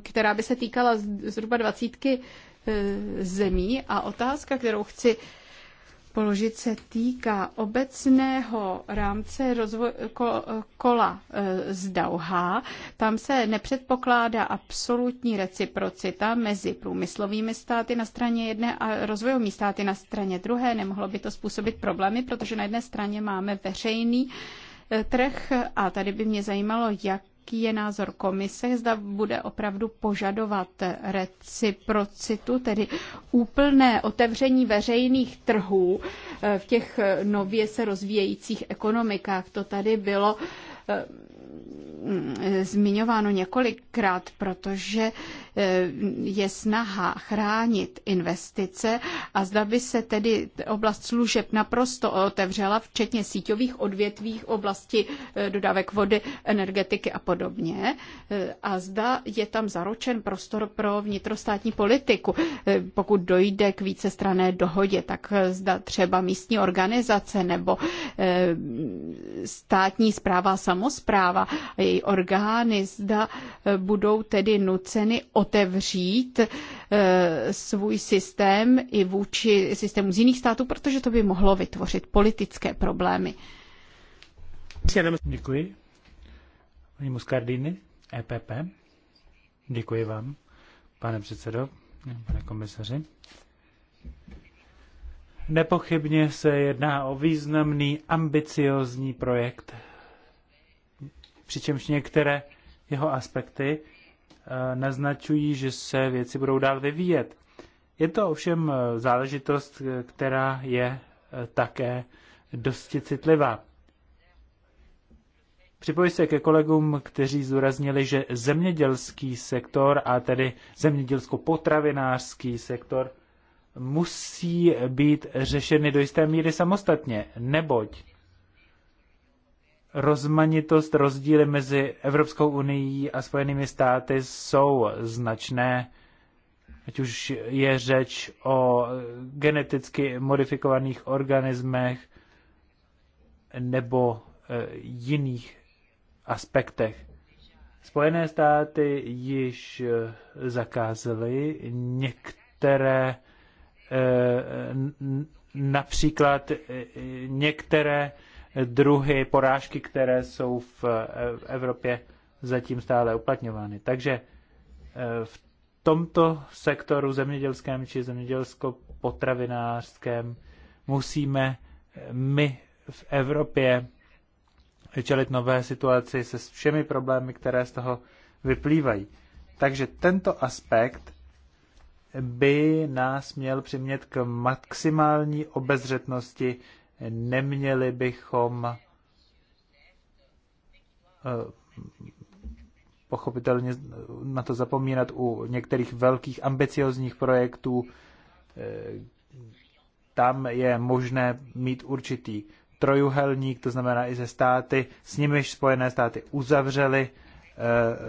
která by se týkala zhruba dvacítky eh, zemí. A otázka, kterou chci položit se týká obecného rámce rozvoj, ko, kola e, z Dauha. Tam se nepředpokládá absolutní reciprocita mezi průmyslovými státy na straně jedné a rozvojovými státy na straně druhé. Nemohlo by to způsobit problémy, protože na jedné straně máme veřejný e, trh a tady by mě zajímalo, jak jaký je názor komise, zda bude opravdu požadovat reciprocitu, tedy úplné otevření veřejných trhů eh, v těch nově se rozvíjejících ekonomikách. To tady bylo eh, Eh, zmiňováno několikrát, protože eh, je snaha chránit investice a zda by se tedy oblast služeb naprosto otevřela, včetně síťových odvětví, oblasti eh, dodávek vody, energetiky a podobně. A zda je tam zaručen prostor pro vnitrostátní politiku. Pokud dojde k vícestrané dohodě, tak zda třeba místní organizace nebo státní zpráva a samozpráva její orgány, zda eh, budou tedy nuceny otevřít eh, svůj systém i vůči systému z jiných států, protože to by mohlo vytvořit politické problémy. Děkuji. Pani Muscardini, EPP. Děkuji vám, pane předsedo, pane komisaři. Nepochybně se jedná o významný, ambiciozní projekt, přičemž některé jeho aspekty eh, naznačují, že se věci budou dál vyvíjet. Je to ovšem eh, záležitost, eh, která je také dosti citlivá. Připojí se ke kolegům, kteří zdůraznili, že zemědělský sektor, a tedy zemědělsko-potravinářský sektor, musí být řešeny do jisté míry samostatně, neboť rozmanitost, rozdíly mezi Evropskou unii a Spojenými státy jsou značné, ať už je řeč o geneticky modifikovaných organismech nebo e, jiných aspektech. Spojené státy již e, zakázaly některé e, například některé druhy porážky, které jsou e, v Evropě zatím stále uplatňovány. Takže e, v tomto sektoru zemědělském či zemědělsko-potravinářském musíme e, my v Evropě čelit nové situaci se všemi problémy, které z toho vyplývají. Takže tento aspekt by nás měl přimět k maximální obezřetnosti neměli bychom eh, pochopitelně na to zapomínat u některých velkých ambiciozních projektů. Eh, tam je možné mít určitý trojuhelník, to znamená i ze státy, s nimiž Spojené státy uzavřely eh,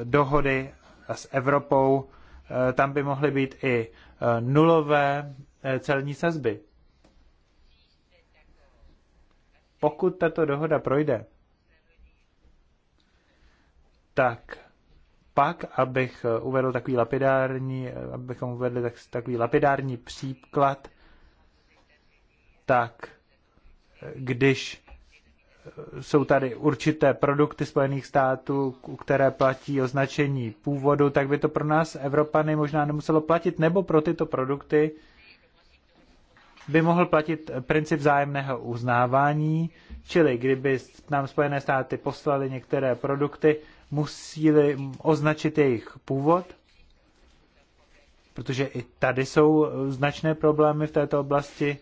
dohody a s Evropou. Tam by mohly být i nulové celní sazby. pokud tato dohoda projde, tak pak, abych uvedl takový lapidární, abychom uvedli tak, takový lapidární příklad, tak když jsou tady určité produkty Spojených států, které platí označení původu, tak by to pro nás Evropany možná nemuselo platit, nebo pro tyto produkty by mohl platit princip vzájemného uznávání, čili kdyby nám Spojené státy poslali některé produkty, musíli označit jejich původ, protože i tady jsou značné problémy v této oblasti.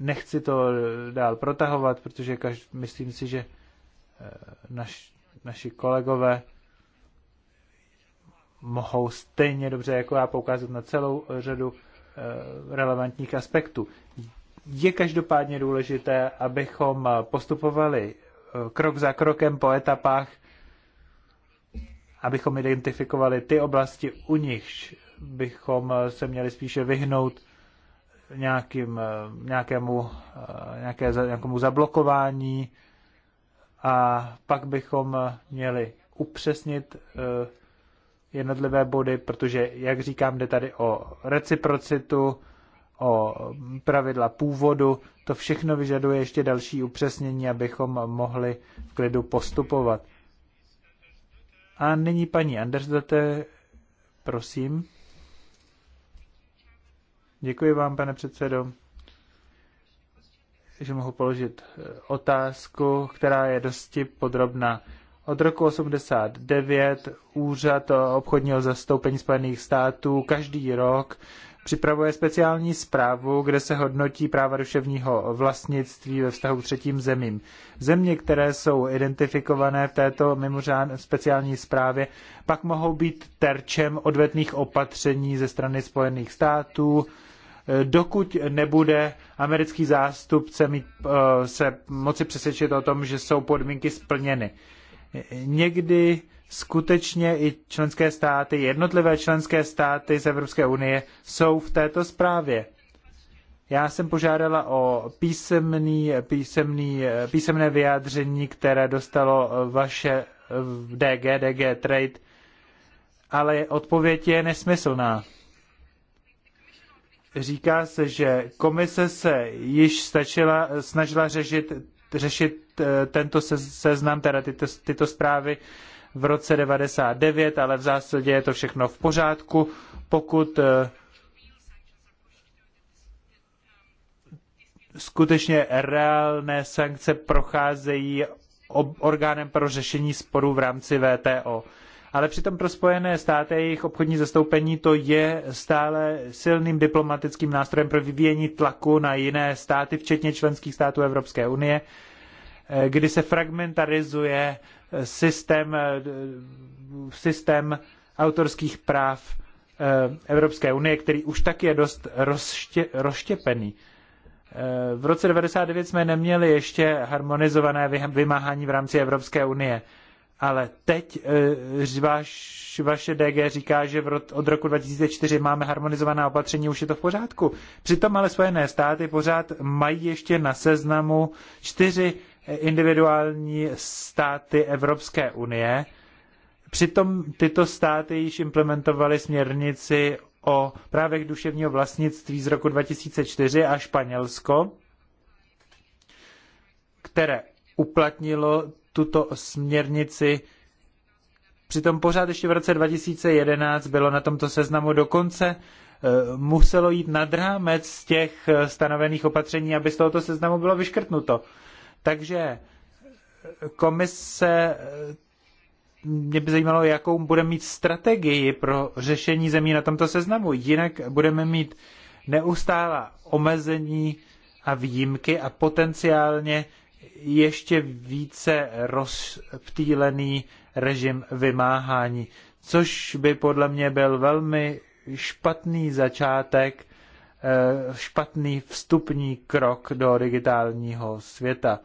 Nechci to dál protahovat, protože každý, myslím si, že eh, naš, naši kolegové mohou stejně dobře jako já poukázat na celou řadu Eh, relevantních aspektů. Je každopádně důležité, abychom postupovali eh, krok za krokem po etapách, abychom identifikovali ty oblasti, u nichž bychom eh, se měli spíše vyhnout nějakým, nějakému, nějaké, nějakému zablokování a pak bychom měli upřesnit jednotlivé body, protože, jak říkám, jde tady o reciprocitu, o pravidla původu. To všechno vyžaduje ještě další upřesnění, abychom mohli v klidu postupovat. A nyní paní Andersdate, prosím. Děkuji vám, pane předsedo, že mohu položit eh, otázku, která je dosti podrobná. Od roku 89 Úřad obchodního zastoupení Spojených států každý rok připravuje speciální zprávu, kde se hodnotí práva duševního vlastnictví ve vztahu k třetím zemím. Země, které jsou identifikované v této mimořádné speciální zprávě, pak mohou být terčem odvetných opatření ze strany Spojených států, dokud nebude americký zástupce mít, eh, se moci přesvědčit o tom, že jsou podmínky splněny někdy skutečně i členské státy, jednotlivé členské státy z Evropské unie jsou v této zprávě. Já jsem požádala o písemný, písemný, písemné vyjádření, které dostalo vaše DG, DG Trade, ale odpověď je nesmyslná. Říká se, že komise se již stačila, snažila řešit, řešit Eh, tento seznam, teda tyto, tyto zprávy v roce 99, ale v zásadě je to všechno v pořádku, pokud eh, skutečně reálné sankce procházejí orgánem pro řešení sporů v rámci VTO. Ale přitom pro Spojené státy a jejich obchodní zastoupení to je stále silným diplomatickým nástrojem pro vyvíjení tlaku na jiné státy, včetně členských států Evropské unie, Eh, kdy se fragmentarizuje eh, systém, eh, systém autorských práv Evropské unie, který už tak je dost rozště, rozštěpený. V roce 99 jsme neměli ještě harmonizované vymáhání v rámci Evropské unie, ale teď vaš, vaše DG říká, že od roku 2004 máme harmonizovaná opatření, už je to v pořádku. Přitom ale Spojené státy pořád mají ještě na seznamu čtyři individuální státy Evropské unie. Přitom tyto státy již implementovaly směrnici o právech duševního vlastnictví z roku 2004 a Španělsko, které uplatnilo tuto směrnici. Přitom pořád ještě v roce 2011 bylo na tomto seznamu dokonce eh, muselo jít nad rámec těch eh, stanovených opatření, aby z tohoto seznamu bylo vyškrtnuto. Takže komise, mě by zajímalo, jakou budeme mít strategii pro řešení zemí na tomto seznamu. Jinak budeme mít neustálá omezení a výjimky a potenciálně ještě více rozptýlený režim vymáhání, což by podle mě byl velmi špatný začátek, eh, špatný vstupní krok do digitálního světa.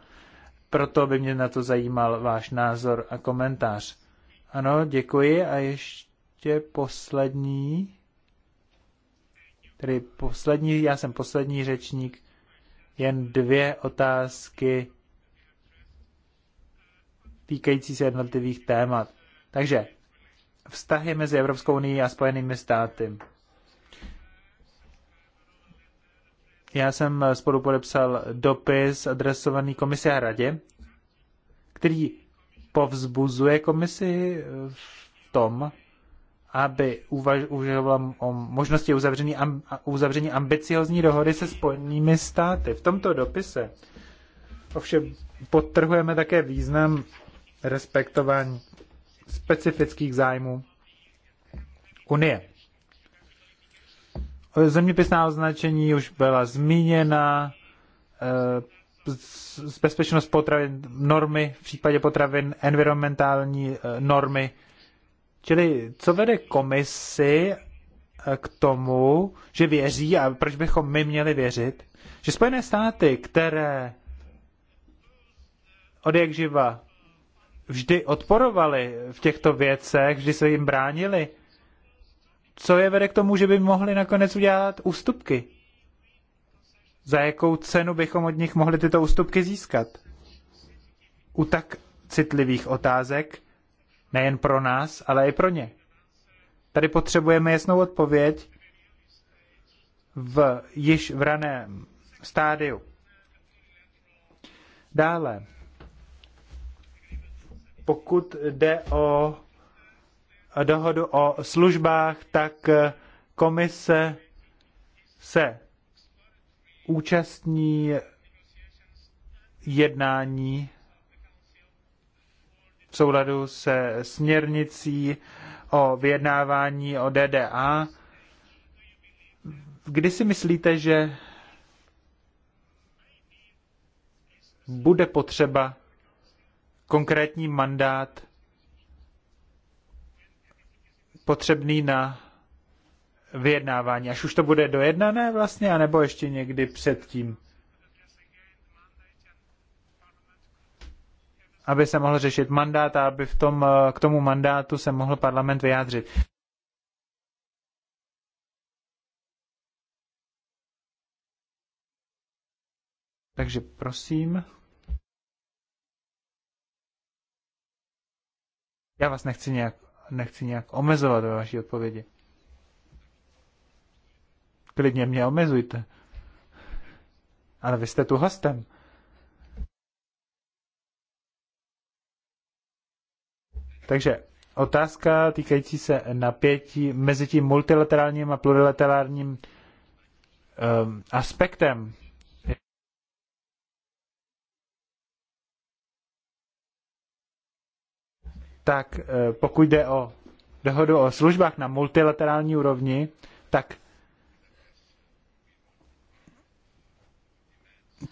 Proto by mě na to zajímal váš názor a komentář. Ano, děkuji. A ještě poslední. Tedy poslední, já jsem poslední řečník. Jen dvě otázky týkající se jednotlivých témat. Takže vztahy mezi Evropskou unii a Spojenými státy. Já jsem spolu podepsal dopis adresovaný komisi a radě, který povzbuzuje komisi v tom, aby uvažovala o možnosti uzavření, amb- uzavření ambiciozní dohody se Spojenými státy. V tomto dopise ovšem podtrhujeme také význam respektování specifických zájmů Unie. Eh, zeměpisná označení už byla zmíněna, eh, bezpečnost potravin, normy v případě potravin, environmentální eh, normy. Čili co vede komisi k tomu, že věří, a proč bychom my měli věřit, že Spojené státy, které od jak živa vždy odporovali v těchto věcech, vždy se jim bránili, co je vede k tomu, že by mohli nakonec udělat ústupky? Za jakou cenu bychom od nich mohli tyto ústupky získat? U tak citlivých otázek, nejen pro nás, ale i pro ně. Tady potřebujeme jasnou odpověď v již v raném stádiu. Dále, pokud jde o dohodu o službách, tak eh, komise se účastní jednání v souladu se směrnicí o vyjednávání o DDA. Kdy si myslíte, že bude potřeba konkrétní mandát potřebný na vyjednávání, až už to bude dojednané vlastně, anebo ještě někdy předtím? Aby se mohl řešit mandát a aby v tom, eh, k tomu mandátu se mohl parlament vyjádřit. Takže prosím. Já vás nechci nějak nechci nějak omezovat ve vaší odpovědi. Klidně mě omezujte. Ale vy jste tu hostem. Takže otázka týkající se napětí mezi tím multilaterálním a plurilaterálním um, aspektem tak eh, pokud jde o dohodu o službách na multilaterální úrovni, tak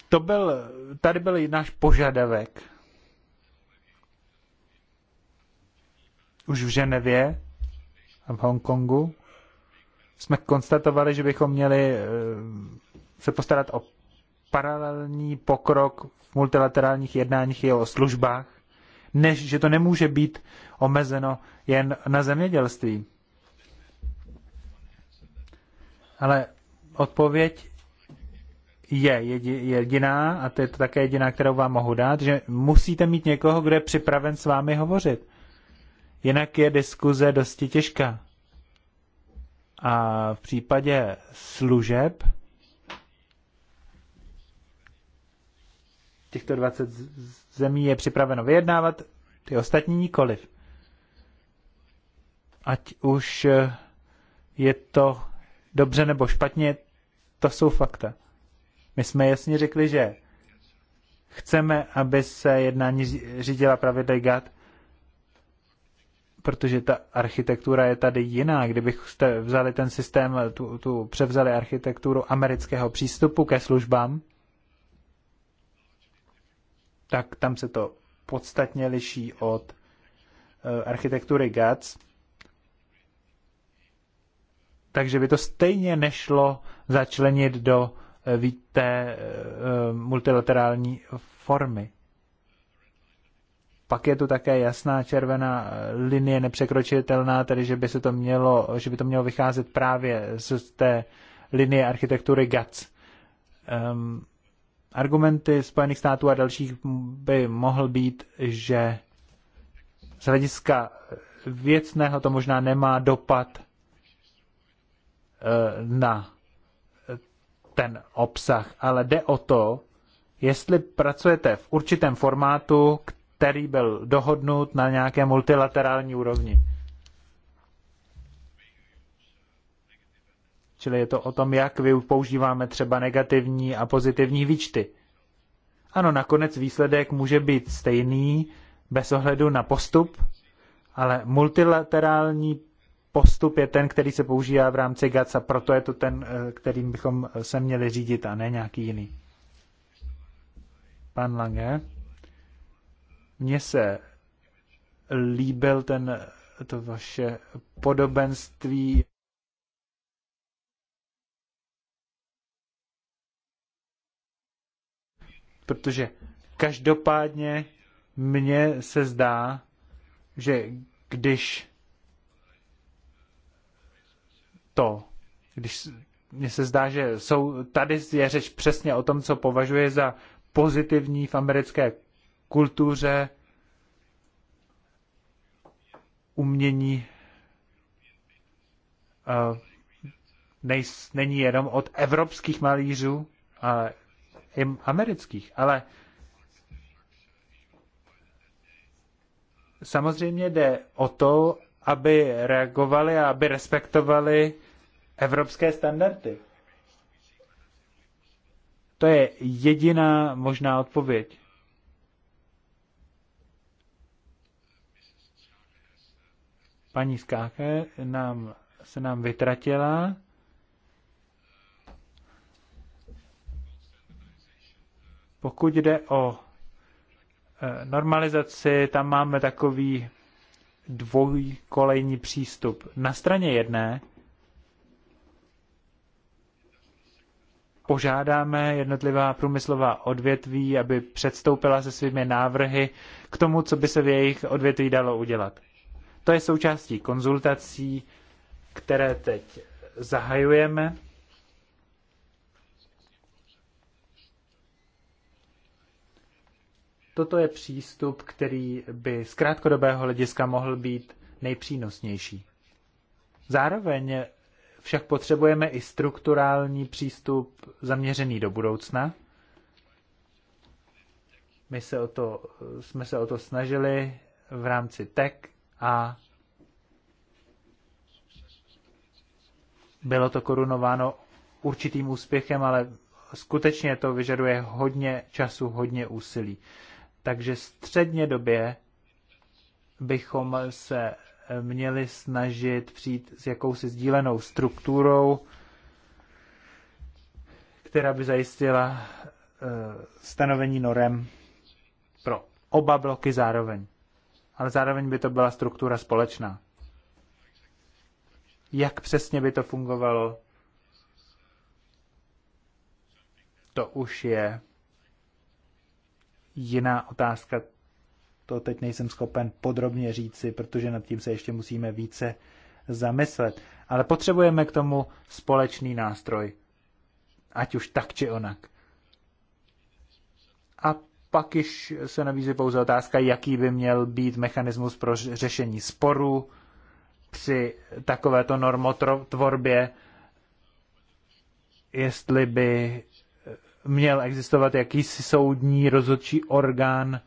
to byl, tady byl náš požadavek už v Ženevě a v Hongkongu jsme konstatovali, že bychom měli eh, se postarat o paralelní pokrok v multilaterálních jednáních i o službách než že to nemůže být omezeno jen na zemědělství. Ale odpověď je jediná, a to je to také jediná, kterou vám mohu dát, že musíte mít někoho, kdo je připraven s vámi hovořit. Jinak je diskuze dosti těžká. A v případě služeb těchto 20 zemí je připraveno vyjednávat, ty ostatní nikoliv. Ať už eh, je to dobře nebo špatně, to jsou fakta. My jsme jasně řekli, že chceme, aby se jednání řídila pravidly GATT, protože ta architektura je tady jiná. Kdybyste vzali ten systém, tu, tu převzali architekturu amerického přístupu ke službám, tak tam se to podstatně liší od eh, architektury GATS. Takže by to stejně nešlo začlenit do eh, té eh, multilaterální formy. Pak je tu také jasná červená linie nepřekročitelná, tedy že by, se to mělo, že by to mělo vycházet právě z té linie architektury GATS. Um, ehm, Argumenty Spojených států a dalších by mohl být, že z hlediska věcného to možná nemá dopad eh, na eh, ten obsah, ale jde o to, jestli pracujete v určitém formátu, který byl dohodnut na nějaké multilaterální úrovni. Čili je to o tom, jak používáme třeba negativní a pozitivní výčty. Ano, nakonec výsledek může být stejný bez ohledu na postup, ale multilaterální postup je ten, který se používá v rámci GATS a proto je to ten, eh, kterým bychom eh, se měli řídit a ne nějaký jiný. Pan Lange, mně se líbil ten, eh, to vaše podobenství protože každopádně mně se zdá, že když to, když mně se zdá, že jsou, tady je řeč přesně o tom, co považuje za pozitivní v americké kultuře, umění eh, nej, není jenom od evropských malířů, ale i amerických, ale samozřejmě jde o to, aby reagovali a aby respektovali evropské standardy. To je jediná možná odpověď. Paní Skáke nám, se nám vytratila. Pokud jde o e, normalizaci, tam máme takový dvojkolejní přístup. Na straně jedné požádáme jednotlivá průmyslová odvětví, aby předstoupila se svými návrhy k tomu, co by se v jejich odvětví dalo udělat. To je součástí konzultací, které teď zahajujeme Toto je přístup, který by z krátkodobého hlediska mohl být nejpřínosnější. Zároveň však potřebujeme i strukturální přístup zaměřený do budoucna. My se o to, jsme se o to snažili v rámci TEC a bylo to korunováno určitým úspěchem, ale skutečně to vyžaduje hodně času, hodně úsilí. Takže středně době bychom se měli snažit přijít s jakousi sdílenou strukturou, která by zajistila eh, stanovení norem pro oba bloky zároveň. Ale zároveň by to byla struktura společná. Jak přesně by to fungovalo, to už je jiná otázka. To teď nejsem schopen podrobně říci, protože nad tím se ještě musíme více zamyslet. Ale potřebujeme k tomu společný nástroj. Ať už tak, či onak. A pak již se nabízí pouze otázka, jaký by měl být mechanismus pro řešení sporů při takovéto normotvorbě, jestli by měl existovat jakýsi soudní rozhodčí orgán,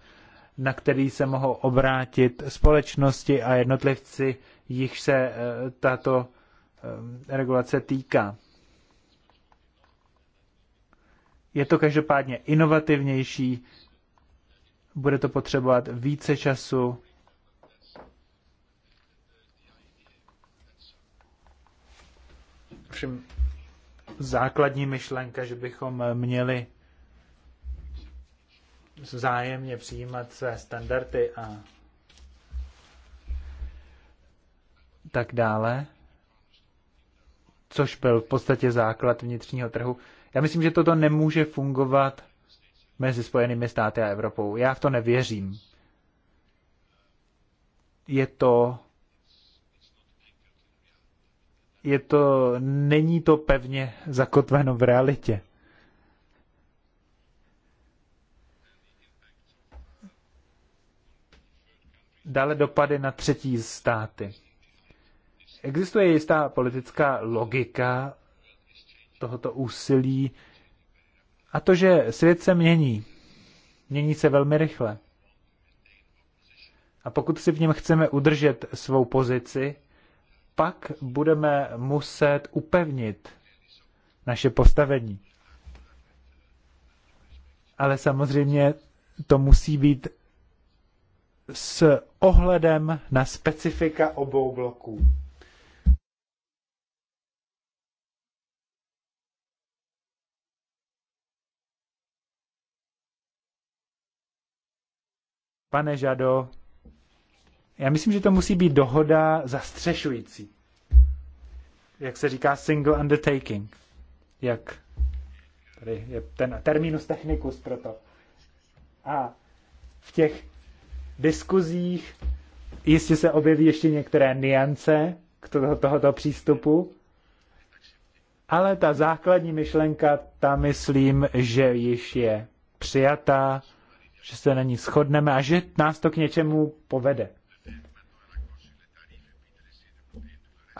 na který se mohou obrátit společnosti a jednotlivci, jich se eh, tato eh, regulace týká. Je to každopádně inovativnější, bude to potřebovat více času. Všim základní myšlenka, že bychom měli zájemně přijímat své standardy a tak dále, což byl v podstatě základ vnitřního trhu. Já myslím, že toto nemůže fungovat mezi Spojenými státy a Evropou. Já v to nevěřím. Je to je to, není to pevně zakotveno v realitě. Dále dopady na třetí státy. Existuje jistá politická logika tohoto úsilí a to, že svět se mění. Mění se velmi rychle. A pokud si v něm chceme udržet svou pozici, pak budeme muset upevnit naše postavení. Ale samozřejmě to musí být s ohledem na specifika obou bloků. Pane Žado, já myslím, že to musí být dohoda zastřešující. Jak se říká single undertaking. Jak tady je ten terminus technicus pro to. A v těch diskuzích jistě se objeví ještě některé niance k toho, tohoto přístupu, ale ta základní myšlenka, ta myslím, že již je přijatá, že se na ní shodneme a že nás to k něčemu povede.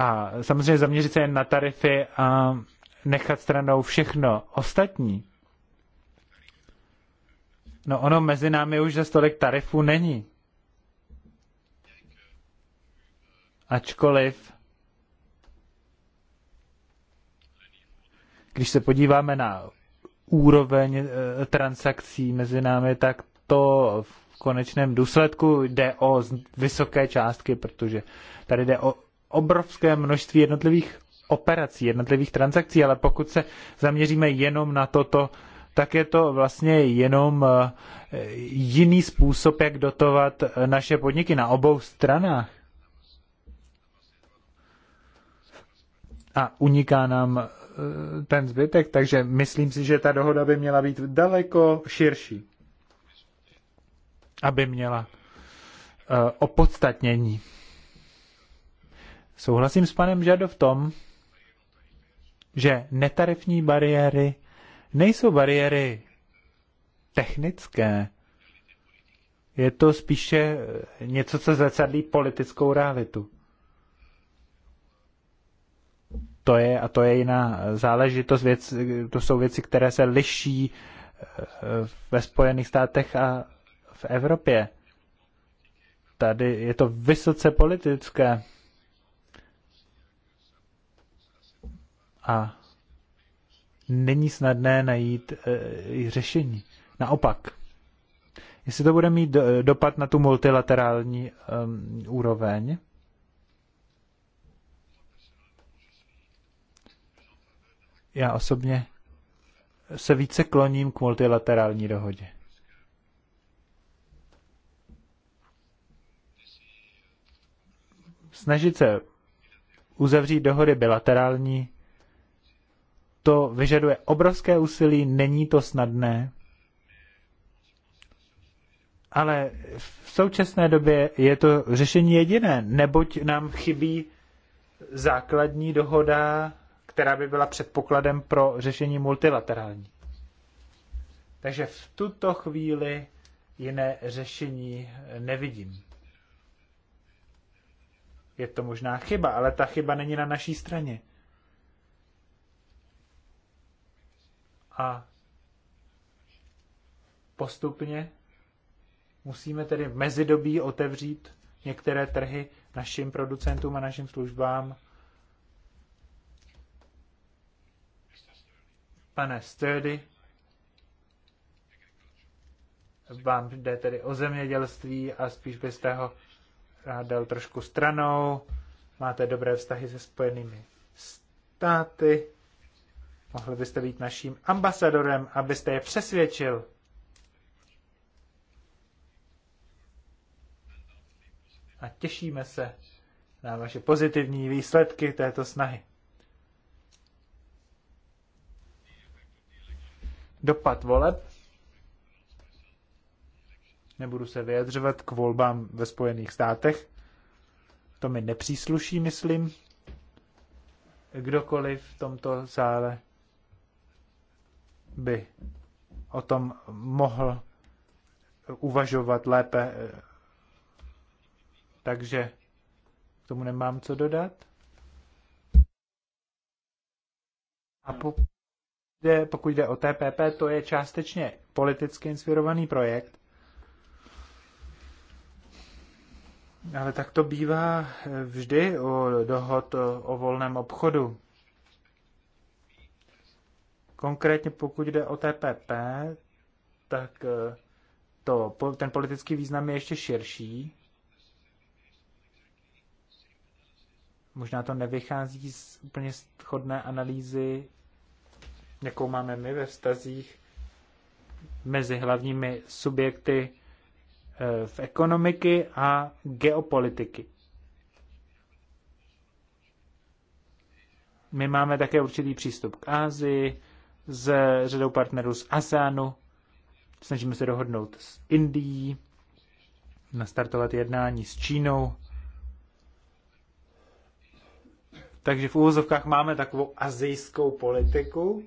A samozřejmě zaměřit se jen na tarify a nechat stranou všechno ostatní. No ono mezi námi už za stolik tarifů není. Ačkoliv, když se podíváme na úroveň eh, transakcí mezi námi, tak to v konečném důsledku jde o vysoké částky, protože tady jde o obrovské množství jednotlivých operací, jednotlivých transakcí, ale pokud se zaměříme jenom na toto, tak je to vlastně jenom eh, jiný způsob, jak dotovat eh, naše podniky na obou stranách. A uniká nám eh, ten zbytek, takže myslím si, že ta dohoda by měla být daleko širší, aby měla opodstatnění. Souhlasím s panem Žado v tom, že netarifní bariéry nejsou bariéry technické. Je to spíše eh, něco, co zrcadlí politickou realitu. To je, a to je jiná eh, záležitost, věc, eh, to jsou věci, které se liší ve Spojených státech a v Evropě. Tady je to vysoce politické. a není snadné najít e, řešení. Naopak, jestli to bude mít do, eh, dopad na tu multilaterální e, úroveň, já osobně se více kloním k multilaterální dohodě. Snažit se uzavřít dohody bilaterální to vyžaduje obrovské úsilí, není to snadné, ale v současné době je to řešení jediné, neboť nám chybí základní dohoda, která by byla předpokladem pro řešení multilaterální. Takže v tuto chvíli jiné řešení nevidím. Je to možná chyba, ale ta chyba není na naší straně. A postupně musíme tedy v mezidobí otevřít některé trhy našim producentům a našim službám. Pane Sturdy, vám jde tedy o zemědělství a spíš byste ho dal trošku stranou. Máte dobré vztahy se spojenými státy. Mohli byste být naším ambasadorem, abyste je přesvědčil. A těšíme se na vaše pozitivní výsledky této snahy. Dopad voleb. Nebudu se vyjadřovat k volbám ve Spojených státech. To mi nepřísluší, myslím. Kdokoliv v tomto sále by o tom mohl uvažovat lépe. Takže k tomu nemám co dodat. A pokud jde, pokud jde o TPP, to je částečně politicky inspirovaný projekt. Ale tak to bývá vždy u dohod o volném obchodu. Konkrétně pokud jde o TPP, tak eh, to, ten politický význam je ještě širší. Možná to nevychází z úplně schodné analýzy, jakou máme my ve vztazích mezi hlavními subjekty eh, v ekonomiky a geopolitiky. My máme také určitý přístup k Ázii, s řadou partnerů z ASEANu, snažíme se dohodnout s Indií, nastartovat jednání s Čínou. Takže v úvozovkách máme takovou azijskou politiku,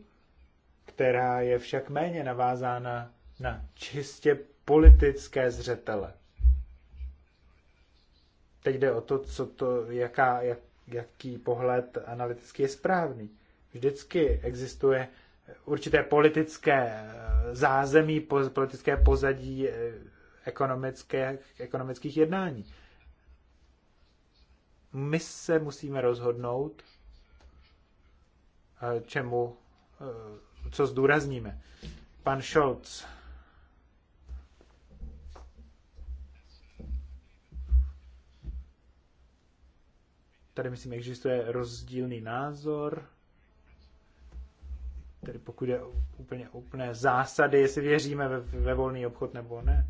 která je však méně navázána na čistě politické zřetele. Teď jde o to, co to, jaká, jak, jaký pohled analytický je správný. Vždycky existuje určité politické eh, zázemí, politické pozadí eh, ekonomické, ekonomických jednání. My se musíme rozhodnout, eh, čemu, co zdůrazníme. Pan Scholz. Tady myslím, existuje rozdílný názor tedy pokud je úplně úplné zásady, jestli věříme ve, ve volný obchod nebo ne.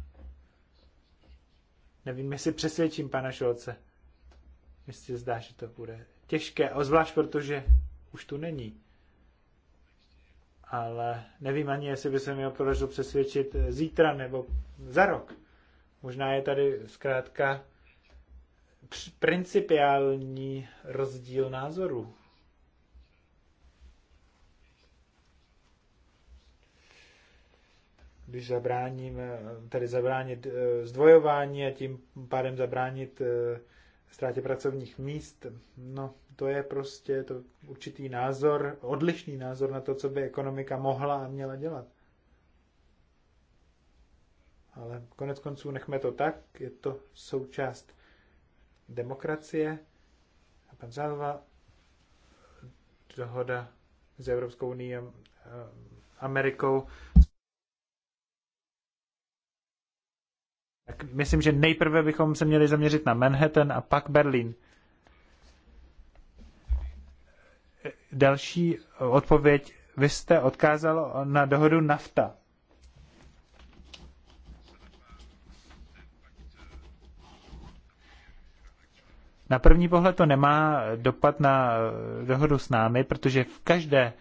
Nevím, jestli přesvědčím pana Šolce. Mně se zdá, že to bude těžké, ozvlášť protože už tu není. Ale nevím ani, jestli by se mi podařilo přesvědčit zítra nebo za rok. Možná je tady zkrátka principiální rozdíl názorů když zabráním tedy zabránit eh, zdvojování a tím pádem zabránit eh, ztrátě pracovních míst, no to je prostě to určitý názor, odlišný názor na to, co by ekonomika mohla a měla dělat. Ale konec konců nechme to tak, je to součást demokracie. A pan Zálova, dohoda s Evropskou unii a eh, Amerikou tak myslím, že nejprve bychom se měli zaměřit na Manhattan a pak Berlín. Další odpověď. Vy jste odkázal na dohodu NAFTA. Na první pohled to nemá dopad na dohodu s námi, protože v každé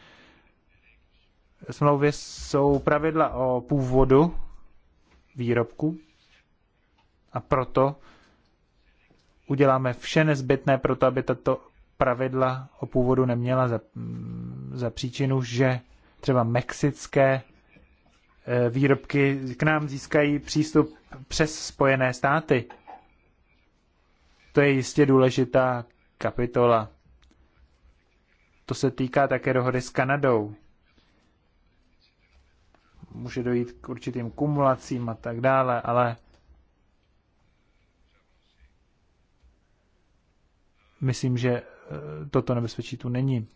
smlouvě jsou pravidla o původu výrobku, a proto uděláme vše nezbytné pro to, aby tato pravidla o původu neměla za, mm, za příčinu, že třeba mexické e, výrobky k nám získají přístup přes Spojené státy. To je jistě důležitá kapitola. To se týká také dohody s Kanadou. Může dojít k určitým kumulacím a tak dále, ale myslím, že eh, toto nebezpečí tu není.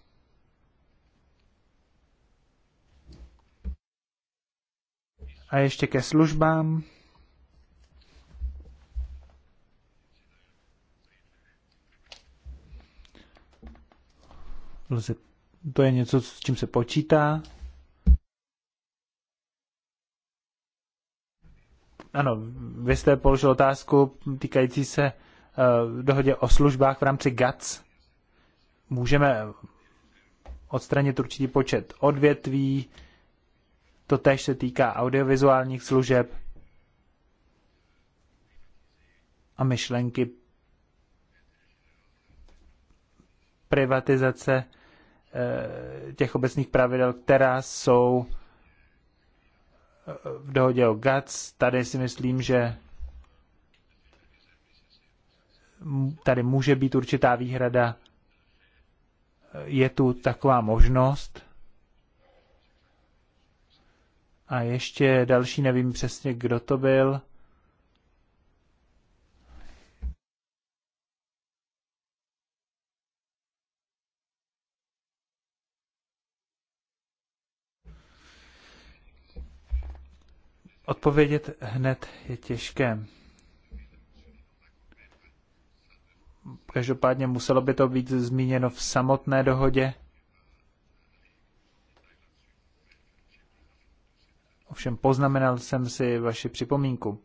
A ještě ke službám. Lze, to je něco, s čím se počítá. Ano, vy jste položil otázku týkající se Eh, dohodě o službách v rámci GATS můžeme odstranit určitý počet odvětví, to tež se týká audiovizuálních služeb a myšlenky privatizace eh, těch obecných pravidel, která jsou eh, v dohodě o GATS. Tady si myslím, že tady může být určitá výhrada, je tu taková možnost. A ještě další, nevím přesně, kdo to byl. Odpovědět hned je těžké. Každopádně muselo by to být zmíněno v samotné dohodě. Ovšem poznamenal jsem si vaši připomínku.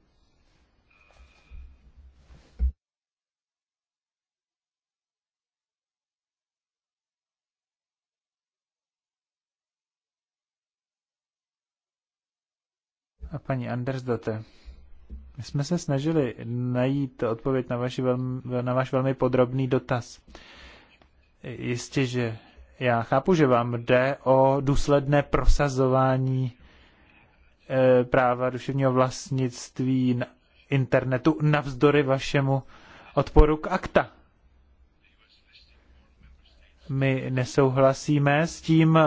A paní Andersdotter. My jsme se snažili najít odpověď na, vaši velmi, na váš velmi podrobný dotaz. Jistě, že já chápu, že vám jde o důsledné prosazování e, práva duševního vlastnictví na internetu navzdory vašemu odporu k akta my nesouhlasíme s tím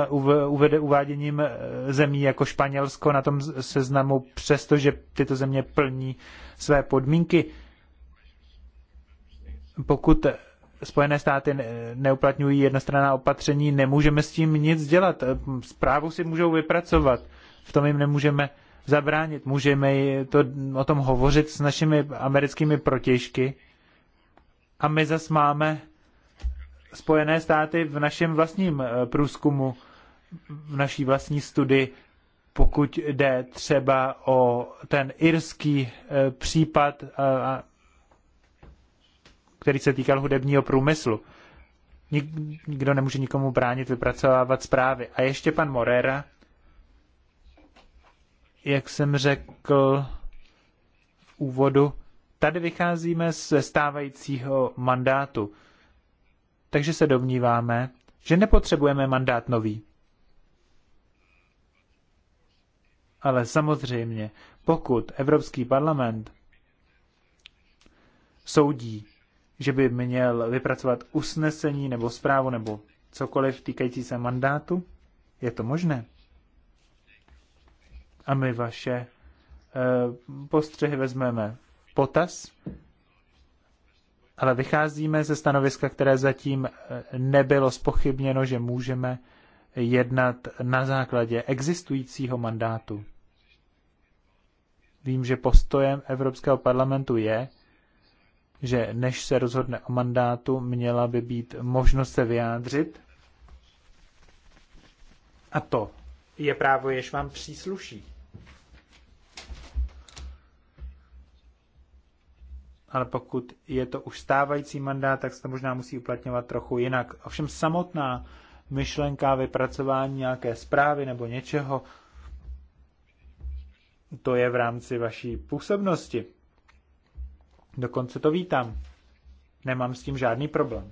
uvede, uváděním eh, zemí jako Španělsko na tom seznamu, přestože tyto země plní své podmínky. Pokud Spojené státy neuplatňují jednostranná opatření, nemůžeme s tím nic dělat. Zprávu si můžou vypracovat, v tom jim nemůžeme zabránit. Můžeme to, o tom hovořit s našimi americkými protěžky a my zas máme Spojené státy v našem vlastním eh, průzkumu, v naší vlastní studii, pokud jde třeba o ten irský eh, případ, eh, který se týkal hudebního průmyslu. Nikdo nemůže nikomu bránit vypracovávat zprávy. A ještě pan Morera, jak jsem řekl v úvodu, tady vycházíme ze stávajícího mandátu takže se domníváme, že nepotřebujeme mandát nový. Ale samozřejmě, pokud Evropský parlament soudí, že by měl vypracovat usnesení nebo zprávu nebo cokoliv týkající se mandátu, je to možné. A my vaše eh, postřehy vezmeme potaz ale vycházíme ze stanoviska, které zatím eh, nebylo spochybněno, že můžeme jednat na základě existujícího mandátu. Vím, že postojem Evropského parlamentu je, že než se rozhodne o mandátu, měla by být možnost se vyjádřit. A to je právo, jež vám přísluší. ale pokud je to už stávající mandát, tak se to možná musí uplatňovat trochu jinak. Ovšem samotná myšlenka vypracování nějaké zprávy nebo něčeho, to je v rámci vaší působnosti. Dokonce to vítám. Nemám s tím žádný problém.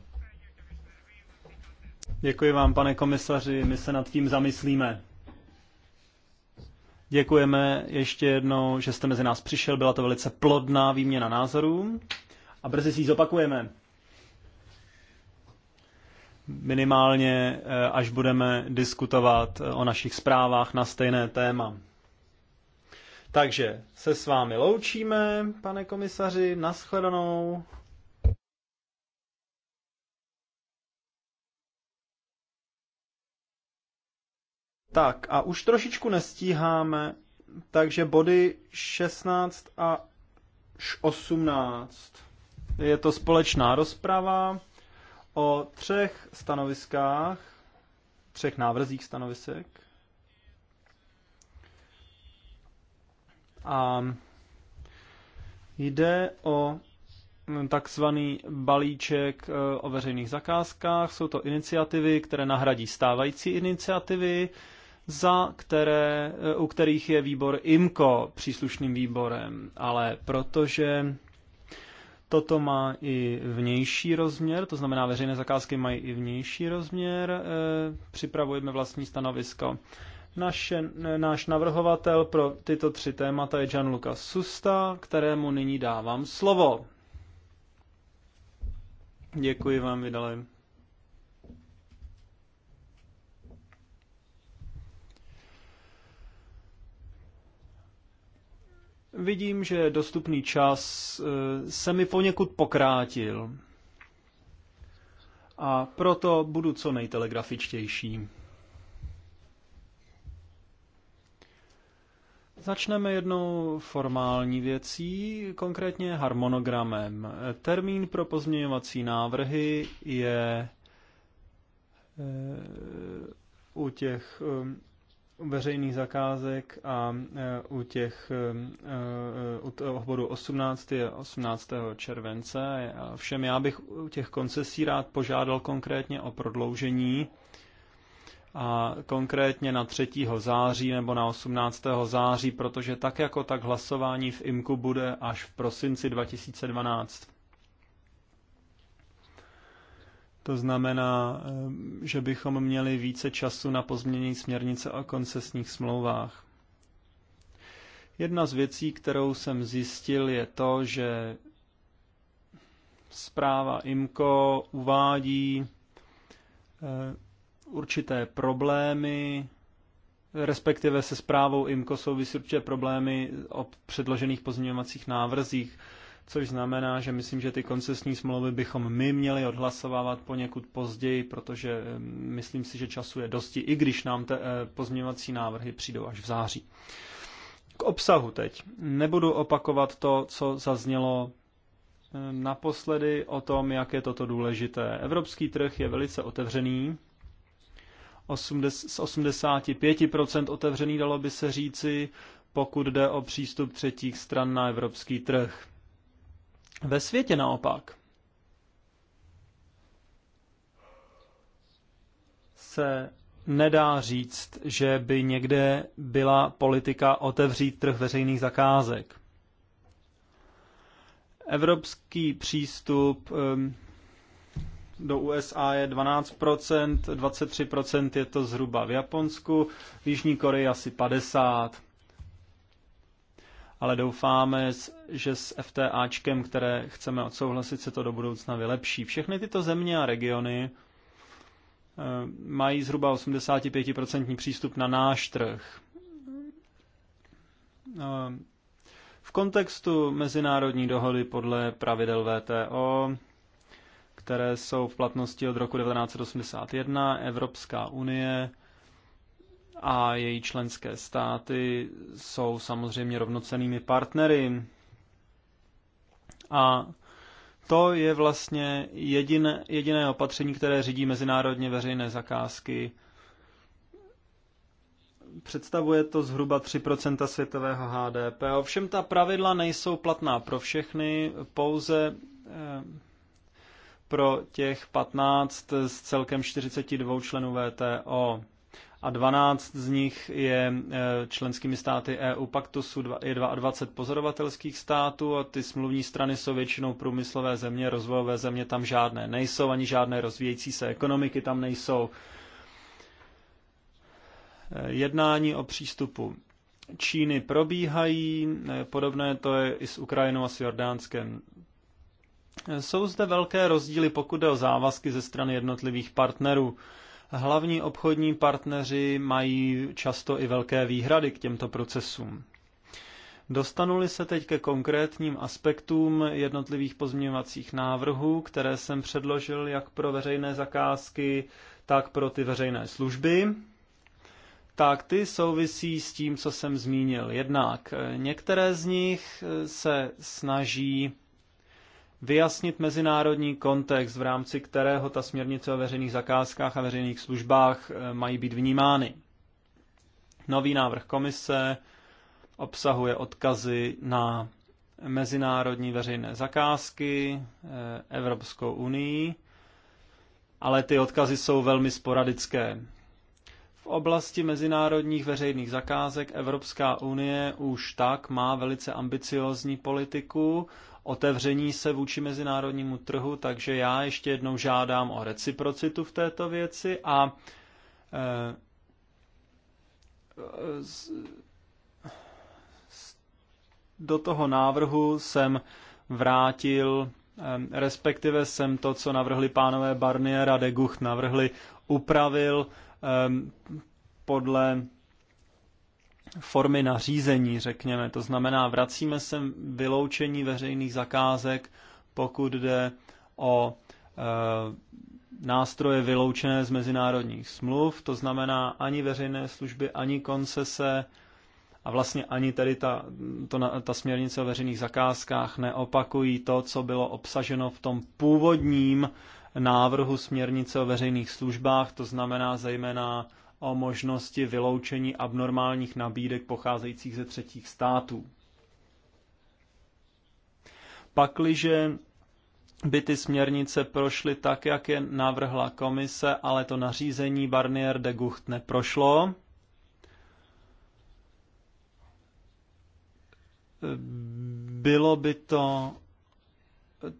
Děkuji vám, pane komisaři, my se nad tím zamyslíme. Děkujeme ještě jednou, že jste mezi nás přišel. Byla to velice plodná výměna názorů a brzy si ji zopakujeme. Minimálně, eh, až budeme diskutovat eh, o našich zprávách na stejné téma. Takže se s vámi loučíme, pane komisaři, naschledanou. Tak a už trošičku nestíháme, takže body 16 a 18. Je to společná rozprava o třech stanoviskách, třech návrzích stanovisek. A jde o takzvaný balíček e, o veřejných zakázkách. Jsou to iniciativy, které nahradí stávající iniciativy za které, eh, u kterých je výbor IMCO příslušným výborem, ale protože Toto má i vnější rozměr, to znamená, veřejné zakázky mají i vnější rozměr. Eh, připravujeme vlastní stanovisko. Naše, eh, náš navrhovatel pro tyto tři témata je Gianluca Susta, kterému nyní dávám slovo. Děkuji vám, vydalím. Vidím, že dostupný čas eh, se mi poněkud pokrátil. A proto budu co nejtelegrafičtější. Začneme jednou formální věcí, konkrétně harmonogramem. Termín pro pozměňovací návrhy je eh, u těch eh, veřejných zakázek a e, u těch e, e, u toho 18. je 18. července. A všem já bych u těch koncesí rád požádal konkrétně o prodloužení a konkrétně na 3. září nebo na 18. září, protože tak jako tak hlasování v IMKU bude až v prosinci 2012. To znamená, eh, že bychom měli více času na pozměnění směrnice o koncesních smlouvách. Jedna z věcí, kterou jsem zjistil, je to, že zpráva IMCO uvádí eh, určité problémy, respektive se zprávou IMCO souvisí určité problémy o předložených pozměňovacích návrzích což znamená, že myslím, že ty koncesní smlouvy bychom my měli odhlasovávat poněkud později, protože myslím si, že času je dosti, i když nám te, eh, pozměňovací návrhy přijdou až v září. K obsahu teď. Nebudu opakovat to, co zaznělo naposledy o tom, jak je toto důležité. Evropský trh je velice otevřený, z 85% otevřený, dalo by se říci, pokud jde o přístup třetích stran na evropský trh. Ve světě naopak se nedá říct, že by někde byla politika otevřít trh veřejných zakázek. Evropský přístup do USA je 12%, 23% je to zhruba v Japonsku, v Jižní Koreji asi 50% ale doufáme, že s FTAčkem, které chceme odsouhlasit, se to do budoucna vylepší. Všechny tyto země a regiony eh, mají zhruba 85% přístup na náš trh. Eh, v kontextu mezinárodní dohody podle pravidel VTO, které jsou v platnosti od roku 1981, Evropská unie a její členské státy jsou samozřejmě rovnocenými partnery. A to je vlastně jediné, jediné opatření, které řídí mezinárodně veřejné zakázky. Představuje to zhruba 3 světového HDP. Ovšem ta pravidla nejsou platná pro všechny, pouze eh, pro těch 15 z celkem 42 členů VTO a 12 z nich je eh, členskými státy EU pak to jsou dva je 22 pozorovatelských států a ty smluvní strany jsou většinou průmyslové země, rozvojové země tam žádné nejsou, ani žádné rozvíjející se ekonomiky tam nejsou. Eh, jednání o přístupu Číny probíhají, eh, podobné to je i s Ukrajinou a s Jordánskem. Jsou zde velké rozdíly, pokud jde o závazky ze strany jednotlivých partnerů. Hlavní obchodní partneři mají často i velké výhrady k těmto procesům. Dostanuli se teď ke konkrétním aspektům jednotlivých pozměňovacích návrhů, které jsem předložil jak pro veřejné zakázky, tak pro ty veřejné služby. Tak ty souvisí s tím, co jsem zmínil. Jednak eh, některé z nich eh, se snaží vyjasnit mezinárodní kontext, v rámci kterého ta směrnice o veřejných zakázkách a veřejných službách eh, mají být vnímány. Nový návrh komise obsahuje odkazy na mezinárodní veřejné zakázky, eh, Evropskou unii, ale ty odkazy jsou velmi sporadické. V oblasti mezinárodních veřejných zakázek Evropská unie už tak má velice ambiciozní politiku otevření se vůči mezinárodnímu trhu, takže já ještě jednou žádám o reciprocitu v této věci a eh, do toho návrhu jsem vrátil, eh, respektive jsem to, co navrhli pánové Barnier a de Gucht, navrhli, upravil eh, podle formy nařízení, řekněme. To znamená, vracíme se vyloučení veřejných zakázek, pokud jde o e, nástroje vyloučené z mezinárodních smluv, to znamená ani veřejné služby, ani koncese a vlastně ani tady ta, to, ta směrnice o veřejných zakázkách neopakují to, co bylo obsaženo v tom původním návrhu směrnice o veřejných službách, to znamená zejména o možnosti vyloučení abnormálních nabídek pocházejících ze třetích států. Pakliže by ty směrnice prošly tak, jak je navrhla komise, ale to nařízení Barnier de Gucht neprošlo, bylo by to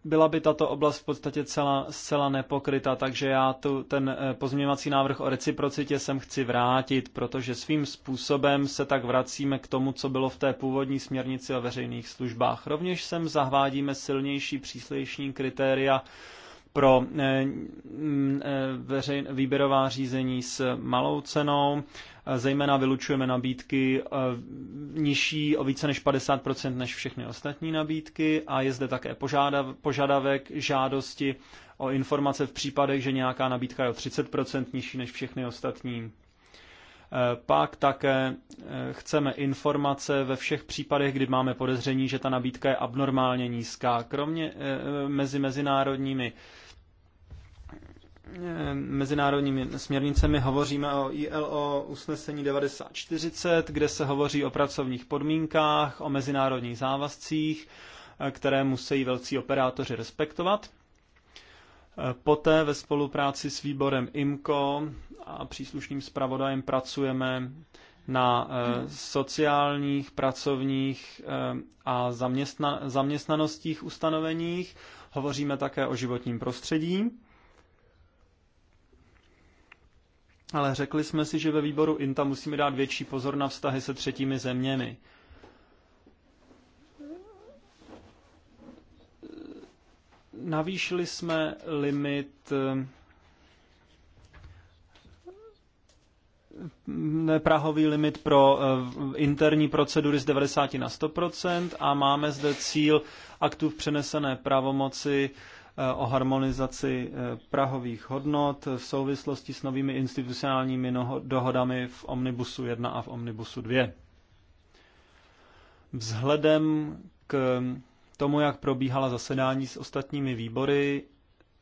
byla by tato oblast v podstatě celá, zcela nepokryta, takže já tu, ten eh, pozměňovací návrh o reciprocitě sem chci vrátit, protože svým způsobem se tak vracíme k tomu, co bylo v té původní směrnici o veřejných službách. Rovněž sem zahvádíme silnější příslušní kritéria pro eh, eh, veřejn, výběrová řízení s malou cenou. Zejména vylučujeme nabídky eh, nižší o více než 50% než všechny ostatní nabídky a je zde také požadavek žádosti o informace v případech, že nějaká nabídka je o 30% nižší než všechny ostatní. Eh, pak také eh, chceme informace ve všech případech, kdy máme podezření, že ta nabídka je abnormálně nízká. Kromě mezi mezinárodními Eh, mezinárodními směrnicemi hovoříme o ILO usnesení 9040, kde se hovoří o pracovních podmínkách, o mezinárodních závazcích, eh, které musí velcí operátoři respektovat. Eh, poté ve spolupráci s výborem IMCO a příslušným zpravodajem pracujeme na sociálních, pracovních a zaměstna, zaměstnanostích ustanoveních. Hovoříme také o životním prostředí ale řekli jsme si, že ve výboru INTA musíme dát větší pozor na vztahy se třetími zeměmi. Navýšili jsme limit eh, prahový limit pro eh, interní procedury z 90 na 100% a máme zde cíl aktů v přenesené pravomoci Eh, o harmonizaci eh, prahových hodnot v souvislosti s novými institucionálními dohodami v Omnibusu 1 a v Omnibusu 2. Vzhledem k tomu, jak probíhala zasedání s ostatními výbory,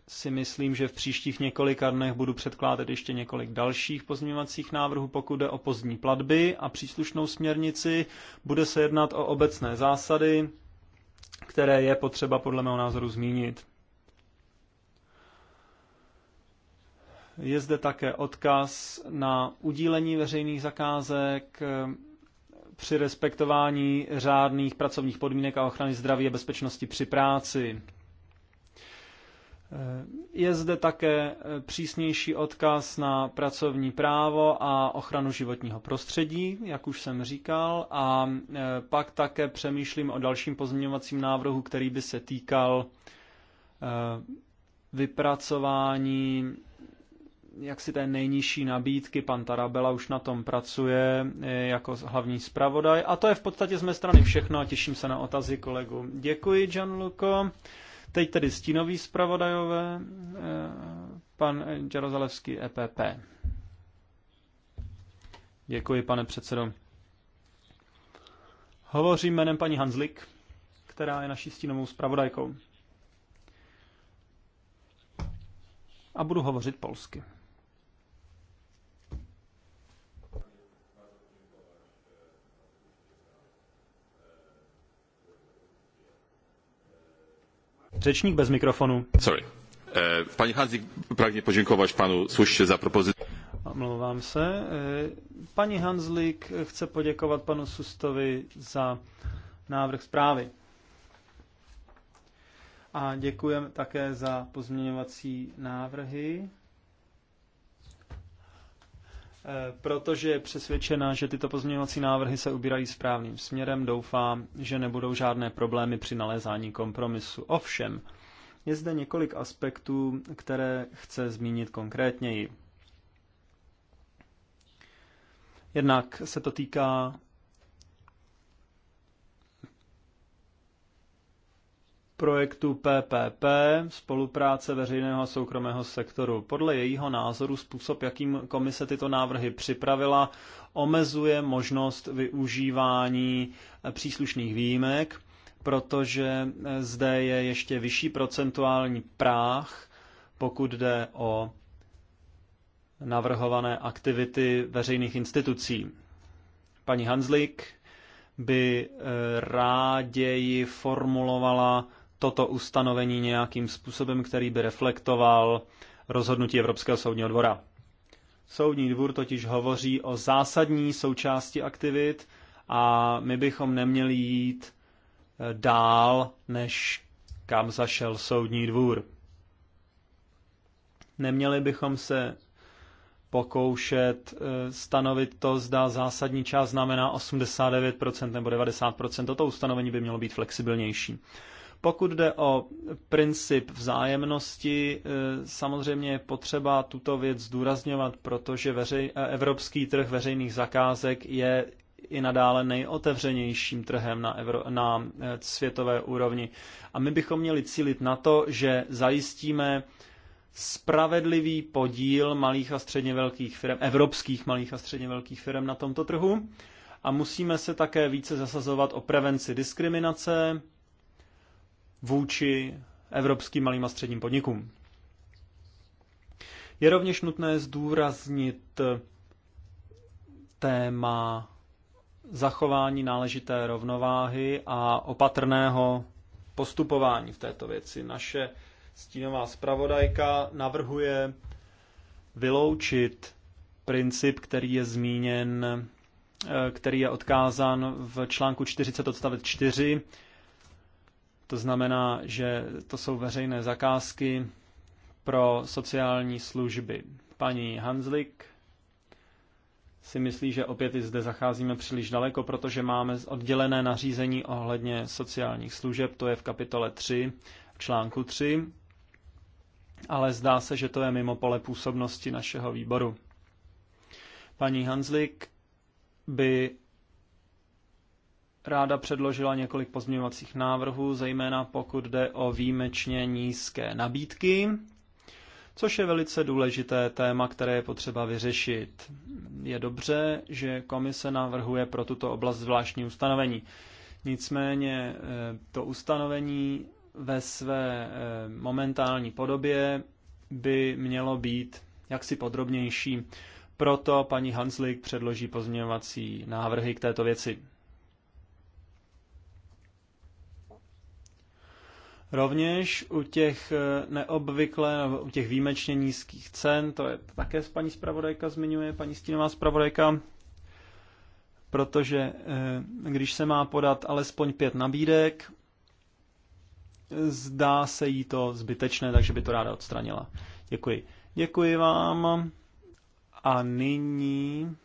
si myslím, že v příštích několika dnech budu předkládat ještě několik dalších pozměňovacích návrhů, pokud jde o pozdní platby a příslušnou směrnici. Bude se jednat o obecné zásady, které je potřeba podle mého názoru zmínit. Je zde také odkaz na udílení veřejných zakázek eh, při respektování řádných pracovních podmínek a ochrany zdraví a bezpečnosti při práci. Eh, je zde také eh, přísnější odkaz na pracovní právo a ochranu životního prostředí, jak už jsem říkal, a pak také přemýšlím o dalším pozměňovacím návrhu, který by se týkal vypracování jaksi té nejnižší nabídky. Pan Tarabela už na tom pracuje e, jako hlavní zpravodaj. A to je v podstatě z mé strany všechno a těším se na otazy kolegu. Děkuji, Gianluco. Teď tedy stínový zpravodajové, e, pan Jaroslavský EPP. Děkuji, pane předsedo. Hovořím jménem paní Hanzlik, která je naší stínovou zpravodajkou. A budu hovořit polsky. Řečník bez mikrofonu. Sorry. Eh, pani Hanzik pragnie poděkovat panu Suště za propozici. Omlouvám se. Eh, Paní Hanzlik chce poděkovat panu Sustovi za návrh zprávy. A děkujeme také za pozměňovací návrhy. Eh, protože je přesvědčena, že tyto pozměňovací návrhy se ubírají správným směrem. Doufám, že nebudou žádné problémy při nalézání kompromisu. Ovšem, je zde několik aspektů, které chce zmínit konkrétněji. Jednak se to týká projektu PPP, spolupráce veřejného a soukromého sektoru. Podle jejího názoru způsob, jakým komise tyto návrhy připravila, omezuje možnost využívání příslušných výjimek, protože zde je ještě vyšší procentuální práh, pokud jde o navrhované aktivity veřejných institucí. Paní Hanzlik by eh, ráději formulovala toto ustanovení nějakým způsobem, který by reflektoval rozhodnutí Evropského soudního dvora. Soudní dvůr totiž hovoří o zásadní součásti aktivit a my bychom neměli jít eh, dál, než kam zašel soudní dvůr. Neměli bychom se pokoušet eh, stanovit to, zda zásadní část znamená 89% nebo 90%. Toto ustanovení by mělo být flexibilnější. Pokud jde o princip vzájemnosti, eh, samozřejmě je potřeba tuto věc zdůrazňovat, protože veřej, eh, evropský trh veřejných zakázek je i nadále nejotevřenějším trhem na, evro, na eh, světové úrovni. A my bychom měli cílit na to, že zajistíme spravedlivý podíl malých a středně velkých firm, evropských malých a středně velkých firm na tomto trhu. A musíme se také více zasazovat o prevenci diskriminace, vůči evropským malým a středním podnikům. Je rovněž nutné zdůraznit téma zachování náležité rovnováhy a opatrného postupování v této věci. Naše stínová zpravodajka navrhuje vyloučit princip, který je zmíněn, eh, který je odkázán v článku 40 odstavec 4 to znamená, že to jsou veřejné zakázky pro sociální služby. Paní Hanslik si myslí, že opět i zde zacházíme příliš daleko, protože máme oddělené nařízení ohledně sociálních služeb, to je v kapitole 3, v článku 3, ale zdá se, že to je mimo pole působnosti našeho výboru. Paní Hanslik by ráda předložila několik pozměňovacích návrhů, zejména pokud jde o výjimečně nízké nabídky, což je velice důležité téma, které je potřeba vyřešit. Je dobře, že komise navrhuje pro tuto oblast zvláštní ustanovení. Nicméně eh, to ustanovení ve své eh, momentální podobě by mělo být jaksi podrobnější. Proto paní Hanslik předloží pozměňovací návrhy k této věci. Rovněž u těch eh, neobvykle, nebo u těch výjimečně nízkých cen, to je také paní zpravodajka zmiňuje, paní stínová zpravodajka, protože eh, když se má podat alespoň pět nabídek, zdá se jí to zbytečné, takže by to ráda odstranila. Děkuji. Děkuji vám. A nyní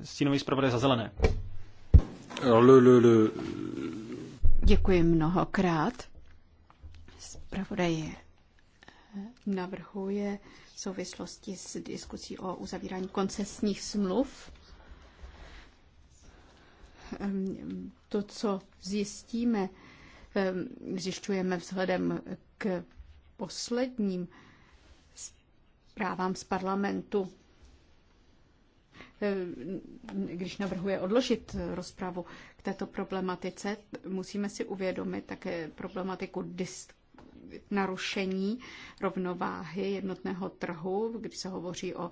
eh, stínový zpravodaj za zelené. Le, le, le, Děkuji mnohokrát. Zpravodaj eh, navrhuje v souvislosti s diskusí o uzavírání koncesních smluv ehm, to, co zjistíme, ehm, zjišťujeme vzhledem k posledním zprávám z parlamentu, ehm, když navrhuje odložit rozpravu, k této problematice. Musíme si uvědomit také problematiku dist narušení rovnováhy jednotného trhu, když se hovoří o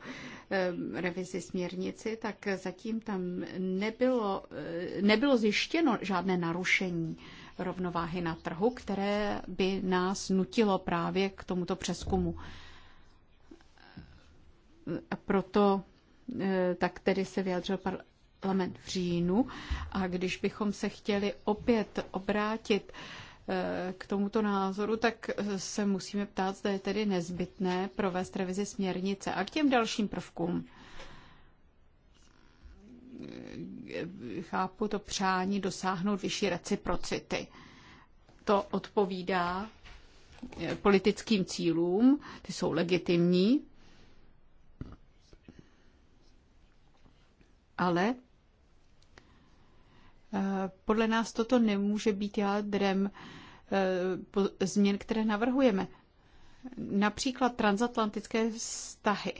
revizi směrnici, tak zatím tam nebylo, eh, nebylo zjištěno žádné narušení rovnováhy na trhu, které by nás nutilo právě k tomuto přeskumu. A proto eh, tak tedy se vyjadřil par- parlament v říjnu a když bychom se chtěli opět obrátit eh, k tomuto názoru, tak eh, se musíme ptát, zda je tedy nezbytné provést revizi směrnice a k těm dalším prvkům. Eh, chápu to přání dosáhnout vyšší reciprocity. To odpovídá politickým cílům, ty jsou legitimní, ale Eh, podle nás toto nemůže být jádrem eh, změn, které navrhujeme. Například transatlantické vztahy.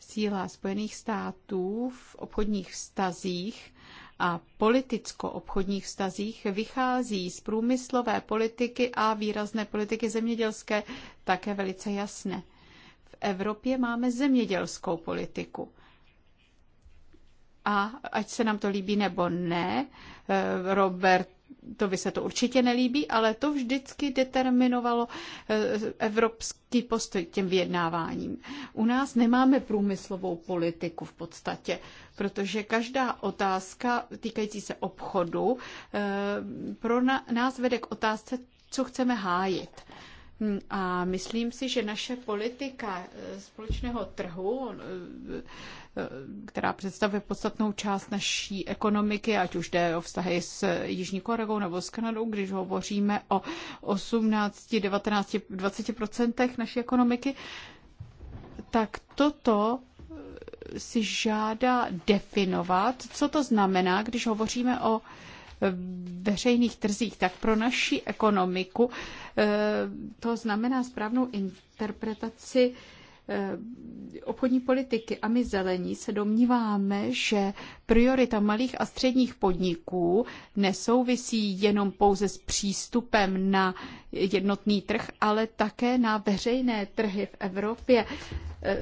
Síla Spojených států v obchodních vztazích a politicko-obchodních vztazích vychází z průmyslové politiky a výrazné politiky zemědělské také velice jasné. V Evropě máme zemědělskou politiku. A ať se nám to líbí nebo ne, eh, Robert to by se to určitě nelíbí, ale to vždycky determinovalo eh, evropský postoj těm vyjednáváním. U nás nemáme průmyslovou politiku v podstatě, protože každá otázka týkající se obchodu eh, pro nás vede k otázce, co chceme hájit. Hm, a myslím si, že naše politika eh, společného trhu, eh, eh, která představuje podstatnou část naší ekonomiky, ať už jde o vztahy s Jižní Koreou nebo s Kanadou, když hovoříme o 18, 19, 20 procentech naší ekonomiky, tak toto si žádá definovat, co to znamená, když hovoříme o veřejných trzích, tak pro naši ekonomiku eh, to znamená správnou interpretaci eh, obchodní politiky a my zelení se domníváme, že priorita malých a středních podniků nesouvisí jenom pouze s přístupem na jednotný trh, ale také na veřejné trhy v Evropě. Eh,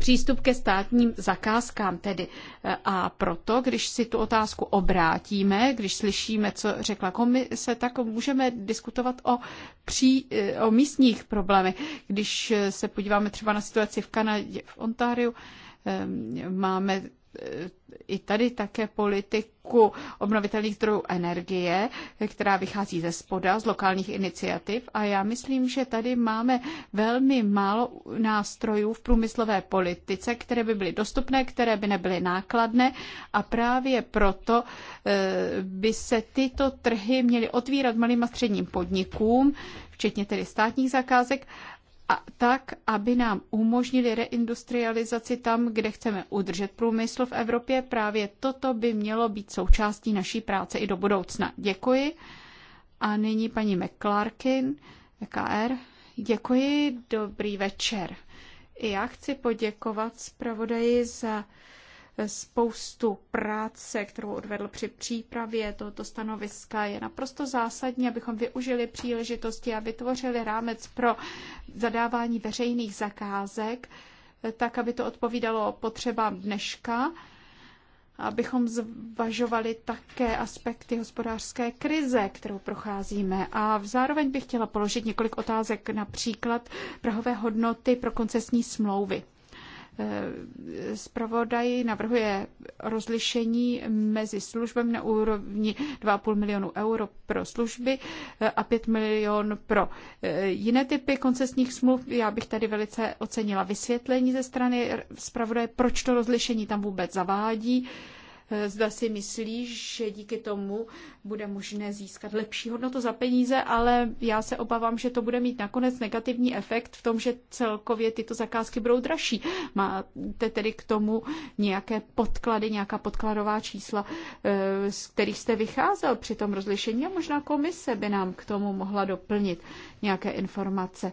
přístup ke státním zakázkám tedy. Eh, a proto, když si tu otázku obrátíme, když slyšíme, co řekla komise, tak můžeme diskutovat o, pří, eh, o místních problémech. Když eh, se podíváme třeba na situaci v Kanadě, v Ontáriu, máme i tady také politiku obnovitelných zdrojů energie, která vychází ze spoda, z lokálních iniciativ. A já myslím, že tady máme velmi málo nástrojů v průmyslové politice, které by byly dostupné, které by nebyly nákladné. A právě proto eh, by se tyto trhy měly otvírat malým a středním podnikům, včetně tedy státních zakázek, a tak, aby nám umožnili reindustrializaci tam, kde chceme udržet průmysl v Evropě. Právě toto by mělo být součástí naší práce i do budoucna. Děkuji. A nyní paní McClarkin, EKR. Děkuji, dobrý večer. I já chci poděkovat zpravodaji za spoustu práce, kterou odvedl při přípravě tohoto stanoviska. Je naprosto zásadní, abychom využili příležitosti a vytvořili rámec pro zadávání veřejných zakázek, tak, aby to odpovídalo potřebám dneška, abychom zvažovali také aspekty hospodářské krize, kterou procházíme. A zároveň bych chtěla položit několik otázek, například prahové hodnoty pro koncesní smlouvy. Eh, zpravodaj navrhuje rozlišení mezi službami na úrovni 2,5 milionu euro pro služby eh, a 5 milion pro eh, jiné typy koncesních smluv. Já bych tady velice ocenila vysvětlení ze strany zpravodaje, proč to rozlišení tam vůbec zavádí. Eh, zda si myslí, že díky tomu bude možné získat lepší hodnotu za peníze, ale já se obávám, že to bude mít nakonec negativní efekt v tom, že celkově tyto zakázky budou dražší. Máte tedy k tomu nějaké podklady, nějaká podkladová čísla, eh, z kterých jste vycházel při tom rozlišení a možná komise by nám k tomu mohla doplnit nějaké informace.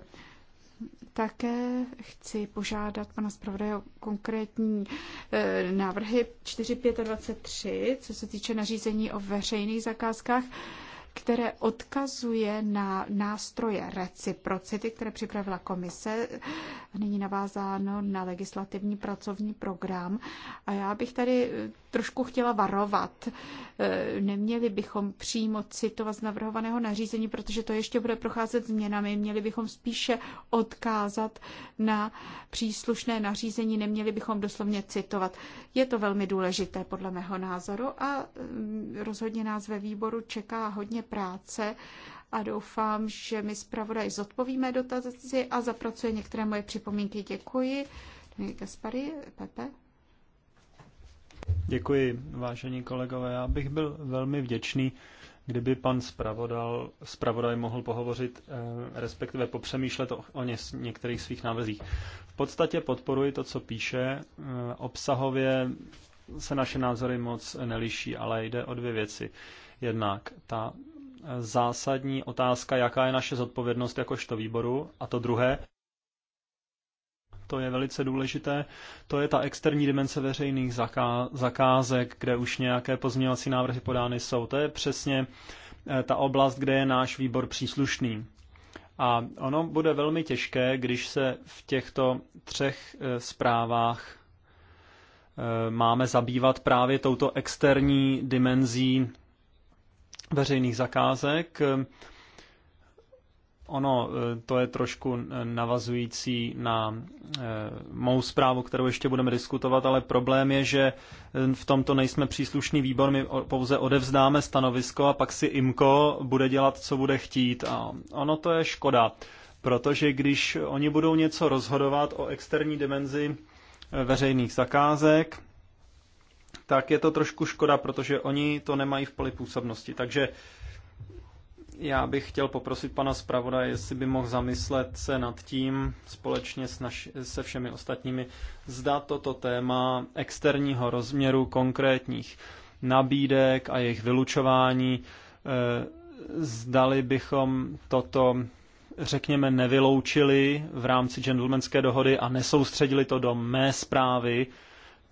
Také chci požádat pana zpravodaje o konkrétní e, návrhy 4.5.23, co se týče nařízení o veřejných zakázkách, které odkazuje na nástroje reciprocity, které připravila komise, nyní navázáno na legislativní pracovní program. A já bych tady eh, trošku chtěla varovat. E, neměli bychom přímo citovat z navrhovaného nařízení, protože to ještě bude procházet změnami. Měli bychom spíše odkázat na příslušné nařízení, neměli bychom doslovně citovat. Je to velmi důležité podle mého názoru a mm, rozhodně nás ve výboru čeká hodně práce a doufám, že mi zpravodaj zodpovíme dotazy a zapracuje některé moje připomínky. Děkuji. Gaspari, Pepe. Děkuji, vážení kolegové. Já bych byl velmi vděčný, kdyby pan spravodal, spravodaj mohl pohovořit, eh, respektive popřemýšlet o, o ně, některých svých návrzích. V podstatě podporuji to, co píše. Eh, obsahově se naše názory moc neliší, ale jde o dvě věci. Jednak ta eh, zásadní otázka, jaká je naše zodpovědnost jakožto výboru, a to druhé, to je velice důležité, to je ta externí dimenze veřejných zakázek, kde už nějaké pozměňovací návrhy podány jsou. To je přesně eh, ta oblast, kde je náš výbor příslušný. A ono bude velmi těžké, když se v těchto třech eh, zprávách eh, máme zabývat právě touto externí dimenzí veřejných zakázek. Ono e, to je trošku e, navazující na e, mou zprávu, kterou ještě budeme diskutovat, ale problém je, že v tomto nejsme příslušný výbor, my pouze odevzdáme stanovisko a pak si IMKO bude dělat, co bude chtít. A ono to je škoda, protože když oni budou něco rozhodovat o externí dimenzi veřejných zakázek, tak je to trošku škoda, protože oni to nemají v poli působnosti. Takže já bych chtěl poprosit pana zpravodaje, jestli by mohl zamyslet se nad tím společně s naš- se všemi ostatními, zda toto téma externího rozměru konkrétních nabídek a jejich vylučování, eh, zdali bychom toto řekněme, nevyloučili v rámci gentlemanské dohody a nesoustředili to do mé zprávy,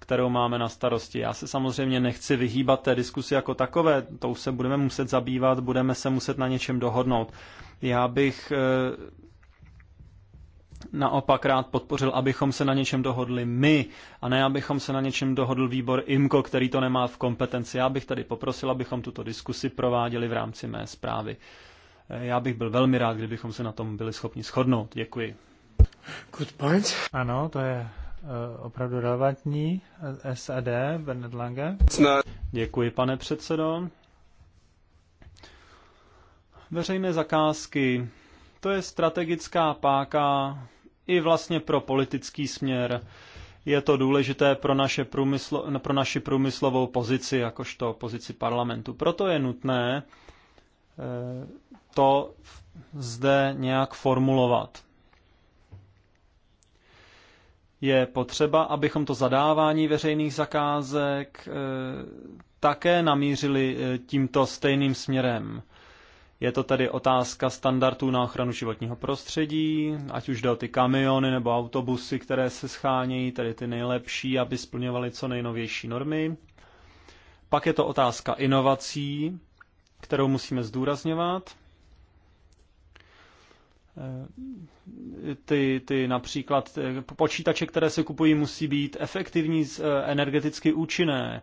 kterou máme na starosti. Já se samozřejmě nechci vyhýbat té diskusi jako takové, tou se budeme muset zabývat, budeme se muset na něčem dohodnout. Já bych eh, naopak rád podpořil, abychom se na něčem dohodli my, a ne abychom se na něčem dohodl výbor IMKO, který to nemá v kompetenci. Já bych tady poprosil, abychom tuto diskusi prováděli v rámci mé zprávy. Eh, já bych byl velmi rád, kdybychom se na tom byli schopni shodnout. Děkuji. Good point. Ano, to je Eh, opravdu relevantní. Eh, SAD, Bernard Lange. Děkuji, pane předsedo. Veřejné zakázky, to je strategická páka i vlastně pro politický směr. Je to důležité pro, naše průmyslo, pro naši průmyslovou pozici, jakožto pozici parlamentu. Proto je nutné eh, to zde nějak formulovat je potřeba, abychom to zadávání veřejných zakázek eh, také namířili eh, tímto stejným směrem. Je to tedy otázka standardů na ochranu životního prostředí, ať už jde o ty kamiony nebo autobusy, které se schánějí, tedy ty nejlepší, aby splňovaly co nejnovější normy. Pak je to otázka inovací, kterou musíme zdůrazňovat ty, ty například eh, počítače, které se kupují, musí být efektivní, eh, energeticky účinné.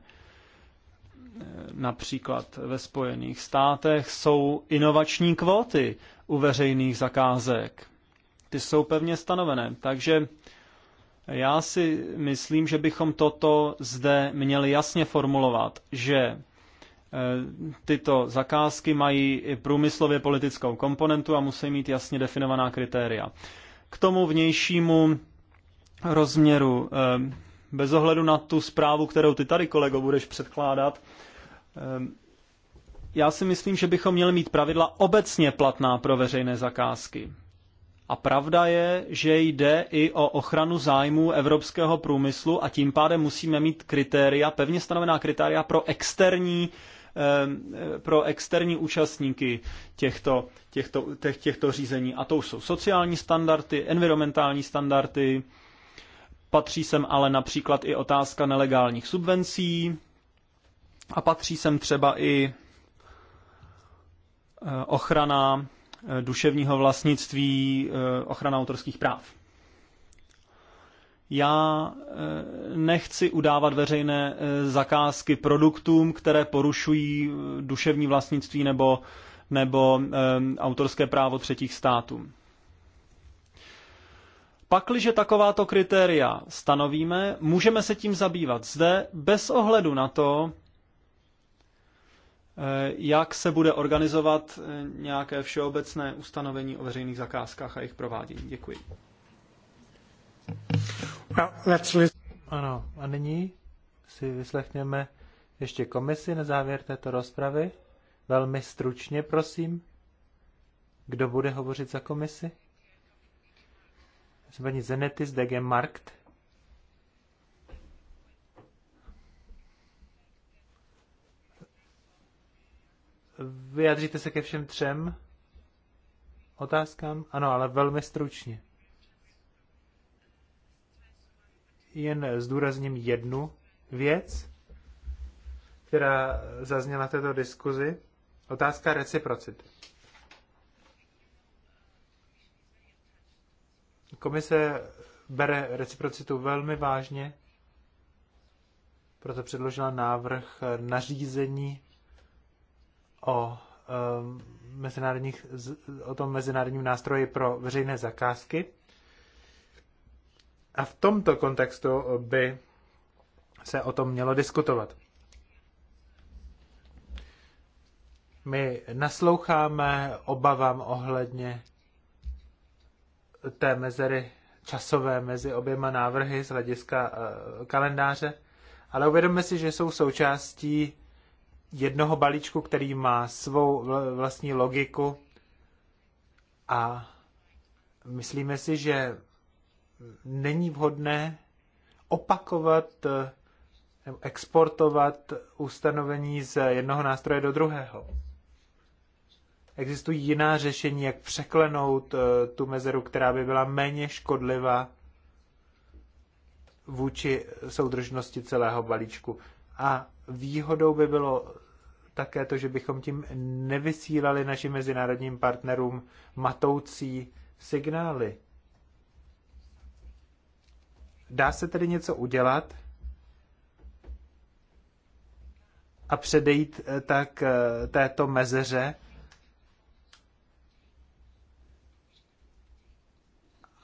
Eh, například ve Spojených státech jsou inovační kvóty u veřejných zakázek. Ty jsou pevně stanovené. Takže já si myslím, že bychom toto zde měli jasně formulovat, že Eh, tyto zakázky mají i průmyslově politickou komponentu a musí mít jasně definovaná kritéria. K tomu vnějšímu rozměru, eh, bez ohledu na tu zprávu, kterou ty tady, kolego, budeš předkládat, eh, já si myslím, že bychom měli mít pravidla obecně platná pro veřejné zakázky. A pravda je, že jde i o ochranu zájmů evropského průmyslu a tím pádem musíme mít kritéria, pevně stanovená kritéria pro externí Eh, pro externí účastníky těchto, těchto, těch, těchto řízení. A to jsou sociální standardy, environmentální standardy, patří sem ale například i otázka nelegálních subvencí a patří sem třeba i eh, ochrana eh, duševního vlastnictví, ochrana autorských práv. Já eh, nechci udávat veřejné eh, zakázky produktům, které porušují eh, duševní vlastnictví nebo, nebo autorské právo třetích států. Pakliže takováto kritéria stanovíme, můžeme se tím zabývat zde bez ohledu na to, jak se bude organizovat nějaké všeobecné ustanovení o veřejných zakázkách a jejich provádění. Děkuji. Ano, a nyní si vyslechněme ještě komisi na závěr této rozpravy. Velmi stručně, prosím. Kdo bude hovořit za komisi? Jsem paní Zenety z DG Markt. Vyjadříte se ke všem třem otázkám? Ano, ale velmi stručně. jen zdůrazním jednu věc, která zazněla v této diskuzi. Otázka reciprocity. Komise bere reciprocitu velmi vážně, proto předložila návrh nařízení o, eh, mezinárodních, o tom mezinárodním nástroji pro veřejné zakázky. A v tomto kontextu by se o tom mělo diskutovat. My nasloucháme obavám ohledně té mezery časové mezi oběma návrhy z hlediska eh, kalendáře, ale uvědomme si, že jsou součástí jednoho balíčku, který má svou vlastní logiku a myslíme si, že není vhodné opakovat eh, nebo exportovat ustanovení z jednoho nástroje do druhého. Existují jiná řešení, jak překlenout eh, tu mezeru, která by byla méně škodlivá vůči soudržnosti celého balíčku. A výhodou by bylo také to, že bychom tím nevysílali našim mezinárodním partnerům matoucí signály. Dá se tedy něco udělat a předejít eh, tak eh, této mezeře?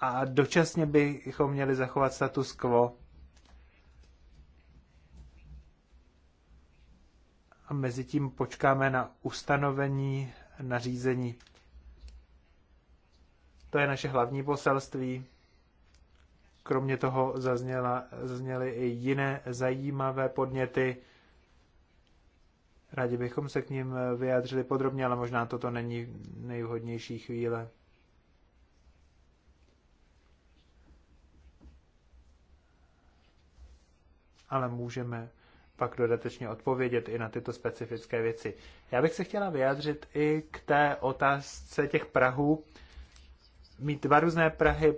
A dočasně bychom měli zachovat status quo. A mezi tím počkáme na ustanovení nařízení. To je naše hlavní poselství. Kromě toho zazněla, zazněly i jiné zajímavé podněty. Rádi bychom se k ním vyjádřili podrobně, ale možná toto není nejvhodnější chvíle. Ale můžeme pak dodatečně odpovědět i na tyto specifické věci. Já bych se chtěla vyjádřit i k té otázce těch Prahů. Mít dva různé Prahy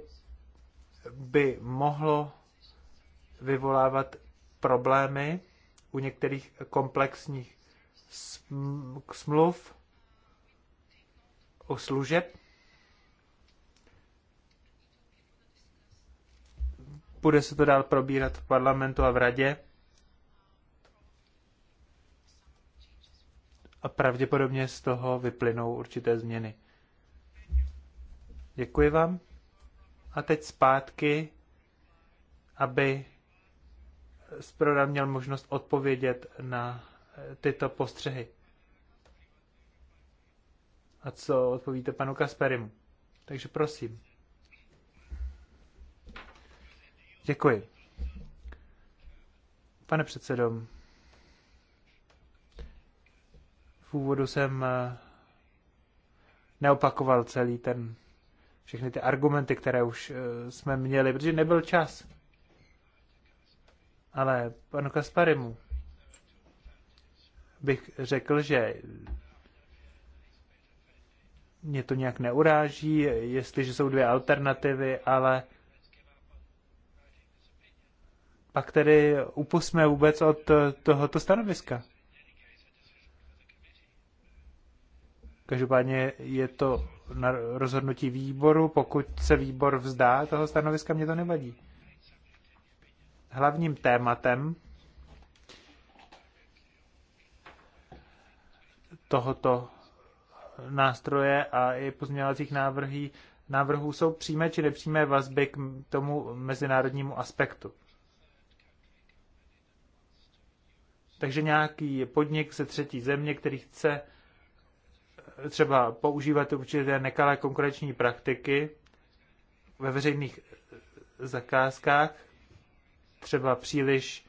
by mohlo vyvolávat problémy u některých komplexních smluv o služeb. Bude se to dál probírat v parlamentu a v radě. A pravděpodobně z toho vyplynou určité změny. Děkuji vám a teď zpátky, aby Sproda měl možnost odpovědět na eh, tyto postřehy. A co odpovíte panu Kasperimu? Takže prosím. Děkuji. Pane předsedo, v úvodu jsem eh, neopakoval celý ten všechny ty argumenty, které už eh, jsme měli, protože nebyl čas. Ale panu Kasparimu bych řekl, že mě to nějak neuráží, jestliže jsou dvě alternativy, ale pak tedy upusme vůbec od eh, tohoto stanoviska. Každopádně je to na rozhodnutí výboru, pokud se výbor vzdá toho stanoviska, mě to nevadí. Hlavním tématem tohoto nástroje a i pozměňovacích návrhů, návrhů jsou přímé či nepřímé vazby k tomu mezinárodnímu aspektu. Takže nějaký podnik se třetí země, který chce třeba používat určité nekalé konkurenční praktiky ve veřejných zakázkách, třeba příliš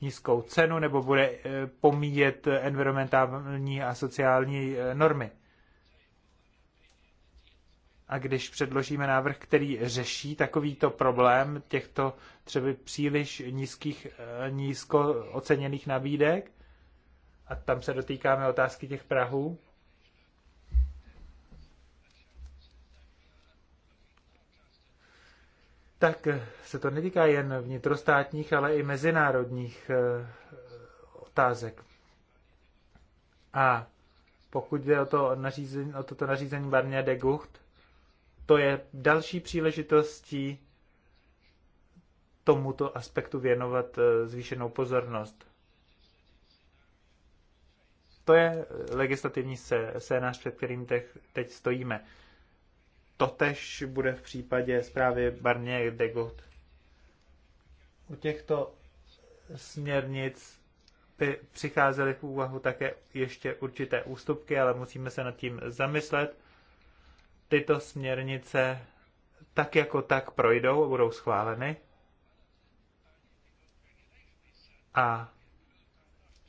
nízkou cenu nebo bude eh, pomíjet environmentální a sociální eh, normy. A když předložíme návrh, který řeší takovýto problém těchto třeba příliš nízkých, eh, nízko oceněných nabídek, a tam se dotýkáme otázky těch Prahů, tak se to netýká jen vnitrostátních, ale i mezinárodních eh, otázek. A pokud jde o, to nařízení, o toto nařízení Barnia de Gucht, to je další příležitostí tomuto aspektu věnovat eh, zvýšenou pozornost. To je legislativní scénář, před kterým teď stojíme. Totež bude v případě zprávy Barnier de Gut. U těchto směrnic by přicházely v úvahu také ještě určité ústupky, ale musíme se nad tím zamyslet. Tyto směrnice tak jako tak projdou a budou schváleny. A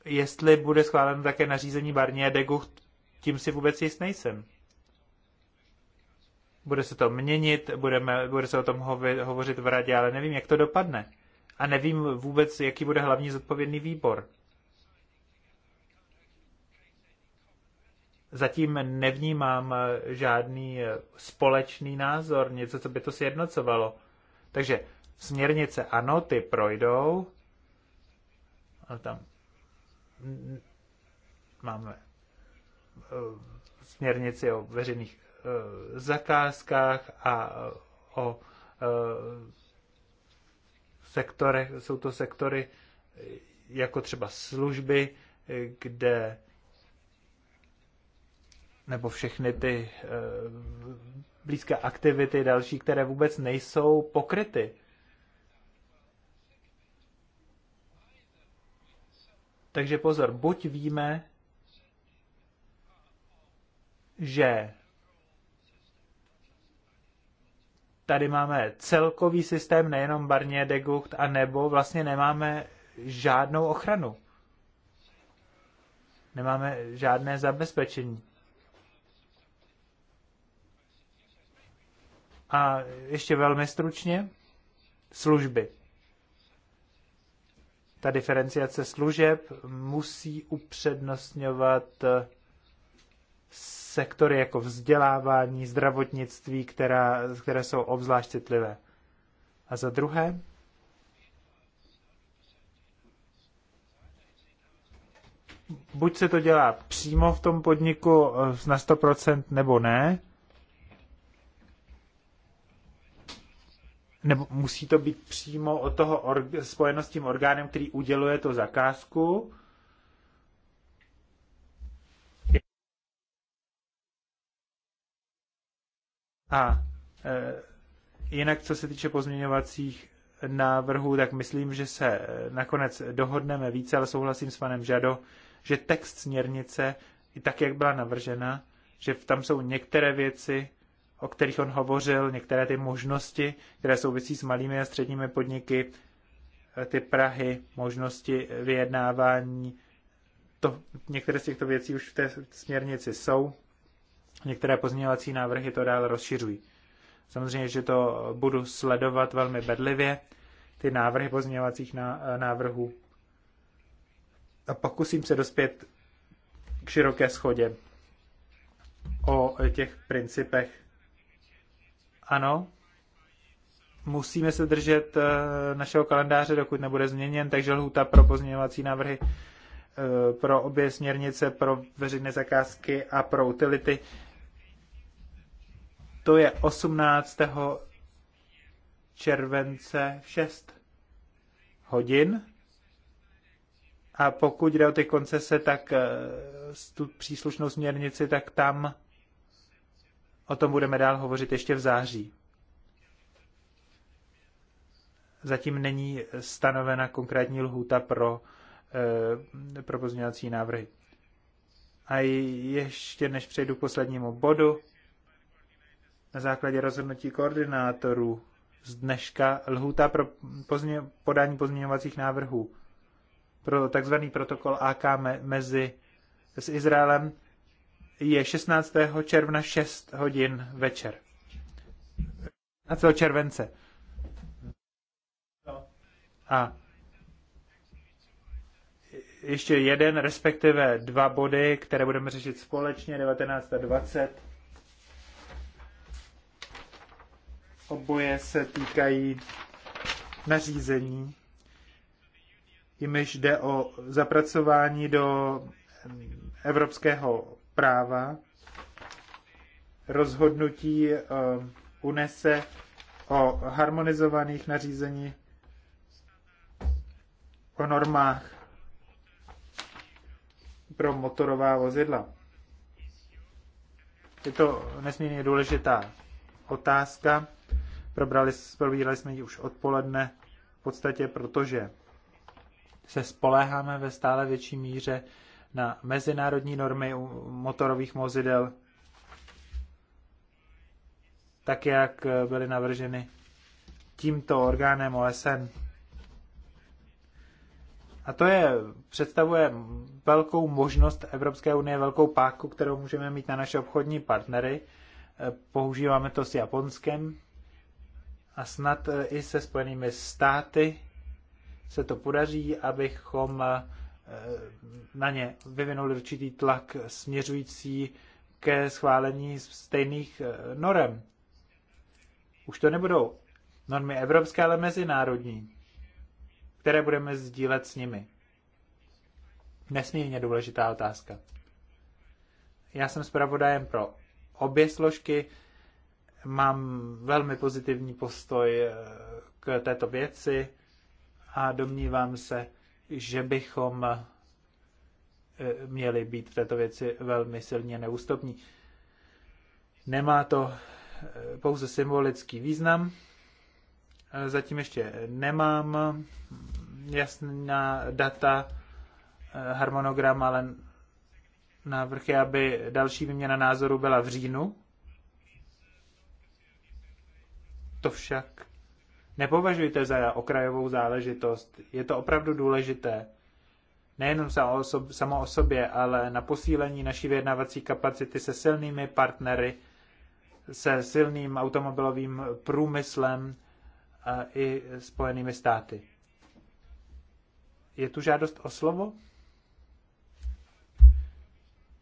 jestli bude schváleno také nařízení Barnier de Gucht, tím si vůbec jist nejsem bude se to měnit, budeme, bude se o tom hovi, hovořit v radě, ale nevím, jak to dopadne. A nevím vůbec, jaký bude hlavní zodpovědný výbor. Zatím nevnímám eh, žádný eh, společný názor, něco, co by to sjednocovalo. Takže směrnice ano, ty projdou, A tam máme eh, směrnici o veřejných Eh, zakázkách a eh, o eh, sektorech, jsou to sektory jako třeba služby, kde nebo všechny ty blízké aktivity další, které vůbec nejsou pokryty. Takže pozor, buď víme, že tady máme celkový systém, nejenom Barnier de Gucht, a nebo vlastně nemáme žádnou ochranu. Nemáme žádné zabezpečení. A ještě velmi stručně, služby. Ta diferenciace služeb musí upřednostňovat sektory jako vzdělávání, zdravotnictví, která, které jsou obzvlášť citlivé. A za druhé, buď se to dělá přímo v tom podniku eh, na 100% nebo ne, nebo musí to být přímo od toho spojeno s tím orgánem, který uděluje tu zakázku, A eh, jinak, co se týče pozměňovacích návrhů, tak myslím, že se eh, nakonec dohodneme více, ale souhlasím s panem Žado, že text směrnice, i tak, jak byla navržena, že tam jsou některé věci, o kterých on hovořil, některé ty možnosti, které souvisí s malými a středními podniky, eh, ty Prahy, možnosti vyjednávání, to, některé z těchto věcí už v té směrnici jsou. Některé pozměňovací návrhy to dál rozšiřují. Samozřejmě, že to budu sledovat velmi bedlivě, ty návrhy pozměňovacích eh, návrhů. A pokusím se dospět k široké schodě o těch principech. Ano, musíme se držet eh, našeho kalendáře, dokud nebude změněn, takže lhůta pro pozměňovací návrhy eh, pro obě směrnice, pro veřejné zakázky a pro utility to je 18. července 6 hodin. A pokud jde o ty koncese, tak eh, tu příslušnou směrnici, tak tam o tom budeme dál hovořit ještě v září. Zatím není stanovena konkrétní lhůta pro, eh, pro pozměňovací návrhy. A ještě než přejdu k poslednímu bodu, na základě rozhodnutí koordinátorů z dneška lhůta pro pozmě, podání pozměňovacích návrhů pro tzv. protokol AK me, mezi s Izraelem je 16. června 6 hodin večer. 15. července. A ještě jeden, respektive dva body, které budeme řešit společně, 19 a 20 Oboje se týkají nařízení, jimiž jde o zapracování do evropského práva rozhodnutí eh, unese o harmonizovaných nařízení o normách pro motorová vozidla. Je to nesmírně důležitá otázka. Probrali, probírali jsme ji už odpoledne, v podstatě protože se spoléháme ve stále větší míře na mezinárodní normy motorových vozidel, tak jak byly navrženy tímto orgánem OSN. A to je, představuje velkou možnost Evropské unie, velkou páku, kterou můžeme mít na naše obchodní partnery. Používáme to s Japonskem, a snad e, i se Spojenými státy se to podaří, abychom e, na ně vyvinuli určitý tlak směřující ke schválení stejných e, norem. Už to nebudou normy evropské, ale mezinárodní, které budeme sdílet s nimi. Nesmírně důležitá otázka. Já jsem zpravodajem pro obě složky, mám velmi pozitivní postoj eh, k této věci a domnívám se, že bychom eh, měli být v této věci velmi silně neústupní. Nemá to eh, pouze symbolický význam. Zatím ještě nemám hm, jasná data, harmonogram, ale návrh je, aby další výměna názoru byla v říjnu To však nepovažujte za okrajovou záležitost. Je to opravdu důležité. Nejenom samo o sobě, ale na posílení naší vyjednávací kapacity se silnými partnery, se silným automobilovým průmyslem a i Spojenými státy. Je tu žádost o slovo?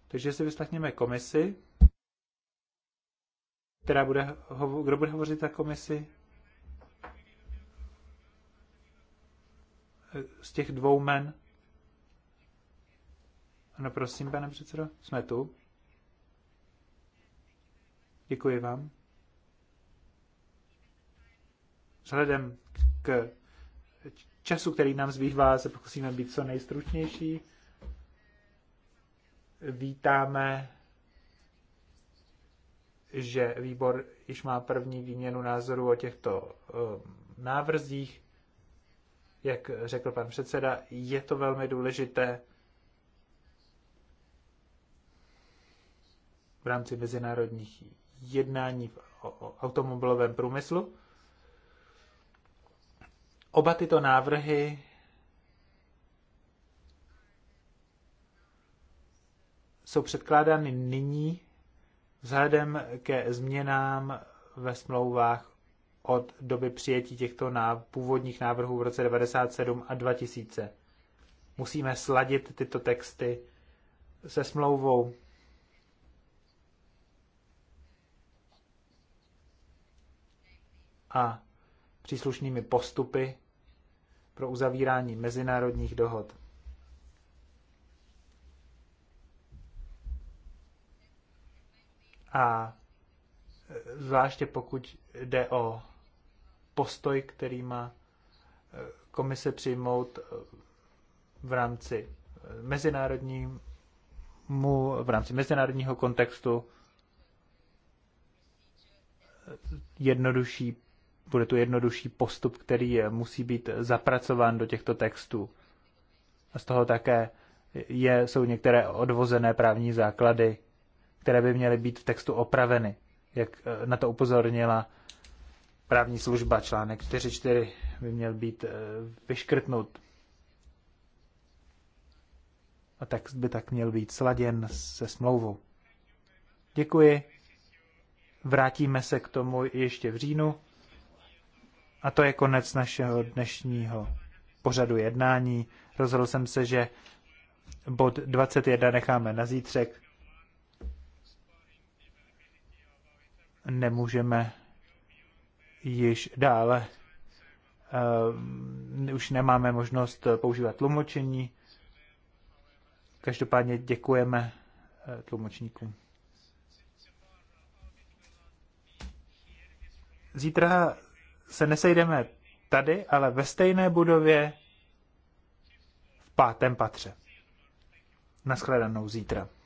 Takže si vyslechněme komisi která bude, kdo bude hovořit na komisi? Z těch dvou men? Ano, prosím, pane předsedo, jsme tu. Děkuji vám. Vzhledem k času, který nám zbývá, se pokusíme být co nejstručnější. Vítáme že výbor již má první výměnu názoru o těchto eh, návrzích. Jak řekl pan předseda, je to velmi důležité v rámci mezinárodních jednání v automobilovém průmyslu. Oba tyto návrhy jsou předkládány nyní Vzhledem ke změnám ve smlouvách od doby přijetí těchto náv- původních návrhů v roce 1997 a 2000. Musíme sladit tyto texty se smlouvou. a příslušnými postupy pro uzavírání mezinárodních dohod. A zvláště pokud jde o postoj, který má e, komise přijmout e, v rámci e, mezinárodnímu, v rámci mezinárodního kontextu jednodušší, bude tu jednodušší postup, který musí být zapracován do těchto textů. A z toho také je, jsou některé odvozené právní základy, které by měly být v textu opraveny, jak eh, na to upozornila právní služba. Článek 4.4 by měl být eh, vyškrtnut a text by tak měl být sladěn se smlouvou. Děkuji. Vrátíme se k tomu ještě v říjnu. A to je konec našeho dnešního pořadu jednání. Rozhodl jsem se, že bod 21 necháme na zítřek nemůžeme již dále. Uh, už nemáme možnost používat tlumočení. Každopádně děkujeme eh, tlumočníkům. Zítra se nesejdeme tady, ale ve stejné budově v pátém patře. Naschledanou zítra.